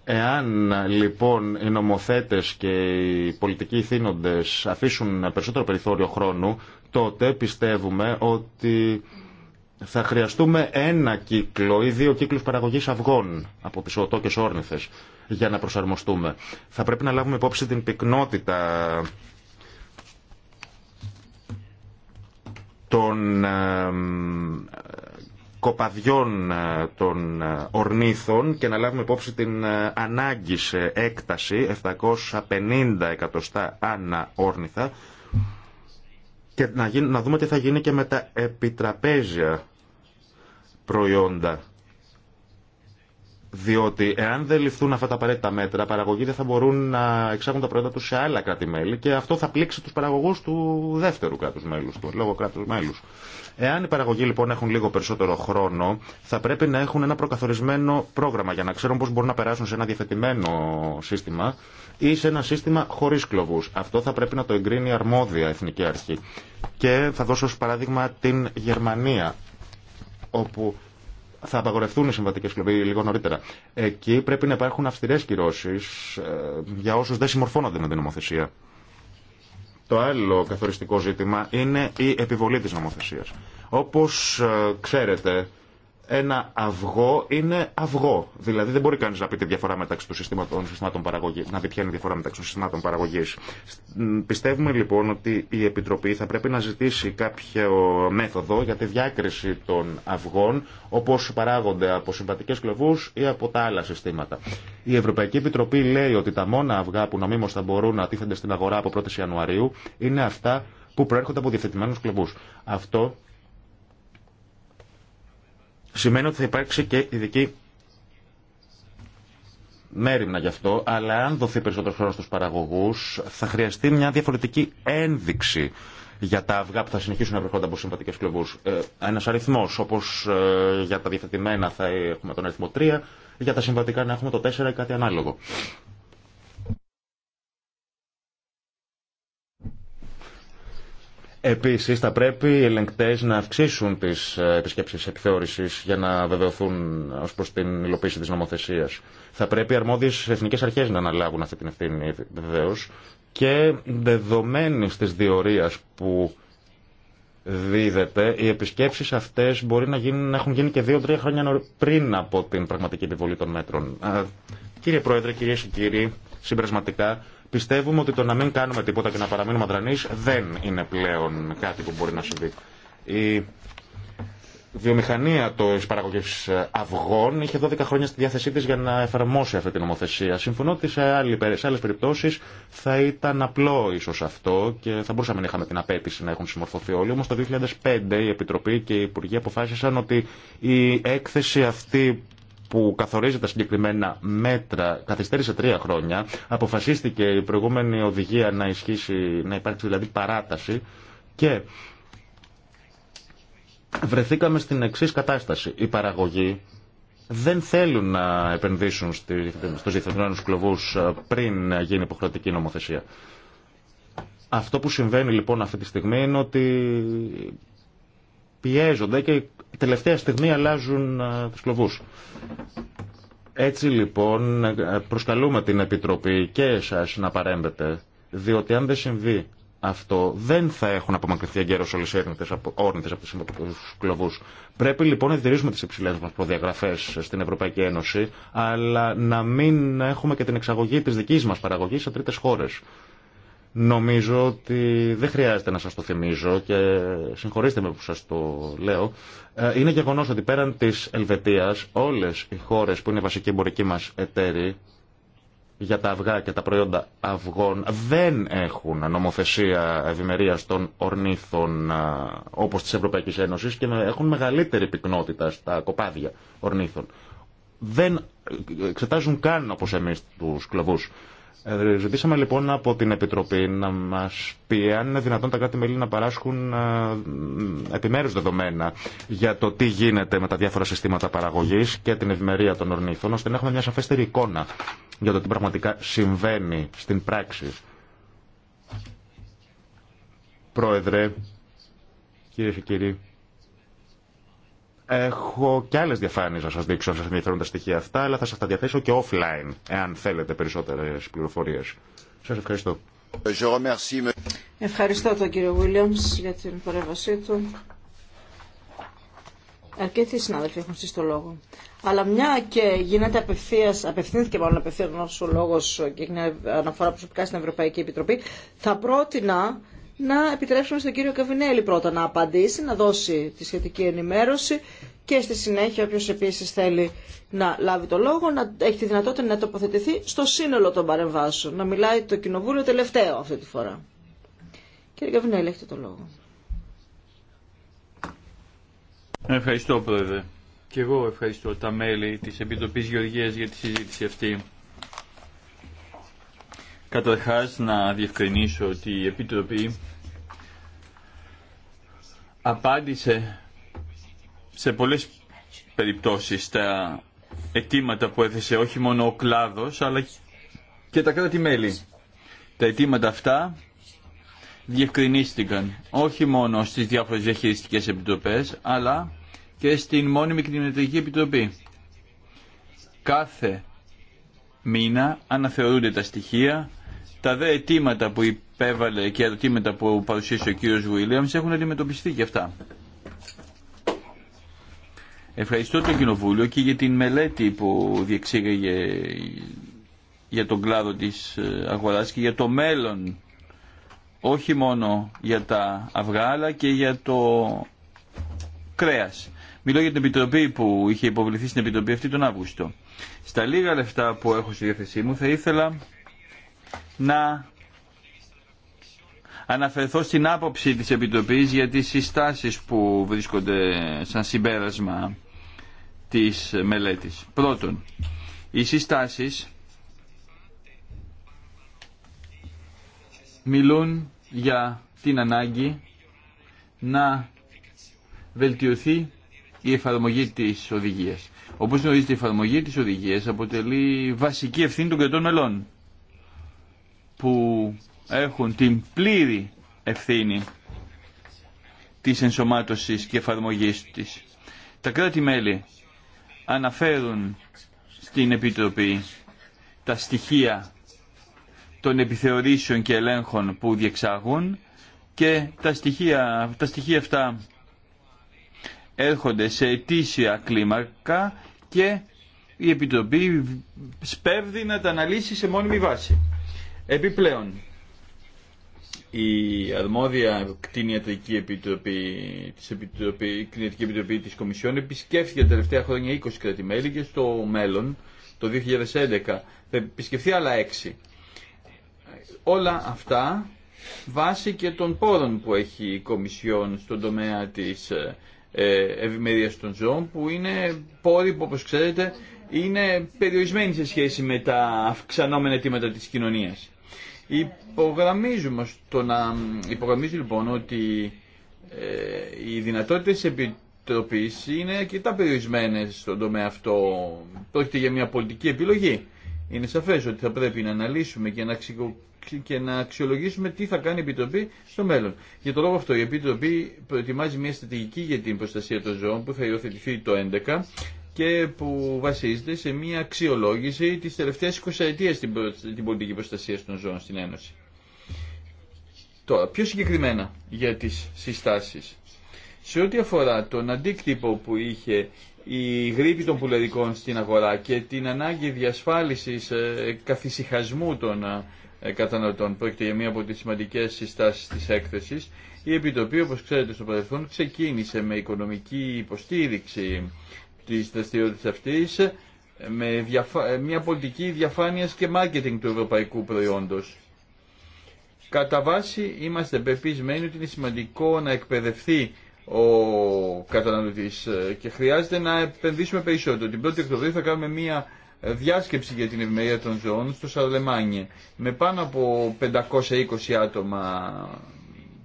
Εάν λοιπόν οι νομοθέτε και οι πολιτικοί θύνοντες αφήσουν περισσότερο περιθώριο χρόνου, τότε πιστεύουμε ότι θα χρειαστούμε ένα κύκλο ή δύο κύκλους παραγωγής αυγών από τις οτόκες όρνηθες για να προσαρμοστούμε. Θα πρέπει να λάβουμε υπόψη την πυκνότητα των κοπαδιών ε, των ε, ορνήθων και να λάβουμε υπόψη την ε, ανάγκη σε έκταση 750 εκατοστά ανά όρνηθα και να, δούμε τι θα γίνει και με τα επιτραπέζια προϊόντα. Διότι εάν δεν ληφθούν αυτά τα απαραίτητα μέτρα, παραγωγοί δεν θα μπορούν να εξάγουν τα προϊόντα του σε άλλα κράτη-μέλη και αυτό θα πλήξει του παραγωγού του δεύτερου κράτου-μέλου, του λόγω κράτου-μέλου. Εάν οι παραγωγοί λοιπόν έχουν λίγο περισσότερο χρόνο, θα πρέπει να έχουν ένα προκαθορισμένο πρόγραμμα για να ξέρουν πώ μπορούν να περάσουν σε ένα διαθετημένο σύστημα ή σε ένα σύστημα χωρί κλοβού. Αυτό θα πρέπει να το εγκρίνει αρμόδια εθνική αρχή. Και θα δώσω ω παράδειγμα την Γερμανία όπου θα απαγορευτούν οι συμβατικέ κλοπέ λίγο νωρίτερα. Εκεί πρέπει να υπάρχουν αυστηρέ κυρώσει ε, για όσου δεν συμμορφώνονται με την νομοθεσία. Το άλλο καθοριστικό ζήτημα είναι η επιβολή της νομοθεσίας. Όπως ε, ξέρετε, ένα αυγό είναι αυγό. Δηλαδή δεν μπορεί κανεί να πει τη διαφορά μεταξύ των συστήματων, συστήματων παραγωγή, να δει ποια είναι η διαφορά μεταξύ των συστήματων παραγωγή. Πιστεύουμε λοιπόν ότι η Επιτροπή θα πρέπει να ζητήσει κάποιο μέθοδο για τη διάκριση των αυγών όπω παράγονται από συμβατικέ κλωβού ή από τα άλλα συστήματα. Η Ευρωπαϊκή Επιτροπή λέει ότι τα μόνα αυγά που νομίμω θα μπορούν να τίθενται στην αγορά από 1η Ιανουαρίου είναι αυτά που προέρχονται από διευθετημένου κλωβού. Αυτό σημαίνει ότι θα υπάρξει και ειδική μέρημνα γι' αυτό, αλλά αν δοθεί περισσότερο χρόνο στους παραγωγούς θα χρειαστεί μια διαφορετική ένδειξη για τα αυγά που θα συνεχίσουν να βρεχόνται από συμβατικέ κλωβούς. Ε, Ένα αριθμό, όπω ε, για τα διαθετημένα θα έχουμε τον αριθμό 3, για τα συμβατικά να έχουμε το 4 ή κάτι ανάλογο. Επίσης θα πρέπει οι ελεγκτές να αυξήσουν τις επισκέψεις επιθεώρησης για να βεβαιωθούν ως προς την υλοποίηση της νομοθεσίας. Θα πρέπει οι αρμόδιες εθνικές αρχές να αναλάβουν αυτή την ευθύνη βεβαίω και δεδομένη της διορίας που δίδεται, οι επισκέψεις αυτές μπορεί να, γίνουν, να έχουν γίνει και δύο-τρία χρόνια πριν από την πραγματική επιβολή των μέτρων. Κύριε Πρόεδρε, κυρίε και κύριοι, συμπερασματικά Πιστεύουμε ότι το να μην κάνουμε τίποτα και να παραμείνουμε αδρανεί δεν είναι πλέον κάτι που μπορεί να συμβεί. Η βιομηχανία τη παραγωγή αυγών είχε 12 χρόνια στη διάθεσή τη για να εφαρμόσει αυτή την νομοθεσία. Συμφωνώ ότι σε άλλε περιπτώσει θα ήταν απλό ίσω αυτό και θα μπορούσαμε να είχαμε την απέτηση να έχουν συμμορφωθεί όλοι. Όμω το 2005 η Επιτροπή και οι Υπουργοί αποφάσισαν ότι η έκθεση αυτή που καθορίζει τα συγκεκριμένα μέτρα καθυστέρησε τρία χρόνια. Αποφασίστηκε η προηγούμενη οδηγία να ισχύσει, να υπάρξει δηλαδή παράταση και βρεθήκαμε στην εξή κατάσταση. Η παραγωγή δεν θέλουν να επενδύσουν στους διεθνούς κλωβούς ε, πριν γίνει υποχρεωτική νομοθεσία. Αυτό που συμβαίνει λοιπόν αυτή τη στιγμή είναι ότι πιέζονται και τελευταία στιγμή αλλάζουν τους κλωβούς. Έτσι λοιπόν προσκαλούμε την Επιτροπή και εσάς να παρέμβετε, διότι αν δεν συμβεί αυτό δεν θα έχουν απομακρυνθεί εγκαίρω όλε οι όρνητε από του κλοβού. Πρέπει λοιπόν να διατηρήσουμε τι υψηλέ μα προδιαγραφέ στην Ευρωπαϊκή Ένωση, αλλά να μην έχουμε και την εξαγωγή τη δική μα παραγωγή σε τρίτε χώρε. Νομίζω ότι δεν χρειάζεται να σας το θυμίζω και συγχωρήστε με που σας το λέω. Ε, είναι γεγονός ότι πέραν της Ελβετίας όλες οι χώρες που είναι βασικοί εμπορικοί μας εταίροι για τα αυγά και τα προϊόντα αυγών δεν έχουν νομοθεσία ευημερία των ορνήθων ε, όπως της Ευρωπαϊκής Ένωσης και έχουν μεγαλύτερη πυκνότητα στα κοπάδια ορνήθων. Δεν ε, εξετάζουν καν όπως εμείς τους κλωβούς. Ε, ζητήσαμε λοιπόν από την Επιτροπή να μας πει αν είναι δυνατόν τα κράτη-μέλη να παράσχουν ε, επιμέρους δεδομένα για το τι γίνεται με τα διάφορα συστήματα παραγωγής και την ευημερία των ορνήθων, ώστε να έχουμε μια σαφέστερη εικόνα για το τι πραγματικά συμβαίνει στην πράξη. Πρόεδρε, κυρίε και κύριοι. Έχω και άλλε διαφάνειε να σα δείξω αν σα ενδιαφέρουν τα στοιχεία αυτά, αλλά θα σα τα διαθέσω και offline, εάν θέλετε περισσότερε πληροφορίε. Σα ευχαριστώ. Ευχαριστώ τον κύριο Williams για την παρέμβασή του. Αρκετοί συνάδελφοι έχουν στήσει το λόγο. Αλλά μια και γίνεται απευθεία, απευθύνθηκε μάλλον απευθεία ο λόγο και έγινε αναφορά προσωπικά στην Ευρωπαϊκή Επιτροπή, θα πρότεινα να επιτρέψουμε στον κύριο Καβινέλη πρώτα να απαντήσει, να δώσει τη σχετική ενημέρωση και στη συνέχεια όποιος επίσης θέλει να λάβει το λόγο, να έχει τη δυνατότητα να τοποθετηθεί στο σύνολο των παρεμβάσεων, να μιλάει το κοινοβούλιο τελευταίο αυτή τη φορά. Κύριε Καβινέλη, έχετε το λόγο. Ευχαριστώ, Πρόεδρε. Και εγώ ευχαριστώ τα μέλη της Επιτροπής Γεωργίας για τη συζήτηση αυτή. Καταρχάς να διευκρινίσω ότι η Επιτροπή απάντησε σε πολλές περιπτώσεις τα αιτήματα που έθεσε όχι μόνο ο κλάδος αλλά και τα κράτη-μέλη. Τα αιτήματα αυτά διευκρινίστηκαν όχι μόνο στις διάφορες διαχειριστικές επιτροπές αλλά και στην μόνιμη κτηνιατρική επιτροπή. Κάθε μήνα αναθεωρούνται τα στοιχεία τα δε αιτήματα που υπέβαλε και ερωτήματα που παρουσίασε ο κύριος Βουίλιαμς έχουν αντιμετωπιστεί και αυτά. Ευχαριστώ το Κοινοβούλιο και για την μελέτη που διεξήγαγε για τον κλάδο της ε, αγοράς και για το μέλλον όχι μόνο για τα αυγά αλλά και για το κρέας. Μιλώ για την επιτροπή που είχε υποβληθεί στην επιτροπή αυτή τον Αύγουστο. Στα λίγα λεφτά που έχω στη διάθεσή μου θα ήθελα να αναφερθώ στην άποψη της Επιτροπής για τις συστάσεις που βρίσκονται σαν συμπέρασμα της μελέτης. Πρώτον, οι συστάσεις μιλούν για την ανάγκη να βελτιωθεί η εφαρμογή της οδηγίας. Όπως γνωρίζετε η εφαρμογή της οδηγίας αποτελεί βασική ευθύνη των κρατών μελών που έχουν την πλήρη ευθύνη της ενσωμάτωσης και εφαρμογής της. Τα κράτη-μέλη αναφέρουν στην Επιτροπή τα στοιχεία των επιθεωρήσεων και ελέγχων που διεξάγουν και τα στοιχεία, τα στοιχεία αυτά έρχονται σε αιτήσια κλίμακα και η Επιτροπή σπέβδει να τα αναλύσει σε μόνιμη βάση. Επιπλέον, η αρμόδια κτηνιατρική επιτροπή της, επιτροπή, κτηνιατρική επιτροπή της Κομισιόν επισκέφθηκε τα τελευταία χρόνια 20 κρατημέλη και στο μέλλον, το 2011, θα επισκεφθεί άλλα 6. Όλα αυτά βάσει και των πόρων που έχει η Κομισιόν στον τομέα της ε, ε, ευημερία των ζώων που είναι πόροι που όπως ξέρετε είναι περιορισμένοι σε σχέση με τα αυξανόμενα αιτήματα της κοινωνίας. Υπογραμμίζουμε, στο να, υπογραμμίζει λοιπόν ότι ε, οι δυνατότητες επιτροπής είναι αρκετά περιορισμένες στον τομέα αυτό. Πρόκειται για μια πολιτική επιλογή. Είναι σαφές ότι θα πρέπει να αναλύσουμε και να, και να αξιολογήσουμε τι θα κάνει η Επιτροπή στο μέλλον. Για τον λόγο αυτό η Επιτροπή προετοιμάζει μια στρατηγική για την προστασία των ζώων που θα υιοθετηθεί το 2011 και που βασίζεται σε μια αξιολόγηση της τελευταίας 20 ετίας στην, την πολιτική προστασία των ζώων στην Ένωση. Τώρα, πιο συγκεκριμένα για τις συστάσεις. Σε ό,τι αφορά τον αντίκτυπο που είχε η γρήπη των πουλερικών στην αγορά και την ανάγκη διασφάλισης ε, καθησυχασμού των ε, καταναλωτών, πρόκειται για μία από τις σημαντικές συστάσεις της έκθεσης, η Επιτροπή, όπως ξέρετε στο παρελθόν, ξεκίνησε με οικονομική υποστήριξη της δραστηριότητα αυτή, με ε, μια πολιτική διαφάνεια και μάρκετινγκ του ευρωπαϊκού προϊόντος. Κατά βάση είμαστε πεπισμένοι ότι είναι σημαντικό να εκπαιδευτεί ο καταναλωτής ε, και χρειάζεται να επενδύσουμε περισσότερο. Την 1η Οκτωβρίου θα κάνουμε μια διάσκεψη για την ευημερία των ζώων στο Σαρλεμάνι με πάνω από 520 άτομα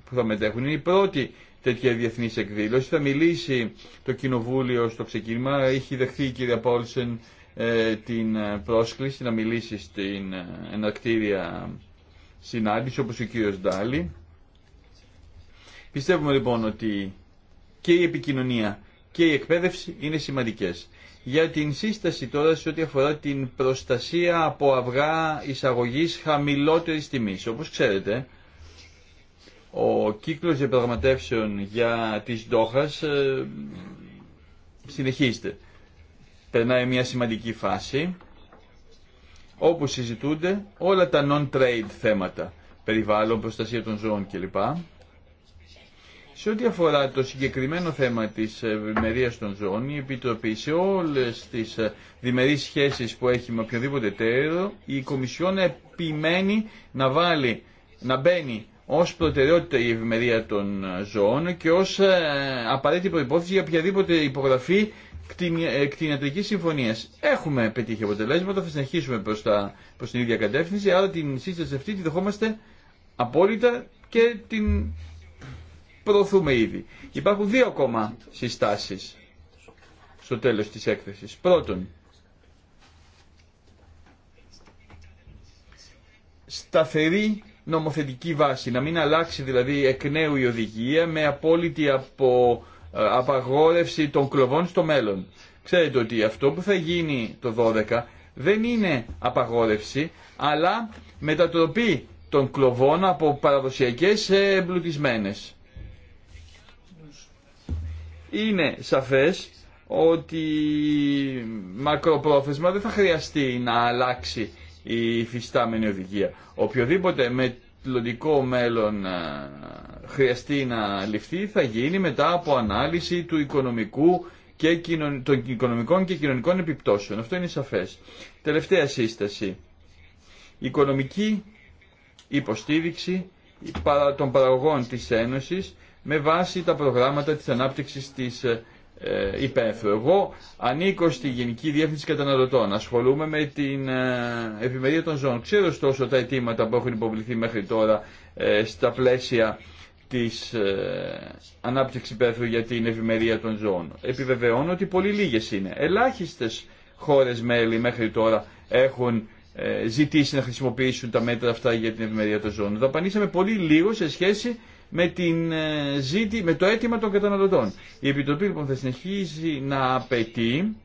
που θα μετέχουν. Είναι η πρώτη τέτοια διεθνή εκδήλωση. Θα μιλήσει το Κοινοβούλιο στο ξεκίνημα. Έχει δεχθεί η κυρία Πόλσεν ε, την ε, πρόσκληση να μιλήσει στην ενακτήρια συνάντηση όπως ο κύριο Ντάλι. Πιστεύουμε λοιπόν ότι και η επικοινωνία και η εκπαίδευση είναι σημαντικές. Για την σύσταση τώρα σε ό,τι αφορά την προστασία από αυγά εισαγωγής χαμηλότερης τιμής. Όπως ξέρετε, ο κύκλος διαπραγματεύσεων για τις Ντόχας ε, συνεχίζεται. Περνάει μια σημαντική φάση όπου συζητούνται όλα τα non-trade θέματα, περιβάλλον, προστασία των ζώων κλπ. Σε ό,τι αφορά το συγκεκριμένο θέμα της ευημερία των ζώων, η Επιτροπή σε όλες τις ε, διμερείς σχέσεις που έχει με οποιοδήποτε τέρο, η Κομισιόν επιμένει να, βάλει, να μπαίνει ως προτεραιότητα η ευημερία των ε, ζώων και ως ε, απαραίτητη προϋπόθεση για οποιαδήποτε υπογραφή ε, κτηνιατρική συμφωνία. Έχουμε πετύχει αποτελέσματα, θα συνεχίσουμε προς, τα, προς την ίδια κατεύθυνση, άρα την σύσταση αυτή τη δεχόμαστε απόλυτα και την προωθούμε ήδη. Υπάρχουν δύο ακόμα συστάσεις στο τέλος της έκθεσης. Πρώτον, σταθερή νομοθετική βάση, να μην αλλάξει δηλαδή εκ νέου η οδηγία με απόλυτη απο, ε, απαγόρευση των κλοβών στο μέλλον. Ξέρετε ότι αυτό που θα γίνει το 12 δεν είναι απαγόρευση, αλλά μετατροπή των κλοβών από παραδοσιακές σε εμπλουτισμένες. Είναι σαφές ότι μακροπρόθεσμα δεν θα χρειαστεί να αλλάξει η υφιστάμενη οδηγία. Οποιοδήποτε μελλοντικό μέλλον ε, χρειαστεί να ληφθεί θα γίνει μετά από ανάλυση του οικονομικού και των οικονομικών και κοινωνικών επιπτώσεων. Αυτό είναι σαφές. Τελευταία σύσταση. Οικονομική υποστήριξη των παραγωγών της Ένωσης με βάση τα προγράμματα της ανάπτυξης της ε, ε, Εγώ ανήκω στη Γενική Διεύθυνση Καταναλωτών. Ασχολούμαι με την ευημερία των ζώων. Ξέρω ωστόσο τα αιτήματα που έχουν υποβληθεί μέχρι τώρα ε, στα πλαίσια τη ανάπτυξη ε, ανάπτυξης για την ευημερία των ζώων. Επιβεβαιώνω ότι πολύ λίγε είναι. Ελάχιστε χώρε μέλη μέχρι τώρα έχουν ζητήσει να χρησιμοποιήσουν τα μέτρα αυτά για την ευημερία των ζώων. Δαπανίσαμε πολύ λίγο σε σχέση με, την, ε, ζήτη, με το αίτημα των καταναλωτών. Η Επιτροπή λοιπόν θα συνεχίζει να απαιτεί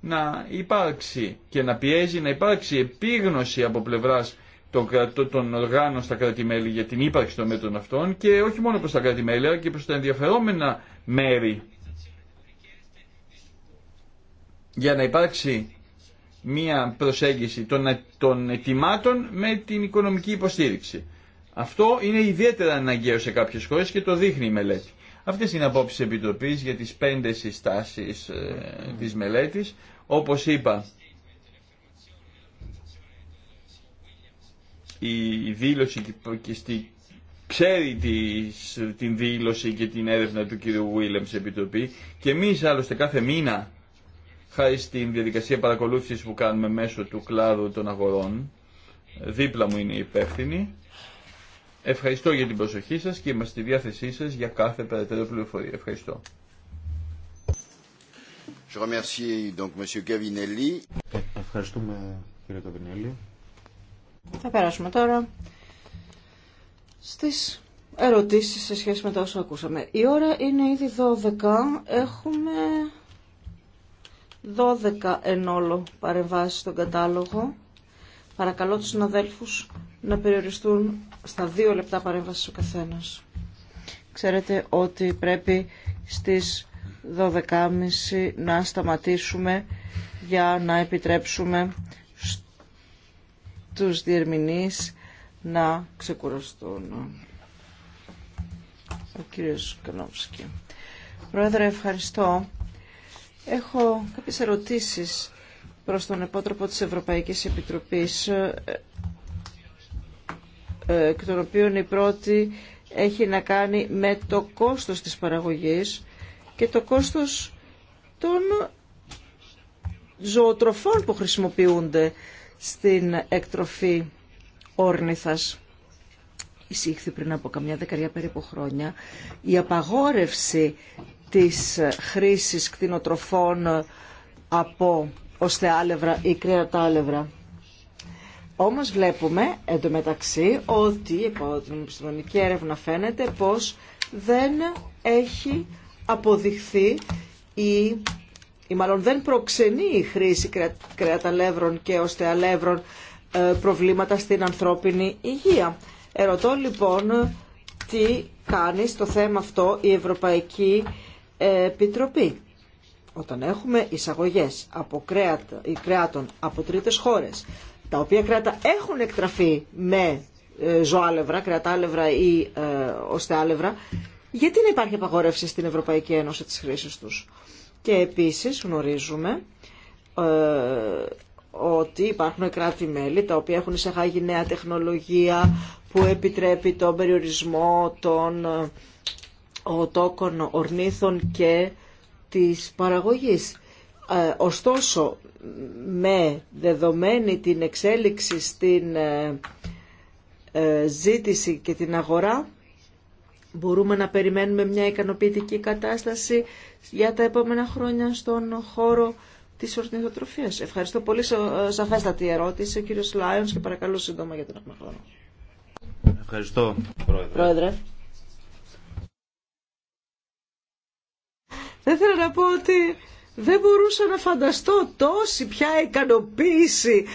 να υπάρξει και να πιέζει να υπάρξει επίγνωση από πλευράς των, των οργάνων στα κράτη-μέλη για την ύπαρξη των μέτρων αυτών και όχι μόνο προς τα κράτη-μέλη αλλά και προς τα ενδιαφερόμενα μέρη για να υπάρξει μία προσέγγιση των, των ετοιμάτων με την οικονομική υποστήριξη. Αυτό είναι ιδιαίτερα αναγκαίο σε κάποιε χώρε και το δείχνει η μελέτη. Αυτέ είναι απόψεις της επιτροπή για τι πέντε συστάσεις ε, της μελέτης. Όπως είπα, η δήλωση και στη, ξέρει την δήλωση και την έρευνα του κύριου σε Επιτροπή και εμεί άλλωστε κάθε μήνα χάρη στην διαδικασία παρακολούθησης που κάνουμε μέσω του κλάδου των αγορών δίπλα μου είναι η υπεύθυνη Ευχαριστώ για την προσοχή σας και είμαστε στη διάθεσή σας για κάθε περαιτέρω πληροφορία. Ευχαριστώ. Ευχαριστούμε κύριε Καβινέλη. Θα περάσουμε τώρα στις ερωτήσεις σε σχέση με τα όσα ακούσαμε. Η ώρα είναι ήδη 12. Έχουμε 12 εν όλο παρεμβάσεις στον κατάλογο. Παρακαλώ τους συναδέλφους να περιοριστούν στα δύο λεπτά παρέμβασης ο καθένας. Ξέρετε ότι πρέπει στις 12.30 να σταματήσουμε για να επιτρέψουμε τους διερμηνείς να ξεκουραστούν. Ο κύριος Κανόψικη. Πρόεδρε, ευχαριστώ. Έχω κάποιες ερωτήσεις προς τον επότροπο της Ευρωπαϊκής Επιτροπής ε, εκ των οποίων η πρώτη έχει να κάνει με το κόστος της παραγωγής και το κόστος των ζωοτροφών που χρησιμοποιούνται στην εκτροφή όρνηθας. Εισήχθη πριν από καμιά δεκαετία περίπου χρόνια η απαγόρευση της χρήσης κτηνοτροφών από οστεάλευρα ή κρέατα άλευρα. Όμως βλέπουμε εντωμεταξύ ότι από την επιστημονική έρευνα φαίνεται πως δεν έχει αποδειχθεί η ή μάλλον δεν προξενεί η χρήση κρεαταλεύρων και οστεαλεύρων ε, προβλήματα στην ανθρώπινη υγεία. Ερωτώ λοιπόν τι κάνει στο θέμα αυτό η Ευρωπαϊκή ε, Επιτροπή. Όταν έχουμε εισαγωγές από κρέατων από τρίτες χώρες τα οποία κρέατα έχουν εκτραφεί με ε, ζωάλευρα, κρεατάλευρα ή ε, οστεάλευρα, γιατί να υπάρχει απαγόρευση στην Ευρωπαϊκή Ένωση της χρήσης τους. Και επίσης γνωρίζουμε ε, ότι υπάρχουν κράτη-μέλη τα οποία έχουν εισαγάγει νέα τεχνολογία που επιτρέπει τον περιορισμό των οτόκων ορνήθων και της παραγωγής. Ωστόσο, με δεδομένη την εξέλιξη στην ε, ε, ζήτηση και την αγορά μπορούμε να περιμένουμε μια ικανοποιητική κατάσταση για τα επόμενα χρόνια στον χώρο της ορθινοτροφίας. Ευχαριστώ πολύ. Ε, σαφέστατη ερώτηση. Ο κύριος Λάιονς και παρακαλώ σύντομα για τον έχουμε χρόνο. Ευχαριστώ, Πρόεδρε. Πρόεδρε. θέλω να πω ότι δεν μπορούσα να φανταστώ τόση πια ικανοποίηση,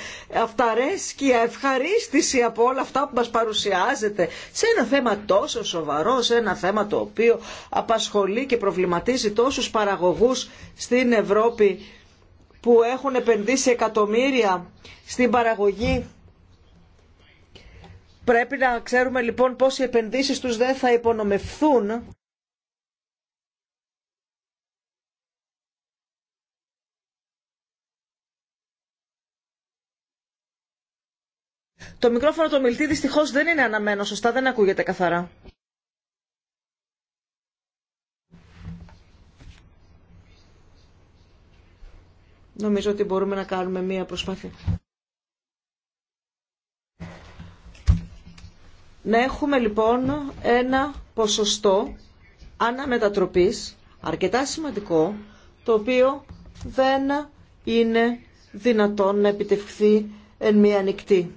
αυταρέσκεια, ευχαρίστηση από όλα αυτά που μας παρουσιάζεται σε ένα θέμα τόσο σοβαρό, σε ένα θέμα το οποίο απασχολεί και προβληματίζει τόσους παραγωγούς στην Ευρώπη που έχουν επενδύσει εκατομμύρια στην παραγωγή. Πρέπει να ξέρουμε λοιπόν πώς οι επενδύσεις τους δεν θα υπονομευθούν Το μικρόφωνο του μιλτή δυστυχώ δεν είναι αναμένο σωστά, δεν ακούγεται καθαρά. Νομίζω ότι μπορούμε να κάνουμε μία προσπάθεια. Να έχουμε λοιπόν ένα ποσοστό αναμετατροπής αρκετά σημαντικό, το οποίο δεν είναι δυνατόν να επιτευχθεί εν μία νυχτή.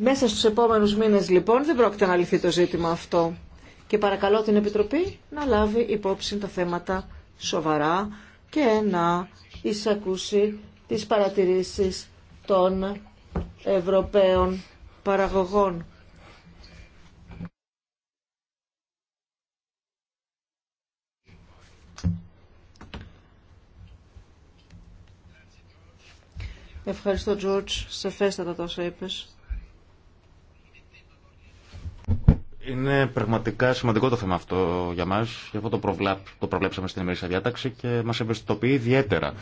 Μέσα στους επόμενους μήνες λοιπόν δεν πρόκειται να λυθεί το ζήτημα αυτό και παρακαλώ την Επιτροπή να λάβει υπόψη τα θέματα σοβαρά και να εισακούσει τις παρατηρήσεις των Ευρωπαίων παραγωγών. Ευχαριστώ, Τζορτζ. Σε φέστατα τόσο είπες. Είναι πραγματικά σημαντικό το θέμα αυτό για μα. Γι' αυτό το, προβλά... το προβλέψαμε στην ημερήσια διάταξη και μα ευαισθητοποιεί ιδιαίτερα.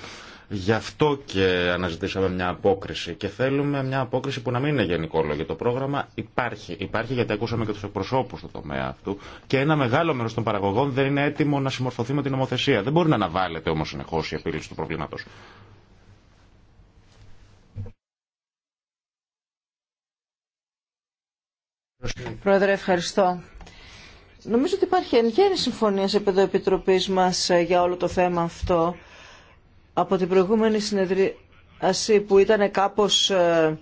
Γι' αυτό και αναζητήσαμε μια απόκριση και θέλουμε μια απόκριση που να μην είναι γενικόλογη. Το πρόγραμμα υπάρχει. Υπάρχει γιατί ακούσαμε και του εκπροσώπου του τομέα αυτού και ένα μεγάλο μέρο των παραγωγών δεν είναι έτοιμο να συμμορφωθεί με την νομοθεσία. Δεν μπορεί να αναβάλλεται όμω συνεχώ η επίλυση του προβλήματο. Πρόεδρε, ευχαριστώ. Νομίζω ότι υπάρχει εν γέννη συμφωνία σε επίπεδο επιτροπής μας ε, για όλο το θέμα αυτό. Από την προηγούμενη συνεδρίαση που ήταν κάπως ε,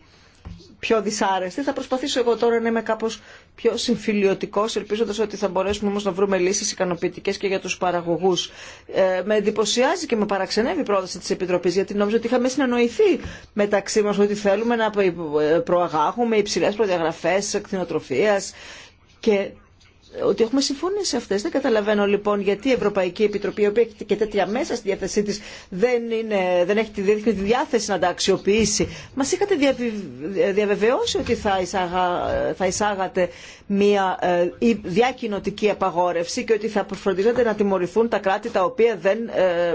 πιο δυσάρεστη. Θα προσπαθήσω εγώ τώρα να είμαι κάπω πιο συμφιλιωτικός, ελπίζοντα ότι θα μπορέσουμε όμως να βρούμε λύσεις ικανοποιητικές και για τους παραγωγούς. Ε, με εντυπωσιάζει και με παραξενεύει η πρόταση της Επιτροπής, γιατί νόμιζα ότι είχαμε συνεννοηθεί μεταξύ μα ότι θέλουμε να ε, προαγάγουμε υψηλέ προδιαγραφέ εκτινοτροφία. και ότι έχουμε συμφωνήσει σε αυτές. Δεν καταλαβαίνω λοιπόν γιατί η Ευρωπαϊκή Επιτροπή, η οποία έχει και τέτοια μέσα στη διάθεσή της, δεν, είναι, δεν έχει τη, τη διάθεση να τα αξιοποιήσει. Μας είχατε διαβεβαιώσει ότι θα, εισάγα, θα εισάγατε μια ε, διακοινωτική απαγόρευση και ότι θα φροντίζατε να τιμωρηθούν τα κράτη τα οποία δεν ε,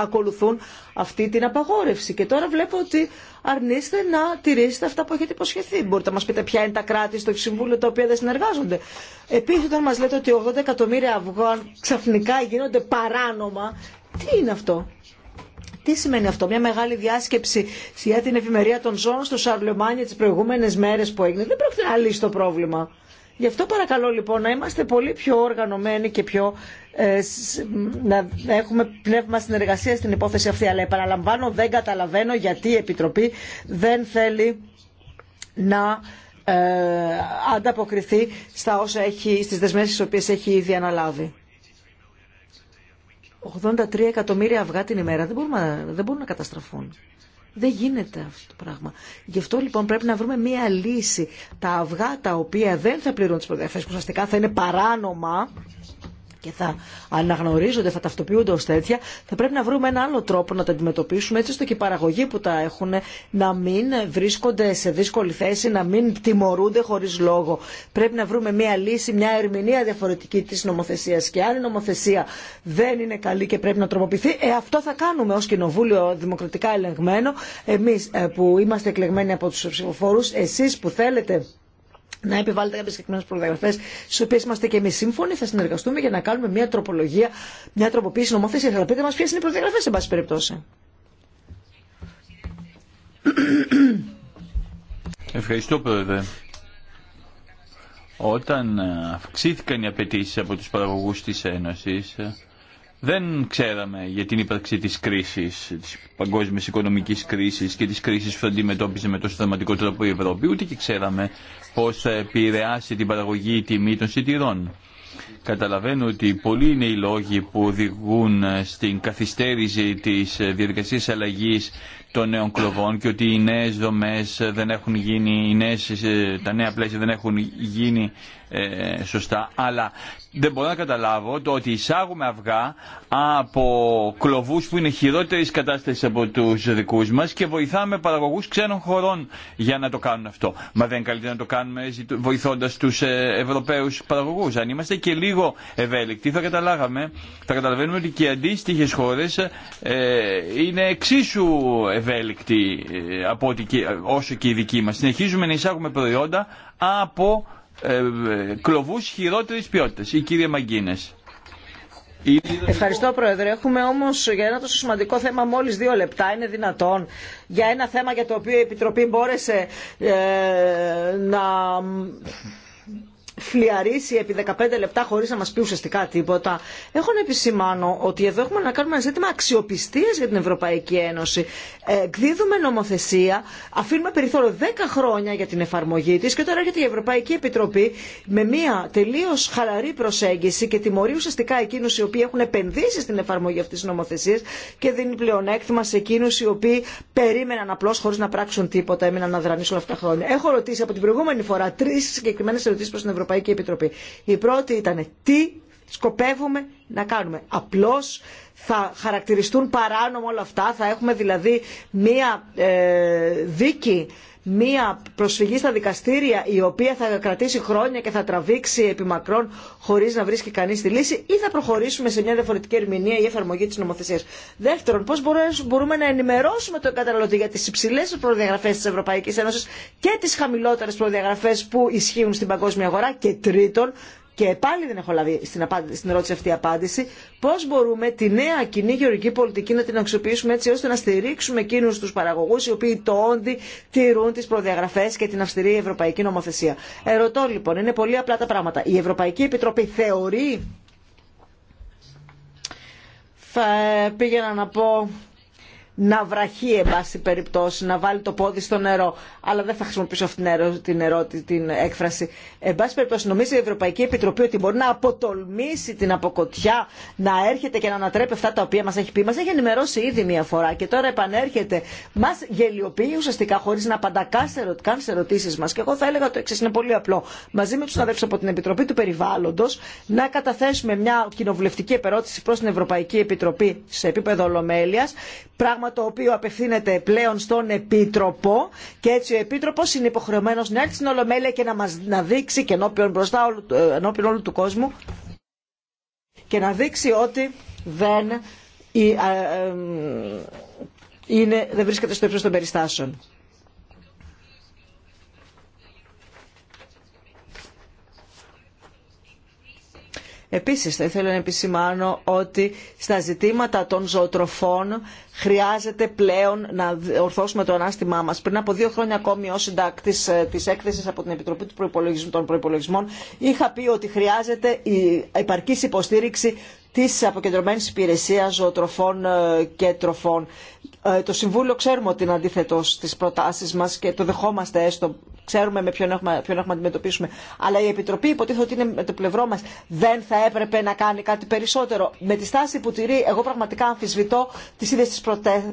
ακολουθούν αυτή την απαγόρευση. Και τώρα βλέπω ότι αρνείστε να τηρήσετε αυτά που έχετε υποσχεθεί. Μπορείτε να μα πείτε ποια είναι τα κράτη στο Συμβούλιο τα οποία δεν συνεργάζονται. Επίση, όταν μα λέτε ότι 80 εκατομμύρια αυγών ξαφνικά γίνονται παράνομα, τι είναι αυτό. Τι σημαίνει αυτό, μια μεγάλη διάσκεψη για την ευημερία των ζώων στο Σαρλεμάνια τις προηγούμενες μέρες που έγινε. Δεν πρόκειται να λύσει το πρόβλημα. Γι' αυτό παρακαλώ λοιπόν να είμαστε πολύ πιο οργανωμένοι και πιο, ε, να έχουμε πνεύμα συνεργασία στην υπόθεση αυτή. Αλλά επαναλαμβάνω δεν καταλαβαίνω γιατί η Επιτροπή δεν θέλει να ε, ανταποκριθεί στα όσα έχει, στις δεσμεύσεις τις οποίες έχει ήδη αναλάβει. 83 εκατομμύρια αυγά την ημέρα δεν, μπορούμε, δεν μπορούν να καταστραφούν. Δεν γίνεται αυτό το πράγμα. Γι' αυτό λοιπόν πρέπει να βρούμε μία λύση. Τα αυγά τα οποία δεν θα πληρούν τις προδιαγραφές που ουσιαστικά θα είναι παράνομα και θα αναγνωρίζονται, θα ταυτοποιούνται ω τέτοια, θα πρέπει να βρούμε ένα άλλο τρόπο να τα αντιμετωπίσουμε έτσι ώστε και οι παραγωγοί που τα έχουν να μην βρίσκονται σε δύσκολη θέση, να μην τιμωρούνται χωρί λόγο. Πρέπει να βρούμε μια λύση, μια ερμηνεία διαφορετική τη νομοθεσία. Και αν η νομοθεσία δεν είναι καλή και πρέπει να τροποποιηθεί, ε, αυτό θα κάνουμε ω κοινοβούλιο δημοκρατικά ελεγμένο. Εμεί ε, που είμαστε εκλεγμένοι από του ψηφοφόρου, εσεί που θέλετε να επιβάλλετε κάποιε συγκεκριμένε προδιαγραφέ, στι οποίε είμαστε και εμεί σύμφωνοι, θα συνεργαστούμε για να κάνουμε μια τροπολογία, μια τροποποίηση νομοθεσία. Αλλά πείτε μα ποιε είναι οι προδιαγραφέ, εν πάση περιπτώσει. Ευχαριστώ, Πρόεδρε. Όταν αυξήθηκαν οι απαιτήσει από τους παραγωγούς της Ένωση δεν ξέραμε για την ύπαρξη της κρίσης, της παγκόσμιας οικονομικής κρίσης και της κρίσης που αντιμετώπιζε με τόσο δραματικό τρόπο η Ευρώπη, ούτε και ξέραμε πώς θα επηρεάσει την παραγωγή η τιμή των σιτηρών. Καταλαβαίνω ότι πολλοί είναι οι λόγοι που οδηγούν στην καθυστέρηση της διαδικασίας αλλαγής των νέων κλοβών και ότι οι νέες δομές δεν έχουν γίνει, οι νέες, τα νέα πλαίσια δεν έχουν γίνει ε, σωστά, αλλά δεν μπορώ να καταλάβω το ότι εισάγουμε αυγά από κλοβούς που είναι χειρότερη κατάσταση από τους δικούς μας και βοηθάμε παραγωγούς ξένων χωρών για να το κάνουν αυτό. Μα δεν καλύτερα να το κάνουμε βοηθώντας τους ε, Ευρωπαίους παραγωγούς. Αν είμαστε και λίγο ευέλικτοι θα καταλάγαμε, θα καταλαβαίνουμε ότι και οι αντίστοιχε χώρες ε, είναι εξίσου ευέλικτοι ε, από όσο και οι δικοί μας. Συνεχίζουμε να εισάγουμε προϊόντα από ε, ε, κλοβούς χειρότερης ποιότητας. Η κυρία Μαγκίνες. Ευχαριστώ Πρόεδρε. Έχουμε όμως για ένα τόσο σημαντικό θέμα μόλις δύο λεπτά. Είναι δυνατόν για ένα θέμα για το οποίο η Επιτροπή μπόρεσε ε, να φλιαρίσει επί 15 λεπτά χωρί να μα πει ουσιαστικά τίποτα. Έχω να επισημάνω ότι εδώ έχουμε να κάνουμε ένα ζήτημα αξιοπιστία για την Ευρωπαϊκή Ένωση. Ε, εκδίδουμε νομοθεσία, αφήνουμε περιθώριο 10 χρόνια για την εφαρμογή τη και τώρα έρχεται η Ευρωπαϊκή Επιτροπή με μια τελείω χαλαρή προσέγγιση και τιμωρεί ουσιαστικά εκείνου οι οποίοι έχουν επενδύσει στην εφαρμογή αυτή τη νομοθεσία και δίνει πλεονέκτημα σε εκείνου οι οποίοι περίμεναν απλώ χωρί να πράξουν τίποτα, έμειναν να δρανίσουν αυτά τα χρόνια. Έχω ρωτήσει από την προηγούμενη φορά τρει συγκεκριμένε ερωτήσει προ την Ευρωπαϊκή Ευρωπαϊκή Επιτροπή. Η πρώτη ήταν τι σκοπεύουμε να κάνουμε. Απλώς θα χαρακτηριστούν παράνομο όλα αυτά, θα έχουμε δηλαδή μία ε, δίκη μία προσφυγή στα δικαστήρια η οποία θα κρατήσει χρόνια και θα τραβήξει επιμακρών χωρί να βρίσκει κανεί τη λύση ή θα προχωρήσουμε σε μια διαφορετική ερμηνεία ή εφαρμογή τη νομοθεσία. Δεύτερον, πώ μπορούμε να ενημερώσουμε τον καταναλωτή για τι υψηλέ προδιαγραφέ τη Ευρωπαϊκή Ένωση και τι χαμηλότερε προδιαγραφέ που ισχύουν στην παγκόσμια αγορά. Και τρίτον, και πάλι δεν έχω λάβει στην, στην ερώτηση αυτή απάντηση, πώς μπορούμε τη νέα κοινή γεωργική πολιτική να την αξιοποιήσουμε έτσι ώστε να στηρίξουμε εκείνου του παραγωγούς οι οποίοι το όντι τηρούν τις προδιαγραφές και την αυστηρή ευρωπαϊκή νομοθεσία. Ερωτώ λοιπόν, είναι πολύ απλά τα πράγματα. Η Ευρωπαϊκή Επιτροπή θεωρεί, θα ε, πήγαινα να πω να βραχεί εν πάση περιπτώσει, να βάλει το πόδι στο νερό. Αλλά δεν θα χρησιμοποιήσω αυτή την, ερώτηση, την, έκφραση. Εν πάση περιπτώσει νομίζει η Ευρωπαϊκή Επιτροπή ότι μπορεί να αποτολμήσει την αποκοτιά, να έρχεται και να ανατρέπει αυτά τα οποία μα έχει πει. μα. έχει ενημερώσει ήδη μία φορά και τώρα επανέρχεται. Μα γελιοποιεί ουσιαστικά χωρί να απαντά καν σε ερωτήσεις μας. Και εγώ θα έλεγα το εξή είναι πολύ απλό. Μαζί με του αδέρφου από την Επιτροπή του περιβάλλοντο, να καταθέσουμε μια κοινοβουλευτική επερώτηση προ την Ευρωπαϊκή Επιτροπή σε επίπεδο ολομέλεια. πράγμα το οποίο απευθύνεται πλέον στον Επίτροπο και έτσι ο Επίτροπος είναι υποχρεωμένος να έρθει στην Ολομέλεια και να μας να δείξει και ενώπιον, μπροστά, ε, ενώπιον όλου του κόσμου και να δείξει ότι δεν, ε, ε, είναι, δεν βρίσκεται στο ύψος των περιστάσεων. Επίσης θα ήθελα να επισημάνω ότι στα ζητήματα των ζωοτροφών χρειάζεται πλέον να ορθώσουμε το ανάστημά μας. Πριν από δύο χρόνια ακόμη ως συντάκτης ε, της έκθεσης από την Επιτροπή του Προϋπολογισμού των Προϋπολογισμών είχα πει ότι χρειάζεται η επαρκής υποστήριξη της αποκεντρωμένης υπηρεσίας ζωοτροφών ε, και τροφών. Ε, το Συμβούλιο ξέρουμε ότι είναι αντίθετο στι προτάσει μα και το δεχόμαστε έστω. Ξέρουμε με ποιον έχουμε, να αντιμετωπίσουμε. Αλλά η Επιτροπή υποτίθεται ότι είναι με το πλευρό μα. Δεν θα έπρεπε να κάνει κάτι περισσότερο. Με τη στάση που τηρεί, εγώ πραγματικά αμφισβητώ τι ίδιε τι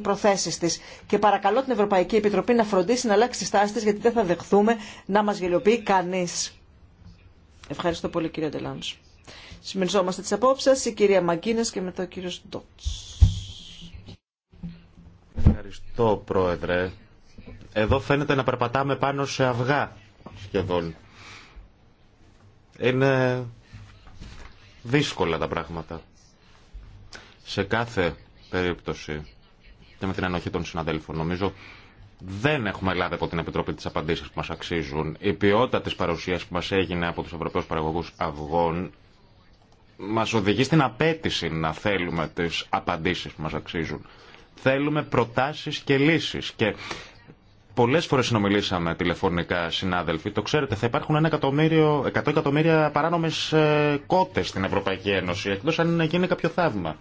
προθέσει τη. Και παρακαλώ την Ευρωπαϊκή Επιτροπή να φροντίσει να αλλάξει τη στάση τη, γιατί δεν θα δεχθούμε να μα γελιοποιεί κανεί. Ευχαριστώ πολύ, κύριε Ντελάνου. Συμμεριζόμαστε τι απόψει. Η κυρία Μαγκίνε και μετά ο κύριο Ντότ. Ευχαριστώ, Πρόεδρε. Εδώ φαίνεται να περπατάμε πάνω σε αυγά σχεδόν. Είναι δύσκολα τα πράγματα. Σε κάθε περίπτωση και με την ανοχή των συναδέλφων νομίζω δεν έχουμε Ελλάδα από την Επιτροπή τις απαντήσεις που μας αξίζουν. Η ποιότητα της παρουσίας που μας έγινε από τους Ευρωπαίους παραγωγούς αυγών μας οδηγεί στην απέτηση να θέλουμε τις απαντήσεις που μας αξίζουν. Θέλουμε προτάσεις και λύσεις. Και πολλές φορές συνομιλήσαμε τηλεφωνικά συνάδελφοι. Το ξέρετε, θα υπάρχουν ένα εκατομμύριο, εκατομμύρια παράνομες ε, κότες στην Ευρωπαϊκή Ένωση, εκτός αν γίνει κάποιο θαύμα.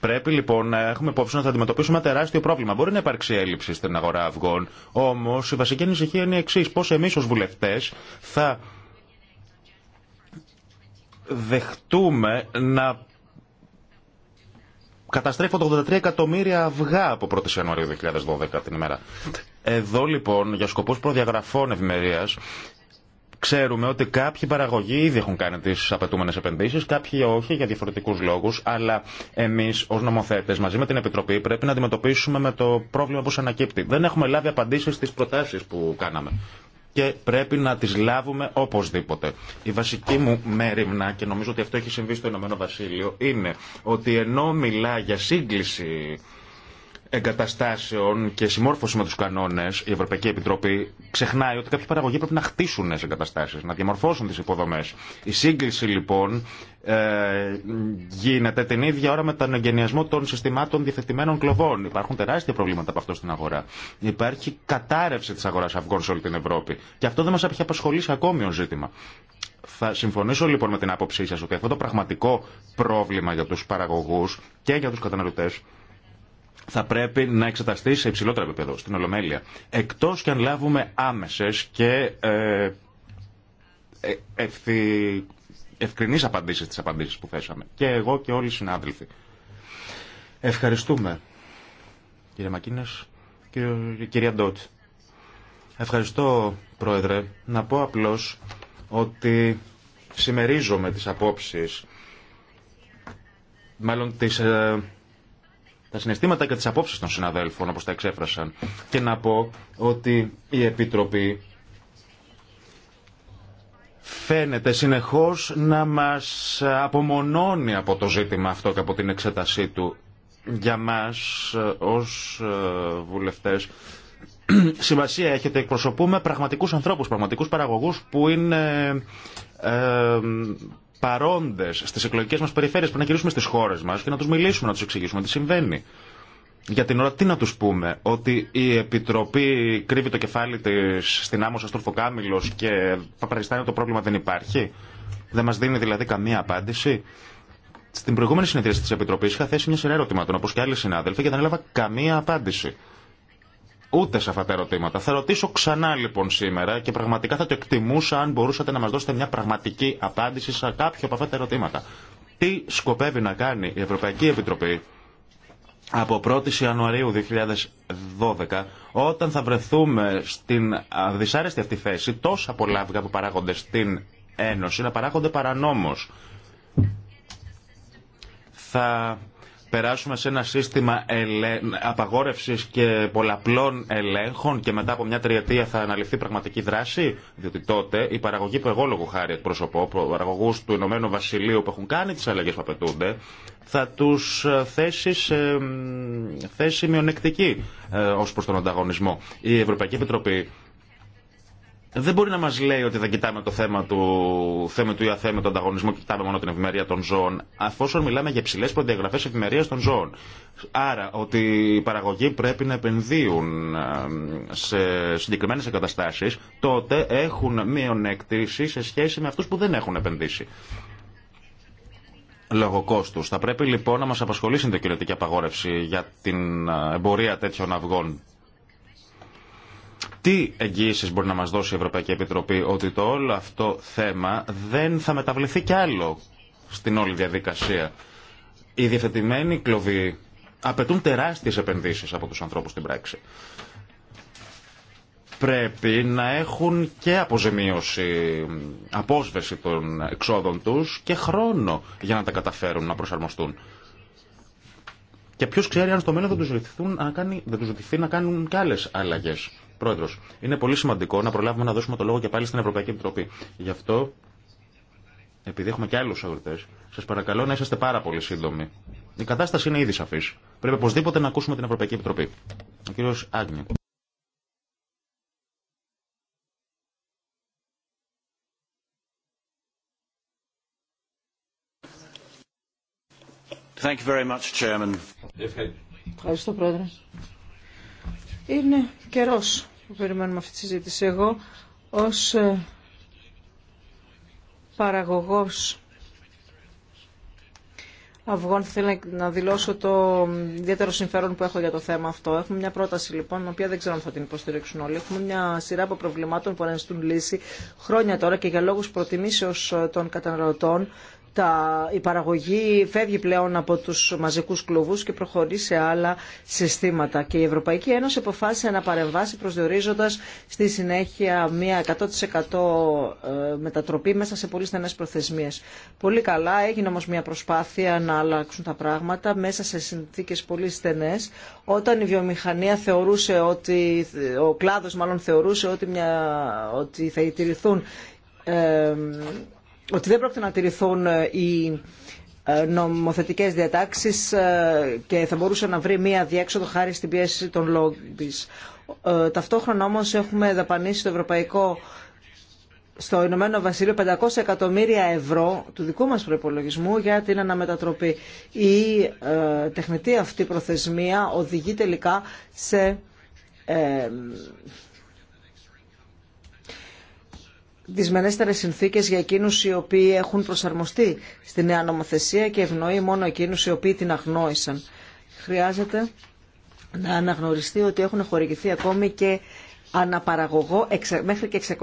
Πρέπει λοιπόν να έχουμε υπόψη να θα αντιμετωπίσουμε ένα τεράστιο πρόβλημα. Μπορεί να υπάρξει έλλειψη στην αγορά αυγών, όμω η βασική ανησυχία είναι η εξή. Πώ εμεί ω βουλευτέ θα δεχτούμε να καταστρέφονται 83 εκατομμύρια αυγά από 1η Ιανουαρίου 2012 την ημέρα. Εδώ λοιπόν για σκοπούς προδιαγραφών ευημερία ξέρουμε ότι κάποιοι παραγωγοί ήδη έχουν κάνει τι απαιτούμενε επενδύσει, κάποιοι όχι για διαφορετικού λόγου, αλλά εμεί ω νομοθέτε μαζί με την Επιτροπή πρέπει να αντιμετωπίσουμε με το πρόβλημα που σα ανακύπτει. Δεν έχουμε λάβει απαντήσει στι προτάσει που κάναμε και πρέπει να τις λάβουμε οπωσδήποτε. Η βασική μου μέρημνα, και νομίζω ότι αυτό έχει συμβεί στο Ηνωμένο Βασίλειο, είναι ότι ενώ μιλά για σύγκληση εγκαταστάσεων και συμμόρφωση με του κανόνε, η Ευρωπαϊκή Επιτροπή ξεχνάει ότι κάποιοι παραγωγοί πρέπει να χτίσουν νέε εγκαταστάσει, να διαμορφώσουν τι υποδομέ. Η σύγκληση λοιπόν ε, γίνεται την ίδια ώρα με τον εγγενιασμό των συστημάτων διαθετημένων κλωβών. Υπάρχουν τεράστια προβλήματα από αυτό στην αγορά. Υπάρχει κατάρρευση τη αγορά αυγών σε όλη την Ευρώπη. Και αυτό δεν μα έχει απασχολήσει ακόμη ω ζήτημα. Θα συμφωνήσω λοιπόν με την άποψή σα ότι αυτό το πραγματικό πρόβλημα για του παραγωγού και για του καταναλωτέ θα πρέπει να εξεταστεί σε υψηλότερο επίπεδο, στην Ολομέλεια. Εκτός και αν λάβουμε άμεσες και ε, ε, ευθυ... ευκρινείς απαντήσεις στις απαντήσεις που θέσαμε. Και εγώ και όλοι οι συνάδελφοι. Ευχαριστούμε. Κύριε Μακίνε και κυρία Ντότ. Ευχαριστώ, Πρόεδρε. Να πω απλώ ότι συμμερίζομαι τις απόψει μάλλον τις... Ε, τα συναισθήματα και τις απόψεις των συναδέλφων όπως τα εξέφρασαν και να πω ότι η Επιτροπή φαίνεται συνεχώς να μας απομονώνει από το ζήτημα αυτό και από την εξέτασή του για μας ως ε, βουλευτές σημασία έχετε εκπροσωπούμε πραγματικούς ανθρώπους, πραγματικούς παραγωγούς που είναι ε, παρόντε στι εκλογικέ μα περιφέρειε. που να γυρίσουμε στι χώρε μα και να του μιλήσουμε, να του εξηγήσουμε τι συμβαίνει. Για την ώρα τι να του πούμε, ότι η Επιτροπή κρύβει το κεφάλι τη στην άμμο Αστροφοκάμιλος και παπαριστάνει το πρόβλημα δεν υπάρχει. Δεν μα δίνει δηλαδή καμία απάντηση. Στην προηγούμενη συνεδρίαση τη Επιτροπή είχα θέσει μια σειρά ερωτημάτων, όπως και άλλοι συνάδελφοι, και δεν έλαβα καμία απάντηση. Ούτε σε αυτά τα ερωτήματα. Θα ρωτήσω ξανά λοιπόν σήμερα και πραγματικά θα το εκτιμούσα αν μπορούσατε να μας δώσετε μια πραγματική απάντηση σε κάποιο από αυτά τα ερωτήματα. Τι σκοπεύει να κάνει η Ευρωπαϊκή Επιτροπή από 1η Ιανουαρίου 2012, όταν θα βρεθούμε στην δυσάρεστη αυτή θέση, τόσα πολλά αυγά που παράγονται στην Ένωση να παράγονται παρανόμως. Θα περάσουμε σε ένα σύστημα ελε... απαγόρευσης και πολλαπλών ελέγχων και μετά από μια τριετία θα αναλυθεί πραγματική δράση, διότι τότε η παραγωγή που εγώ λόγω χάρη εκπροσωπώ, παραγωγού του Ηνωμένου Βασιλείου που έχουν κάνει τις αλλαγέ που απαιτούνται, θα τους ε, θέσει σε θέση μειονεκτική ε, ως προς τον ανταγωνισμό. Η Ευρωπαϊκή Επιτροπή δεν μπορεί να μα λέει ότι δεν κοιτάμε το θέμα του θέμα του ΙΑΘΕ τον ανταγωνισμό και κοιτάμε μόνο την ευημερία των ζώων, αφόσον μιλάμε για υψηλέ προδιαγραφέ ευημερία των ζώων. Άρα ότι οι παραγωγοί πρέπει να επενδύουν σε συγκεκριμένε εγκαταστάσει, τότε έχουν μειονέκτηση σε σχέση με αυτού που δεν έχουν επενδύσει. Λόγω κόστου. Θα πρέπει λοιπόν να μα απασχολήσει την δικαιωτική απαγόρευση για την ε, εμπορία τέτοιων αυγών τι εγγύησει μπορεί να μα δώσει η Ευρωπαϊκή Επιτροπή ότι το όλο αυτό θέμα δεν θα μεταβληθεί κι άλλο στην όλη διαδικασία. Οι διευθετημένοι κλοβοί απαιτούν τεράστιες επενδύσεις από τους ανθρώπους στην πράξη. Πρέπει να έχουν και αποζημίωση, απόσβεση των εξόδων τους και χρόνο για να τα καταφέρουν να προσαρμοστούν. Και ποιος ξέρει αν στο μέλλον δεν τους ζητηθεί να κάνουν, κι και άλλες αλλαγές. Πρόεδρο, είναι πολύ σημαντικό να προλάβουμε να δώσουμε το λόγο και πάλι στην Ευρωπαϊκή Επιτροπή. Γι' αυτό, επειδή έχουμε και άλλου αγροτέ, σα παρακαλώ να είσαστε πάρα πολύ σύντομοι. Η κατάσταση είναι ήδη σαφή. Πρέπει οπωσδήποτε να ακούσουμε την Ευρωπαϊκή Επιτροπή. Ο κύριο Thank you very much, Chairman. Ευχαριστώ, Πρόεδρε. Είναι καιρός που περιμένουμε αυτή τη συζήτηση. Εγώ ως ε, παραγωγός αυγών θέλω να δηλώσω το ιδιαίτερο συμφέρον που έχω για το θέμα αυτό. Έχουμε μια πρόταση λοιπόν, την οποία δεν ξέρω αν θα την υποστηρίξουν όλοι. Έχουμε μια σειρά από προβλημάτων που αναζητούν λύση χρόνια τώρα και για λόγους προτιμήσεως ε, των καταναλωτών τα, η παραγωγή φεύγει πλέον από τους μαζικούς κλουβούς και προχωρεί σε άλλα συστήματα. Και η Ευρωπαϊκή Ένωση αποφάσισε να παρεμβάσει προσδιορίζοντας στη συνέχεια μια 100% ε, μετατροπή μέσα σε πολύ στενές προθεσμίες. Πολύ καλά, έγινε όμως μια προσπάθεια να αλλάξουν τα πράγματα μέσα σε συνθήκες πολύ στενές. Όταν η βιομηχανία θεωρούσε ότι, ο κλάδος μάλλον θεωρούσε ότι, μια, ότι θα ιτηρηθούν ε, ότι δεν πρόκειται να τηρηθούν ε, οι ε, νομοθετικές διατάξεις ε, και θα μπορούσε να βρει μία διέξοδο χάρη στην πίεση των λόμπι. Ταυτόχρονα όμως έχουμε δαπανίσει το ευρωπαϊκό στο Ηνωμένο Βασίλειο 500 εκατομμύρια ευρώ του δικού μας προϋπολογισμού για την αναμετατροπή. Η τεχνητή αυτή προθεσμία οδηγεί τελικά σε δυσμενέστερες συνθήκες για εκείνους οι οποίοι έχουν προσαρμοστεί στη νέα νομοθεσία και ευνοεί μόνο εκείνους οι οποίοι την αγνόησαν. Χρειάζεται να αναγνωριστεί ότι έχουν χορηγηθεί ακόμη και αναπαραγωγό μέχρι και 600.000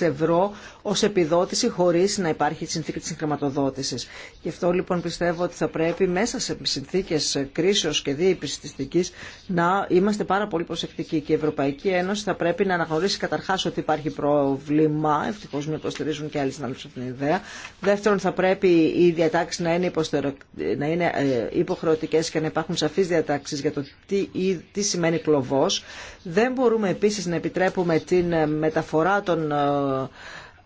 ευρώ ως επιδότηση χωρίς να υπάρχει συνθήκη της χρηματοδότησης. Γι' αυτό λοιπόν πιστεύω ότι θα πρέπει μέσα σε συνθήκες κρίσεως και διεπιστηστικής να είμαστε πάρα πολύ προσεκτικοί και η Ευρωπαϊκή Ένωση θα πρέπει να αναγνωρίσει καταρχάς ότι υπάρχει πρόβλημα, ευτυχώς με υποστηρίζουν και άλλοι συνάδελφοι αυτήν την ιδέα. Δεύτερον θα πρέπει οι διατάξεις να είναι, υποστερο... να είναι ε, υποχρεωτικές και να υπάρχουν σαφείς διατάξεις για το τι, τι σημαίνει κλωβός. Δεν μπορούμε επίσης να επιτρέπουμε την ε, μεταφορά των ε,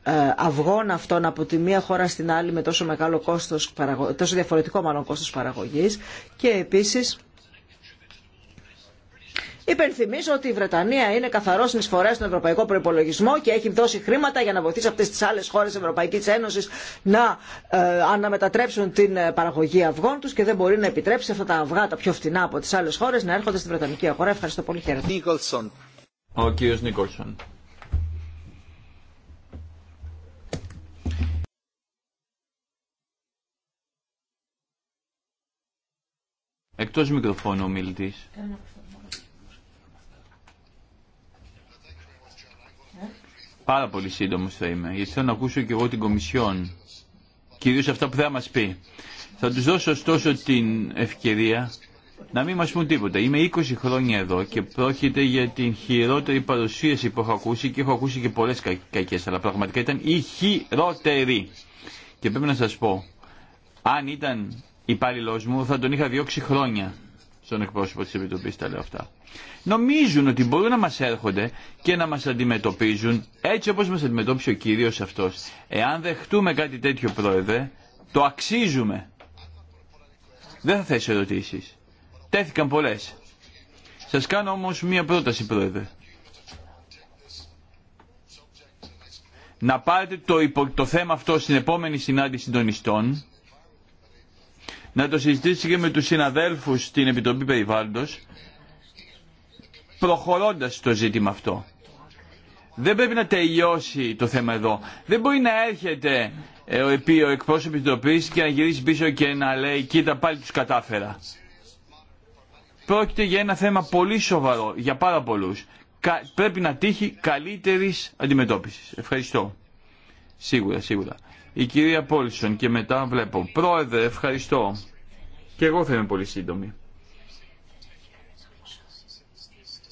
ε, αυγών αυτών από τη μία χώρα στην άλλη με τόσο, μεγάλο κόστος, τόσο διαφορετικό μάλλον κόστος παραγωγής και επίσης Υπενθυμίζω ότι η Βρετανία είναι καθαρό συνεισφορέα στον ευρωπαϊκό προπολογισμό και έχει δώσει χρήματα για να βοηθήσει αυτέ τι άλλε χώρε τη Ευρωπαϊκή Ένωση να αναμετατρέψουν την παραγωγή αυγών του και δεν μπορεί να επιτρέψει αυτά τα αυγά τα πιο φτηνά από τι άλλε χώρε να έρχονται στην Βρετανική αγορά. Ευχαριστώ πολύ. Χαίρετε. Ο κύριος Νίκολσον. Εκτός μικροφώνου ο μιλητής. Πάρα πολύ σύντομο θα είμαι, γιατί θέλω να ακούσω και εγώ την Κομισιόν, κυρίως αυτά που θα μας πει. Θα τους δώσω ωστόσο την ευκαιρία να μην μας πούν τίποτα. Είμαι 20 χρόνια εδώ και πρόκειται για την χειρότερη παρουσίαση που έχω ακούσει και έχω ακούσει και πολλές κακέ, αλλά πραγματικά ήταν η χειρότερη. Και πρέπει να σας πω, αν ήταν υπάλληλό μου θα τον είχα διώξει χρόνια στον εκπρόσωπο της Επιτροπής τα λέω αυτά. Νομίζουν ότι μπορούν να μας έρχονται και να μας αντιμετωπίζουν έτσι όπως μας αντιμετώπισε ο Κύριος αυτός. Εάν δεχτούμε κάτι τέτοιο πρόεδρε, το αξίζουμε. Δεν θα θέσει ερωτήσει. Τέθηκαν πολλές. Σας κάνω όμως μία πρόταση, Πρόεδρε. Να πάρετε το, το θέμα αυτό στην επόμενη συνάντηση των ιστών, να το συζητήσετε και με τους συναδέλφους στην Επιτροπή Περιβάλλοντος, προχωρώντας το ζήτημα αυτό. Δεν πρέπει να τελειώσει το θέμα εδώ. Δεν μπορεί να έρχεται ε, ο εκπρόσωπος της Επιτροπής και να γυρίσει πίσω και να λέει «Κοίτα, πάλι τους κατάφερα» πρόκειται για ένα θέμα πολύ σοβαρό για πάρα πολλούς. Πρέπει να τύχει καλύτερης αντιμετώπισης. Ευχαριστώ. Σίγουρα, σίγουρα. Η κυρία Πόλσον και μετά βλέπω. Πρόεδρε, ευχαριστώ. Και εγώ θα είμαι πολύ σύντομη.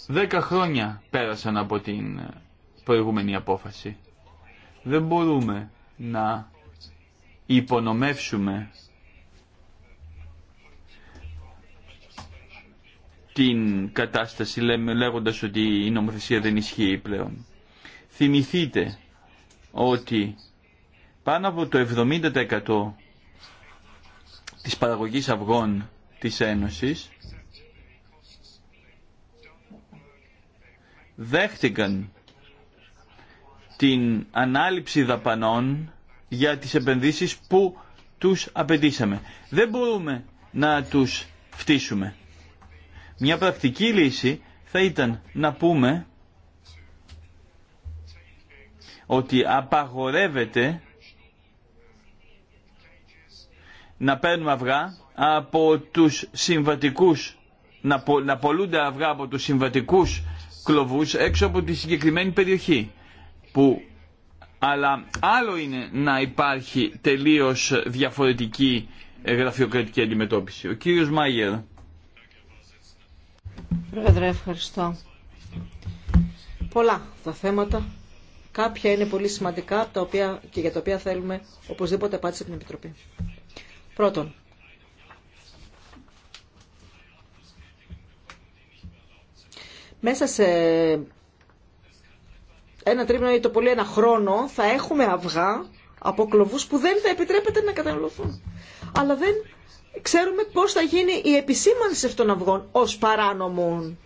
Δέκα χρόνια πέρασαν από την προηγούμενη απόφαση. Δεν μπορούμε να υπονομεύσουμε την κατάσταση λέμε, λέγοντας ότι η νομοθεσία δεν ισχύει πλέον. Θυμηθείτε ότι πάνω από το 70% της παραγωγής αυγών της Ένωσης δέχτηκαν την ανάληψη δαπανών για τις επενδύσεις που τους απαιτήσαμε. Δεν μπορούμε να τους φτύσουμε. Μια πρακτική λύση θα ήταν να πούμε ότι απαγορεύεται να παίρνουμε αυγά από τους συμβατικούς, να, να πολλούνται αυγά από τους συμβατικούς κλοβούς έξω από τη συγκεκριμένη περιοχή. Που, αλλά άλλο είναι να υπάρχει τελείως διαφορετική γραφειοκρατική αντιμετώπιση. Ο κύριος Μάγερ. Πρόεδρε, ευχαριστώ. Πολλά τα θέματα. Κάποια είναι πολύ σημαντικά τα οποία, και για τα οποία θέλουμε οπωσδήποτε απάντηση από την Επιτροπή. Πρώτον, μέσα σε ένα τρίμηνο ή το πολύ ένα χρόνο θα έχουμε αυγά από κλωβούς που δεν θα επιτρέπεται να καταναλωθούν. Αλλά δεν ξέρουμε πώς θα γίνει η επισήμανση αυτών των αυγών ως παράνομων.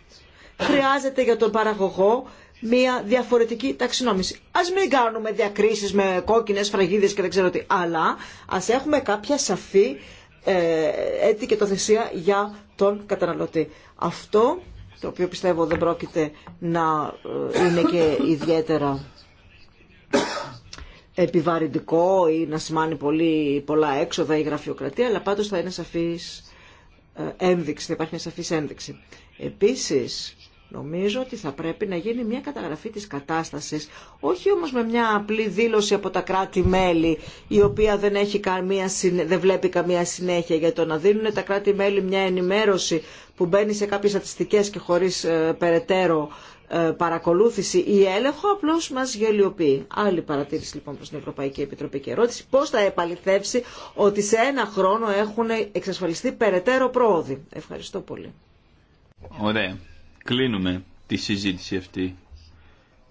Χρειάζεται για τον παραγωγό μια διαφορετική ταξινόμηση. Ας μην κάνουμε διακρίσεις με κόκκινες φραγίδες και δεν ξέρω τι, αλλά ας έχουμε κάποια σαφή ε, έτη και τοθεσία για τον καταναλωτή. Αυτό το οποίο πιστεύω δεν πρόκειται να ε, είναι και ιδιαίτερα επιβαρυντικό ή να σημάνει πολύ, πολλά έξοδα ή γραφειοκρατία, αλλά πάντως θα είναι σαφής ε, ένδειξη, θα υπάρχει μια σαφής ένδειξη. Επίσης, Νομίζω ότι θα πρέπει να γίνει μια καταγραφή της κατάστασης, όχι όμως με μια απλή δήλωση από τα κράτη-μέλη, η οποία δεν, έχει καμία, δεν βλέπει καμία συνέχεια για το να δίνουν τα κράτη-μέλη μια ενημέρωση που μπαίνει σε κάποιες στατιστικές και χωρίς ε, περαιτέρω ε, παρακολούθηση ή έλεγχο, απλώ μα γελιοποιεί. Άλλη παρατήρηση λοιπόν προ την Ευρωπαϊκή Επιτροπή και ερώτηση: Πώ θα επαληθεύσει ότι σε ένα χρόνο έχουν εξασφαλιστεί περαιτέρω πρόοδοι. Ευχαριστώ πολύ. Ωραία. Κλείνουμε τη συζήτηση αυτή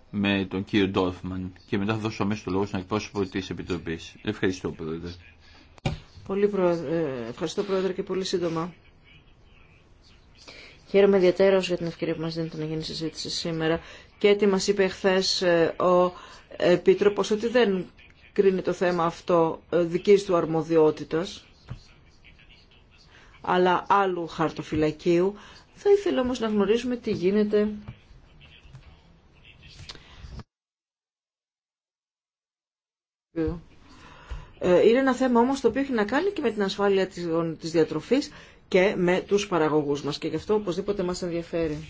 με τον κύριο Ντόρφμαν και μετά θα δώσω αμέσω το λόγο στον εκπρόσωπο τη Επιτροπή. Ευχαριστώ, Πρόεδρε. Πολύ Ευχαριστώ, Πρόεδρε, και πολύ σύντομα. Χαίρομαι ιδιαίτερα για την ευκαιρία που μας δίνεται να γίνει συζήτηση σήμερα και τι μας είπε χθε ε, ο επίτροπο ότι δεν κρίνει το θέμα αυτό ε, δική του αρμοδιότητας αλλά άλλου χαρτοφυλακίου. Θα ήθελα όμως να γνωρίζουμε τι γίνεται ε, Είναι ένα θέμα όμως το οποίο έχει να κάνει και με την ασφάλεια της διατροφής και με τους παραγωγούς μας και γι' αυτό οπωσδήποτε μας ενδιαφέρει.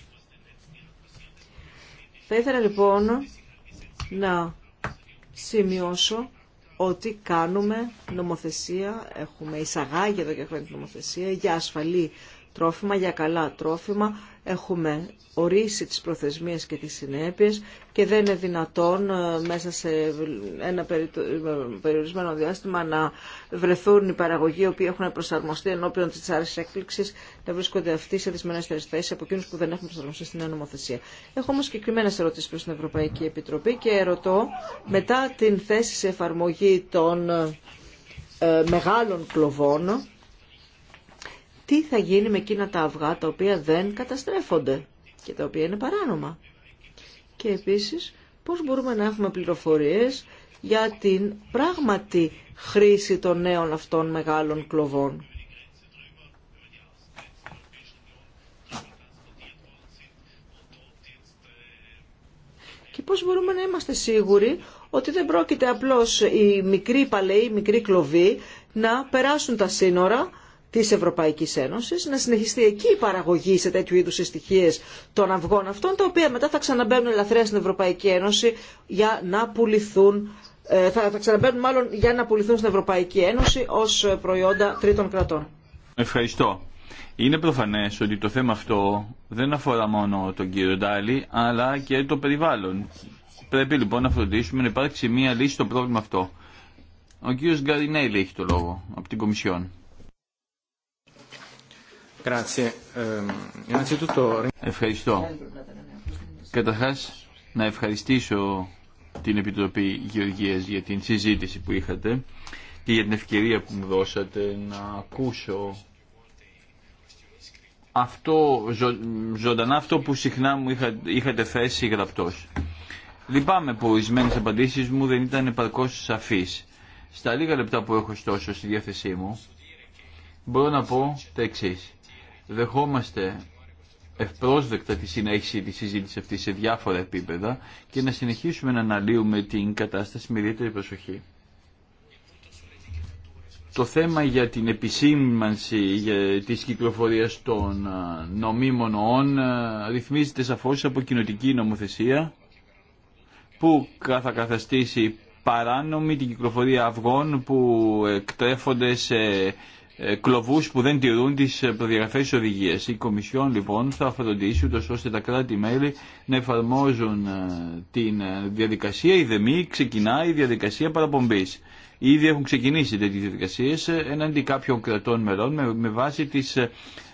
Θα ήθελα λοιπόν να σημειώσω ότι κάνουμε νομοθεσία, έχουμε εισαγάγει εδώ και χρόνια την νομοθεσία για ασφαλή τρόφιμα για καλά τρόφιμα. Έχουμε ορίσει τις προθεσμίες και τις συνέπειες και δεν είναι δυνατόν ε, μέσα σε ένα περιορισμένο διάστημα να βρεθούν οι παραγωγοί οι οποίοι έχουν προσαρμοστεί ενώπιον της άρεσης έκπληξης να βρίσκονται αυτοί σε δυσμενές θέσεις από εκείνους που δεν έχουν προσαρμοστεί στην νομοθεσία. Έχω όμως συγκεκριμένε ερωτήσεις προς την Ευρωπαϊκή Επιτροπή και ερωτώ μετά την θέση σε εφαρμογή των ε, ε, μεγάλων κλοβών τι θα γίνει με εκείνα τα αυγά τα οποία δεν καταστρέφονται και τα οποία είναι παράνομα. Και επίσης πώς μπορούμε να έχουμε πληροφορίες για την πράγματι χρήση των νέων αυτών μεγάλων κλοβών. Και πώς μπορούμε να είμαστε σίγουροι ότι δεν πρόκειται απλώς οι μικροί παλαιοί, οι μικροί κλοβοί να περάσουν τα σύνορα τη Ευρωπαϊκή Ένωση, να συνεχιστεί εκεί η παραγωγή σε τέτοιου είδου συστοιχίες των αυγών αυτών, τα οποία μετά θα ξαναμπαίνουν ελαθρέα στην Ευρωπαϊκή Ένωση για να πουληθούν ε, θα, θα ξαναμπαίνουν μάλλον για να πουληθούν στην Ευρωπαϊκή Ένωση ω προϊόντα τρίτων κρατών. Ευχαριστώ. Είναι προφανέ ότι το θέμα αυτό δεν αφορά μόνο τον κύριο Ντάλι, αλλά και το περιβάλλον. Πρέπει λοιπόν να φροντίσουμε να υπάρξει μία λύση στο πρόβλημα αυτό. Ο κύριο Γκαρινέλη έχει το λόγο από την Κομισιόν. Ehm, Ευχαριστώ. Καταρχά, να ευχαριστήσω την Επιτροπή Γεωργία για την συζήτηση που είχατε και για την ευκαιρία που μου δώσατε να ακούσω αυτό, ζω, ζωντανά αυτό που συχνά μου είχα, είχατε θέσει γραπτό. Λυπάμαι που ορισμένε απαντήσει μου δεν ήταν επαρκώ σαφεί. Στα λίγα λεπτά που έχω στόσο στη διάθεσή μου μπορώ να πω τα εξής δεχόμαστε ευπρόσδεκτα τη συνέχιση της συζήτησης αυτής σε διάφορα επίπεδα και να συνεχίσουμε να αναλύουμε την κατάσταση με ιδιαίτερη προσοχή. Το θέμα για την επισήμανση για της κυκλοφορίας των νομίμων ΟΟΝ ρυθμίζεται σαφώς από κοινοτική νομοθεσία που θα καθαστήσει παράνομη την κυκλοφορία αυγών που εκτρέφονται σε ε, κλοβού που δεν τηρούν τι ε, προδιαγραφέ τη Η Κομισιόν λοιπόν θα φροντίσει ούτω ώστε τα κράτη-μέλη να εφαρμόζουν ε, την διαδικασία. Η ΔΕΜΗ ξεκινάει η διαδικασία παραπομπή. Ήδη έχουν ξεκινήσει τέτοιε διαδικασίες εναντί κάποιων κρατών μελών με βάση τις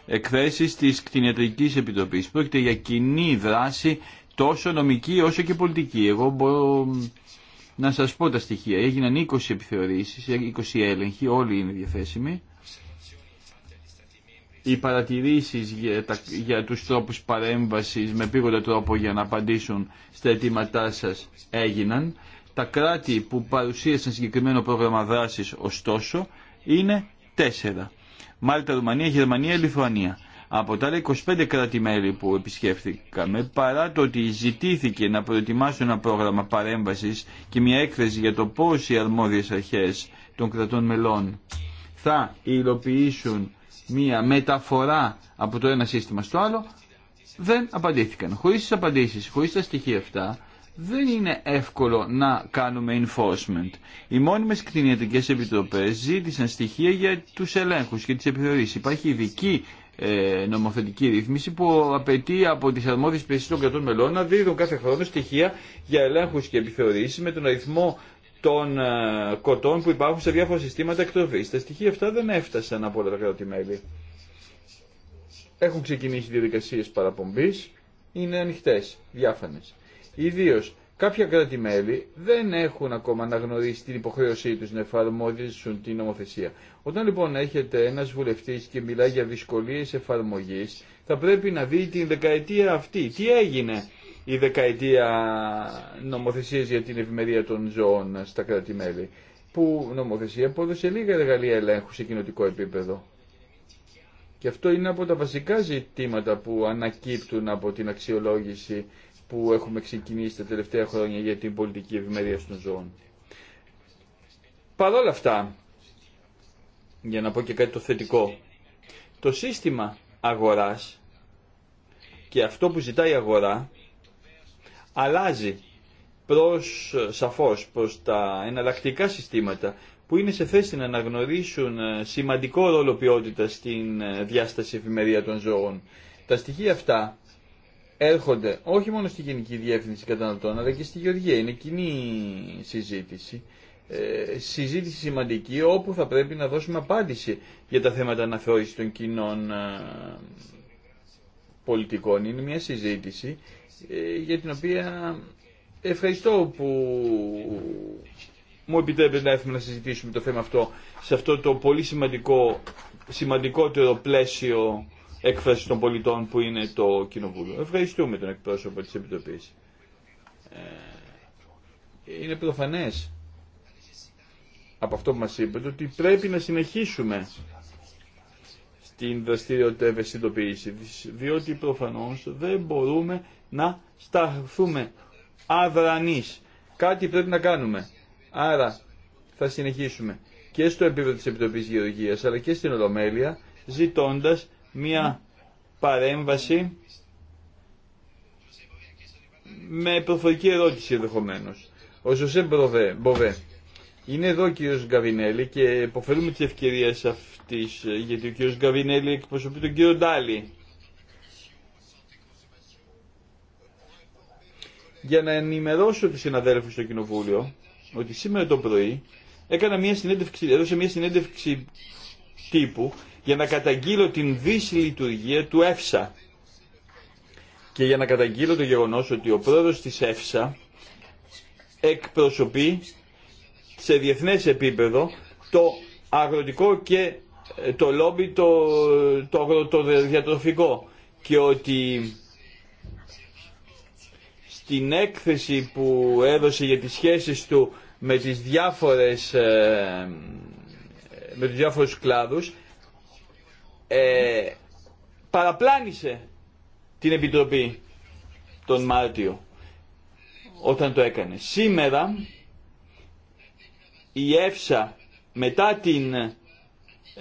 εκθέσεις τη Κτηνιατρική Επιτροπή. Πρόκειται για κοινή δράση τόσο νομική όσο και πολιτική. Εγώ μπορώ να σας πω τα στοιχεία. Έγιναν 20 επιθεωρήσεις, 20 έλεγχοι, όλοι είναι διαθέσιμοι οι παρατηρήσει για, για τους τρόπους παρέμβασης με πήγοντα τρόπο για να απαντήσουν στα αιτήματά σα έγιναν. Τα κράτη που παρουσίασαν συγκεκριμένο πρόγραμμα δράση, ωστόσο είναι τέσσερα. Μάλτα, Ρουμανία, Γερμανία, Λιθουανία. Από τα άλλα 25 κράτη-μέλη που επισκέφθηκαμε, παρά το ότι ζητήθηκε να προετοιμάσουν ένα πρόγραμμα παρέμβαση και μια έκθεση για το πώ οι αρμόδιες αρχέ των κρατών μελών θα υλοποιήσουν μία μεταφορά από το ένα σύστημα στο άλλο, δεν απαντήθηκαν. Χωρίς τις απαντήσεις, χωρίς τα στοιχεία αυτά, δεν είναι εύκολο να κάνουμε enforcement. Οι μόνιμες κτηνιατρικές επιτροπές ζήτησαν στοιχεία για τους ελέγχους και τις επιθεωρήσεις. Υπάρχει ειδική ε, νομοθετική ρύθμιση που απαιτεί από τις αρμόδιες υπηρεσίες των κρατών μελών να δίδουν κάθε χρόνο στοιχεία για ελέγχους και επιθεωρήσεις με τον αριθμό των ε, κοτών που υπάρχουν σε διάφορα συστήματα εκτροφή. Τα στοιχεία αυτά δεν έφτασαν από όλα τα κράτη-μέλη. Έχουν ξεκινήσει διαδικασίε παραπομπής, είναι διαφανε. διάφανες. Ιδίω κάποια κράτη-μέλη δεν έχουν ακόμα αναγνωρίσει την υποχρέωσή του να εφαρμόζουν την νομοθεσία. Όταν λοιπόν έχετε ένα βουλευτή και μιλάει για δυσκολίε εφαρμογή θα πρέπει να δει την δεκαετία αυτή. Τι έγινε η δεκαετία νομοθεσίες για την ευημερία των ζώων στα κράτη-μέλη, που νομοθεσία έδωσε λίγα εργαλεία ελέγχου σε κοινοτικό επίπεδο. Και αυτό είναι από τα βασικά ζητήματα που ανακύπτουν από την αξιολόγηση που έχουμε ξεκινήσει τα τελευταία χρόνια για την πολιτική ευημερία των ζώων. Παρ' όλα αυτά, για να πω και κάτι το θετικό, το σύστημα αγοράς και αυτό που ζητάει η αγορά αλλάζει προς, σαφώς προς τα εναλλακτικά συστήματα που είναι σε θέση να αναγνωρίσουν ε, σημαντικό ρόλο ποιότητα στην ε, διάσταση εφημερία των ζώων. Τα στοιχεία αυτά έρχονται όχι μόνο στη Γενική Διεύθυνση Καταναλωτών αλλά και στη Γεωργία. Είναι κοινή συζήτηση. Ε, συζήτηση σημαντική όπου θα πρέπει να δώσουμε απάντηση για τα θέματα αναθεώρησης των κοινών ε, πολιτικών. Είναι μια συζήτηση ε, για την οποία ευχαριστώ που μου επιτρέπετε να έρθουμε να συζητήσουμε το θέμα αυτό σε αυτό το πολύ σημαντικό, σημαντικότερο πλαίσιο έκφραση των πολιτών που είναι το Κοινοβούλιο. Ευχαριστούμε τον εκπρόσωπο της Επιτροπής. Ε, είναι προφανές από αυτό που μας είπατε ότι πρέπει να συνεχίσουμε την δραστηριότητα ευαισθητοποίηση, διότι προφανώ δεν μπορούμε να σταθούμε αδρανεί. Κάτι πρέπει να κάνουμε. Άρα θα συνεχίσουμε και στο επίπεδο τη Επιτροπή Γεωργία αλλά και στην Ολομέλεια ζητώντα μια παρέμβαση με προφορική ερώτηση ενδεχομένω. Ο Ζωσέ Μποβέ είναι εδώ ο κύριος Γκαβινέλη και υποφελούμε τη ευκαιρία αυτή ε, γιατί ο κύριος Γκαβινέλη εκπροσωπεί τον κύριο Ντάλι. Για να ενημερώσω τους συναδέλφους στο Κοινοβούλιο ότι σήμερα το πρωί έκανα μια συνέντευξη, έδωσε μια συνέντευξη τύπου για να καταγγείλω την δυσλειτουργία του ΕΦΣΑ και για να καταγγείλω το γεγονός ότι ο πρόεδρος της ΕΦΣΑ εκπροσωπεί σε διεθνές επίπεδο το αγροτικό και το λόμπι το, το, το διατροφικό και ότι στην έκθεση που έδωσε για τις σχέσεις του με τις διάφορες ε, με τους διάφορους κλάδους ε, παραπλάνησε την Επιτροπή τον Μάρτιο όταν το έκανε. Σήμερα η ΕΦΣΑ μετά την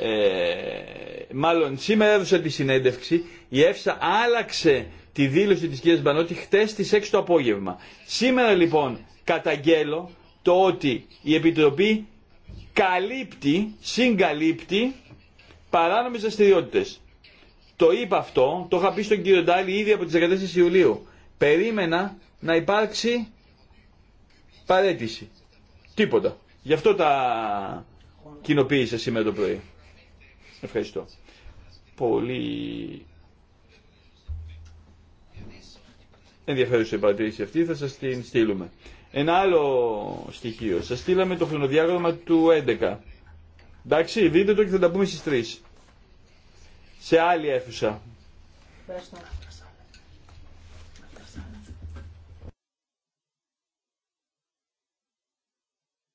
ε, μάλλον σήμερα έδωσε τη συνέντευξη, η ΕΦΣΑ άλλαξε τη δήλωση της κυρίας Μπανώτη χτες στις 6 το απόγευμα. Σήμερα λοιπόν καταγγέλλω το ότι η Επιτροπή καλύπτει, συγκαλύπτει παράνομες δραστηριότητε. Το είπα αυτό, το είχα πει στον κύριο Ντάλη ήδη από τις 14 Ιουλίου. Περίμενα να υπάρξει παρέτηση. Τίποτα. Γι' αυτό τα κοινοποίησα σήμερα το πρωί. Ευχαριστώ. Πολύ ενδιαφέρουσα η παρατήρηση αυτή, θα σας την στείλουμε. Ένα άλλο στοιχείο. Σας στείλαμε το χρονοδιάγραμμα του 11. Εντάξει, δείτε το και θα τα πούμε στις 3. Σε άλλη αίθουσα. Ευχαριστώ.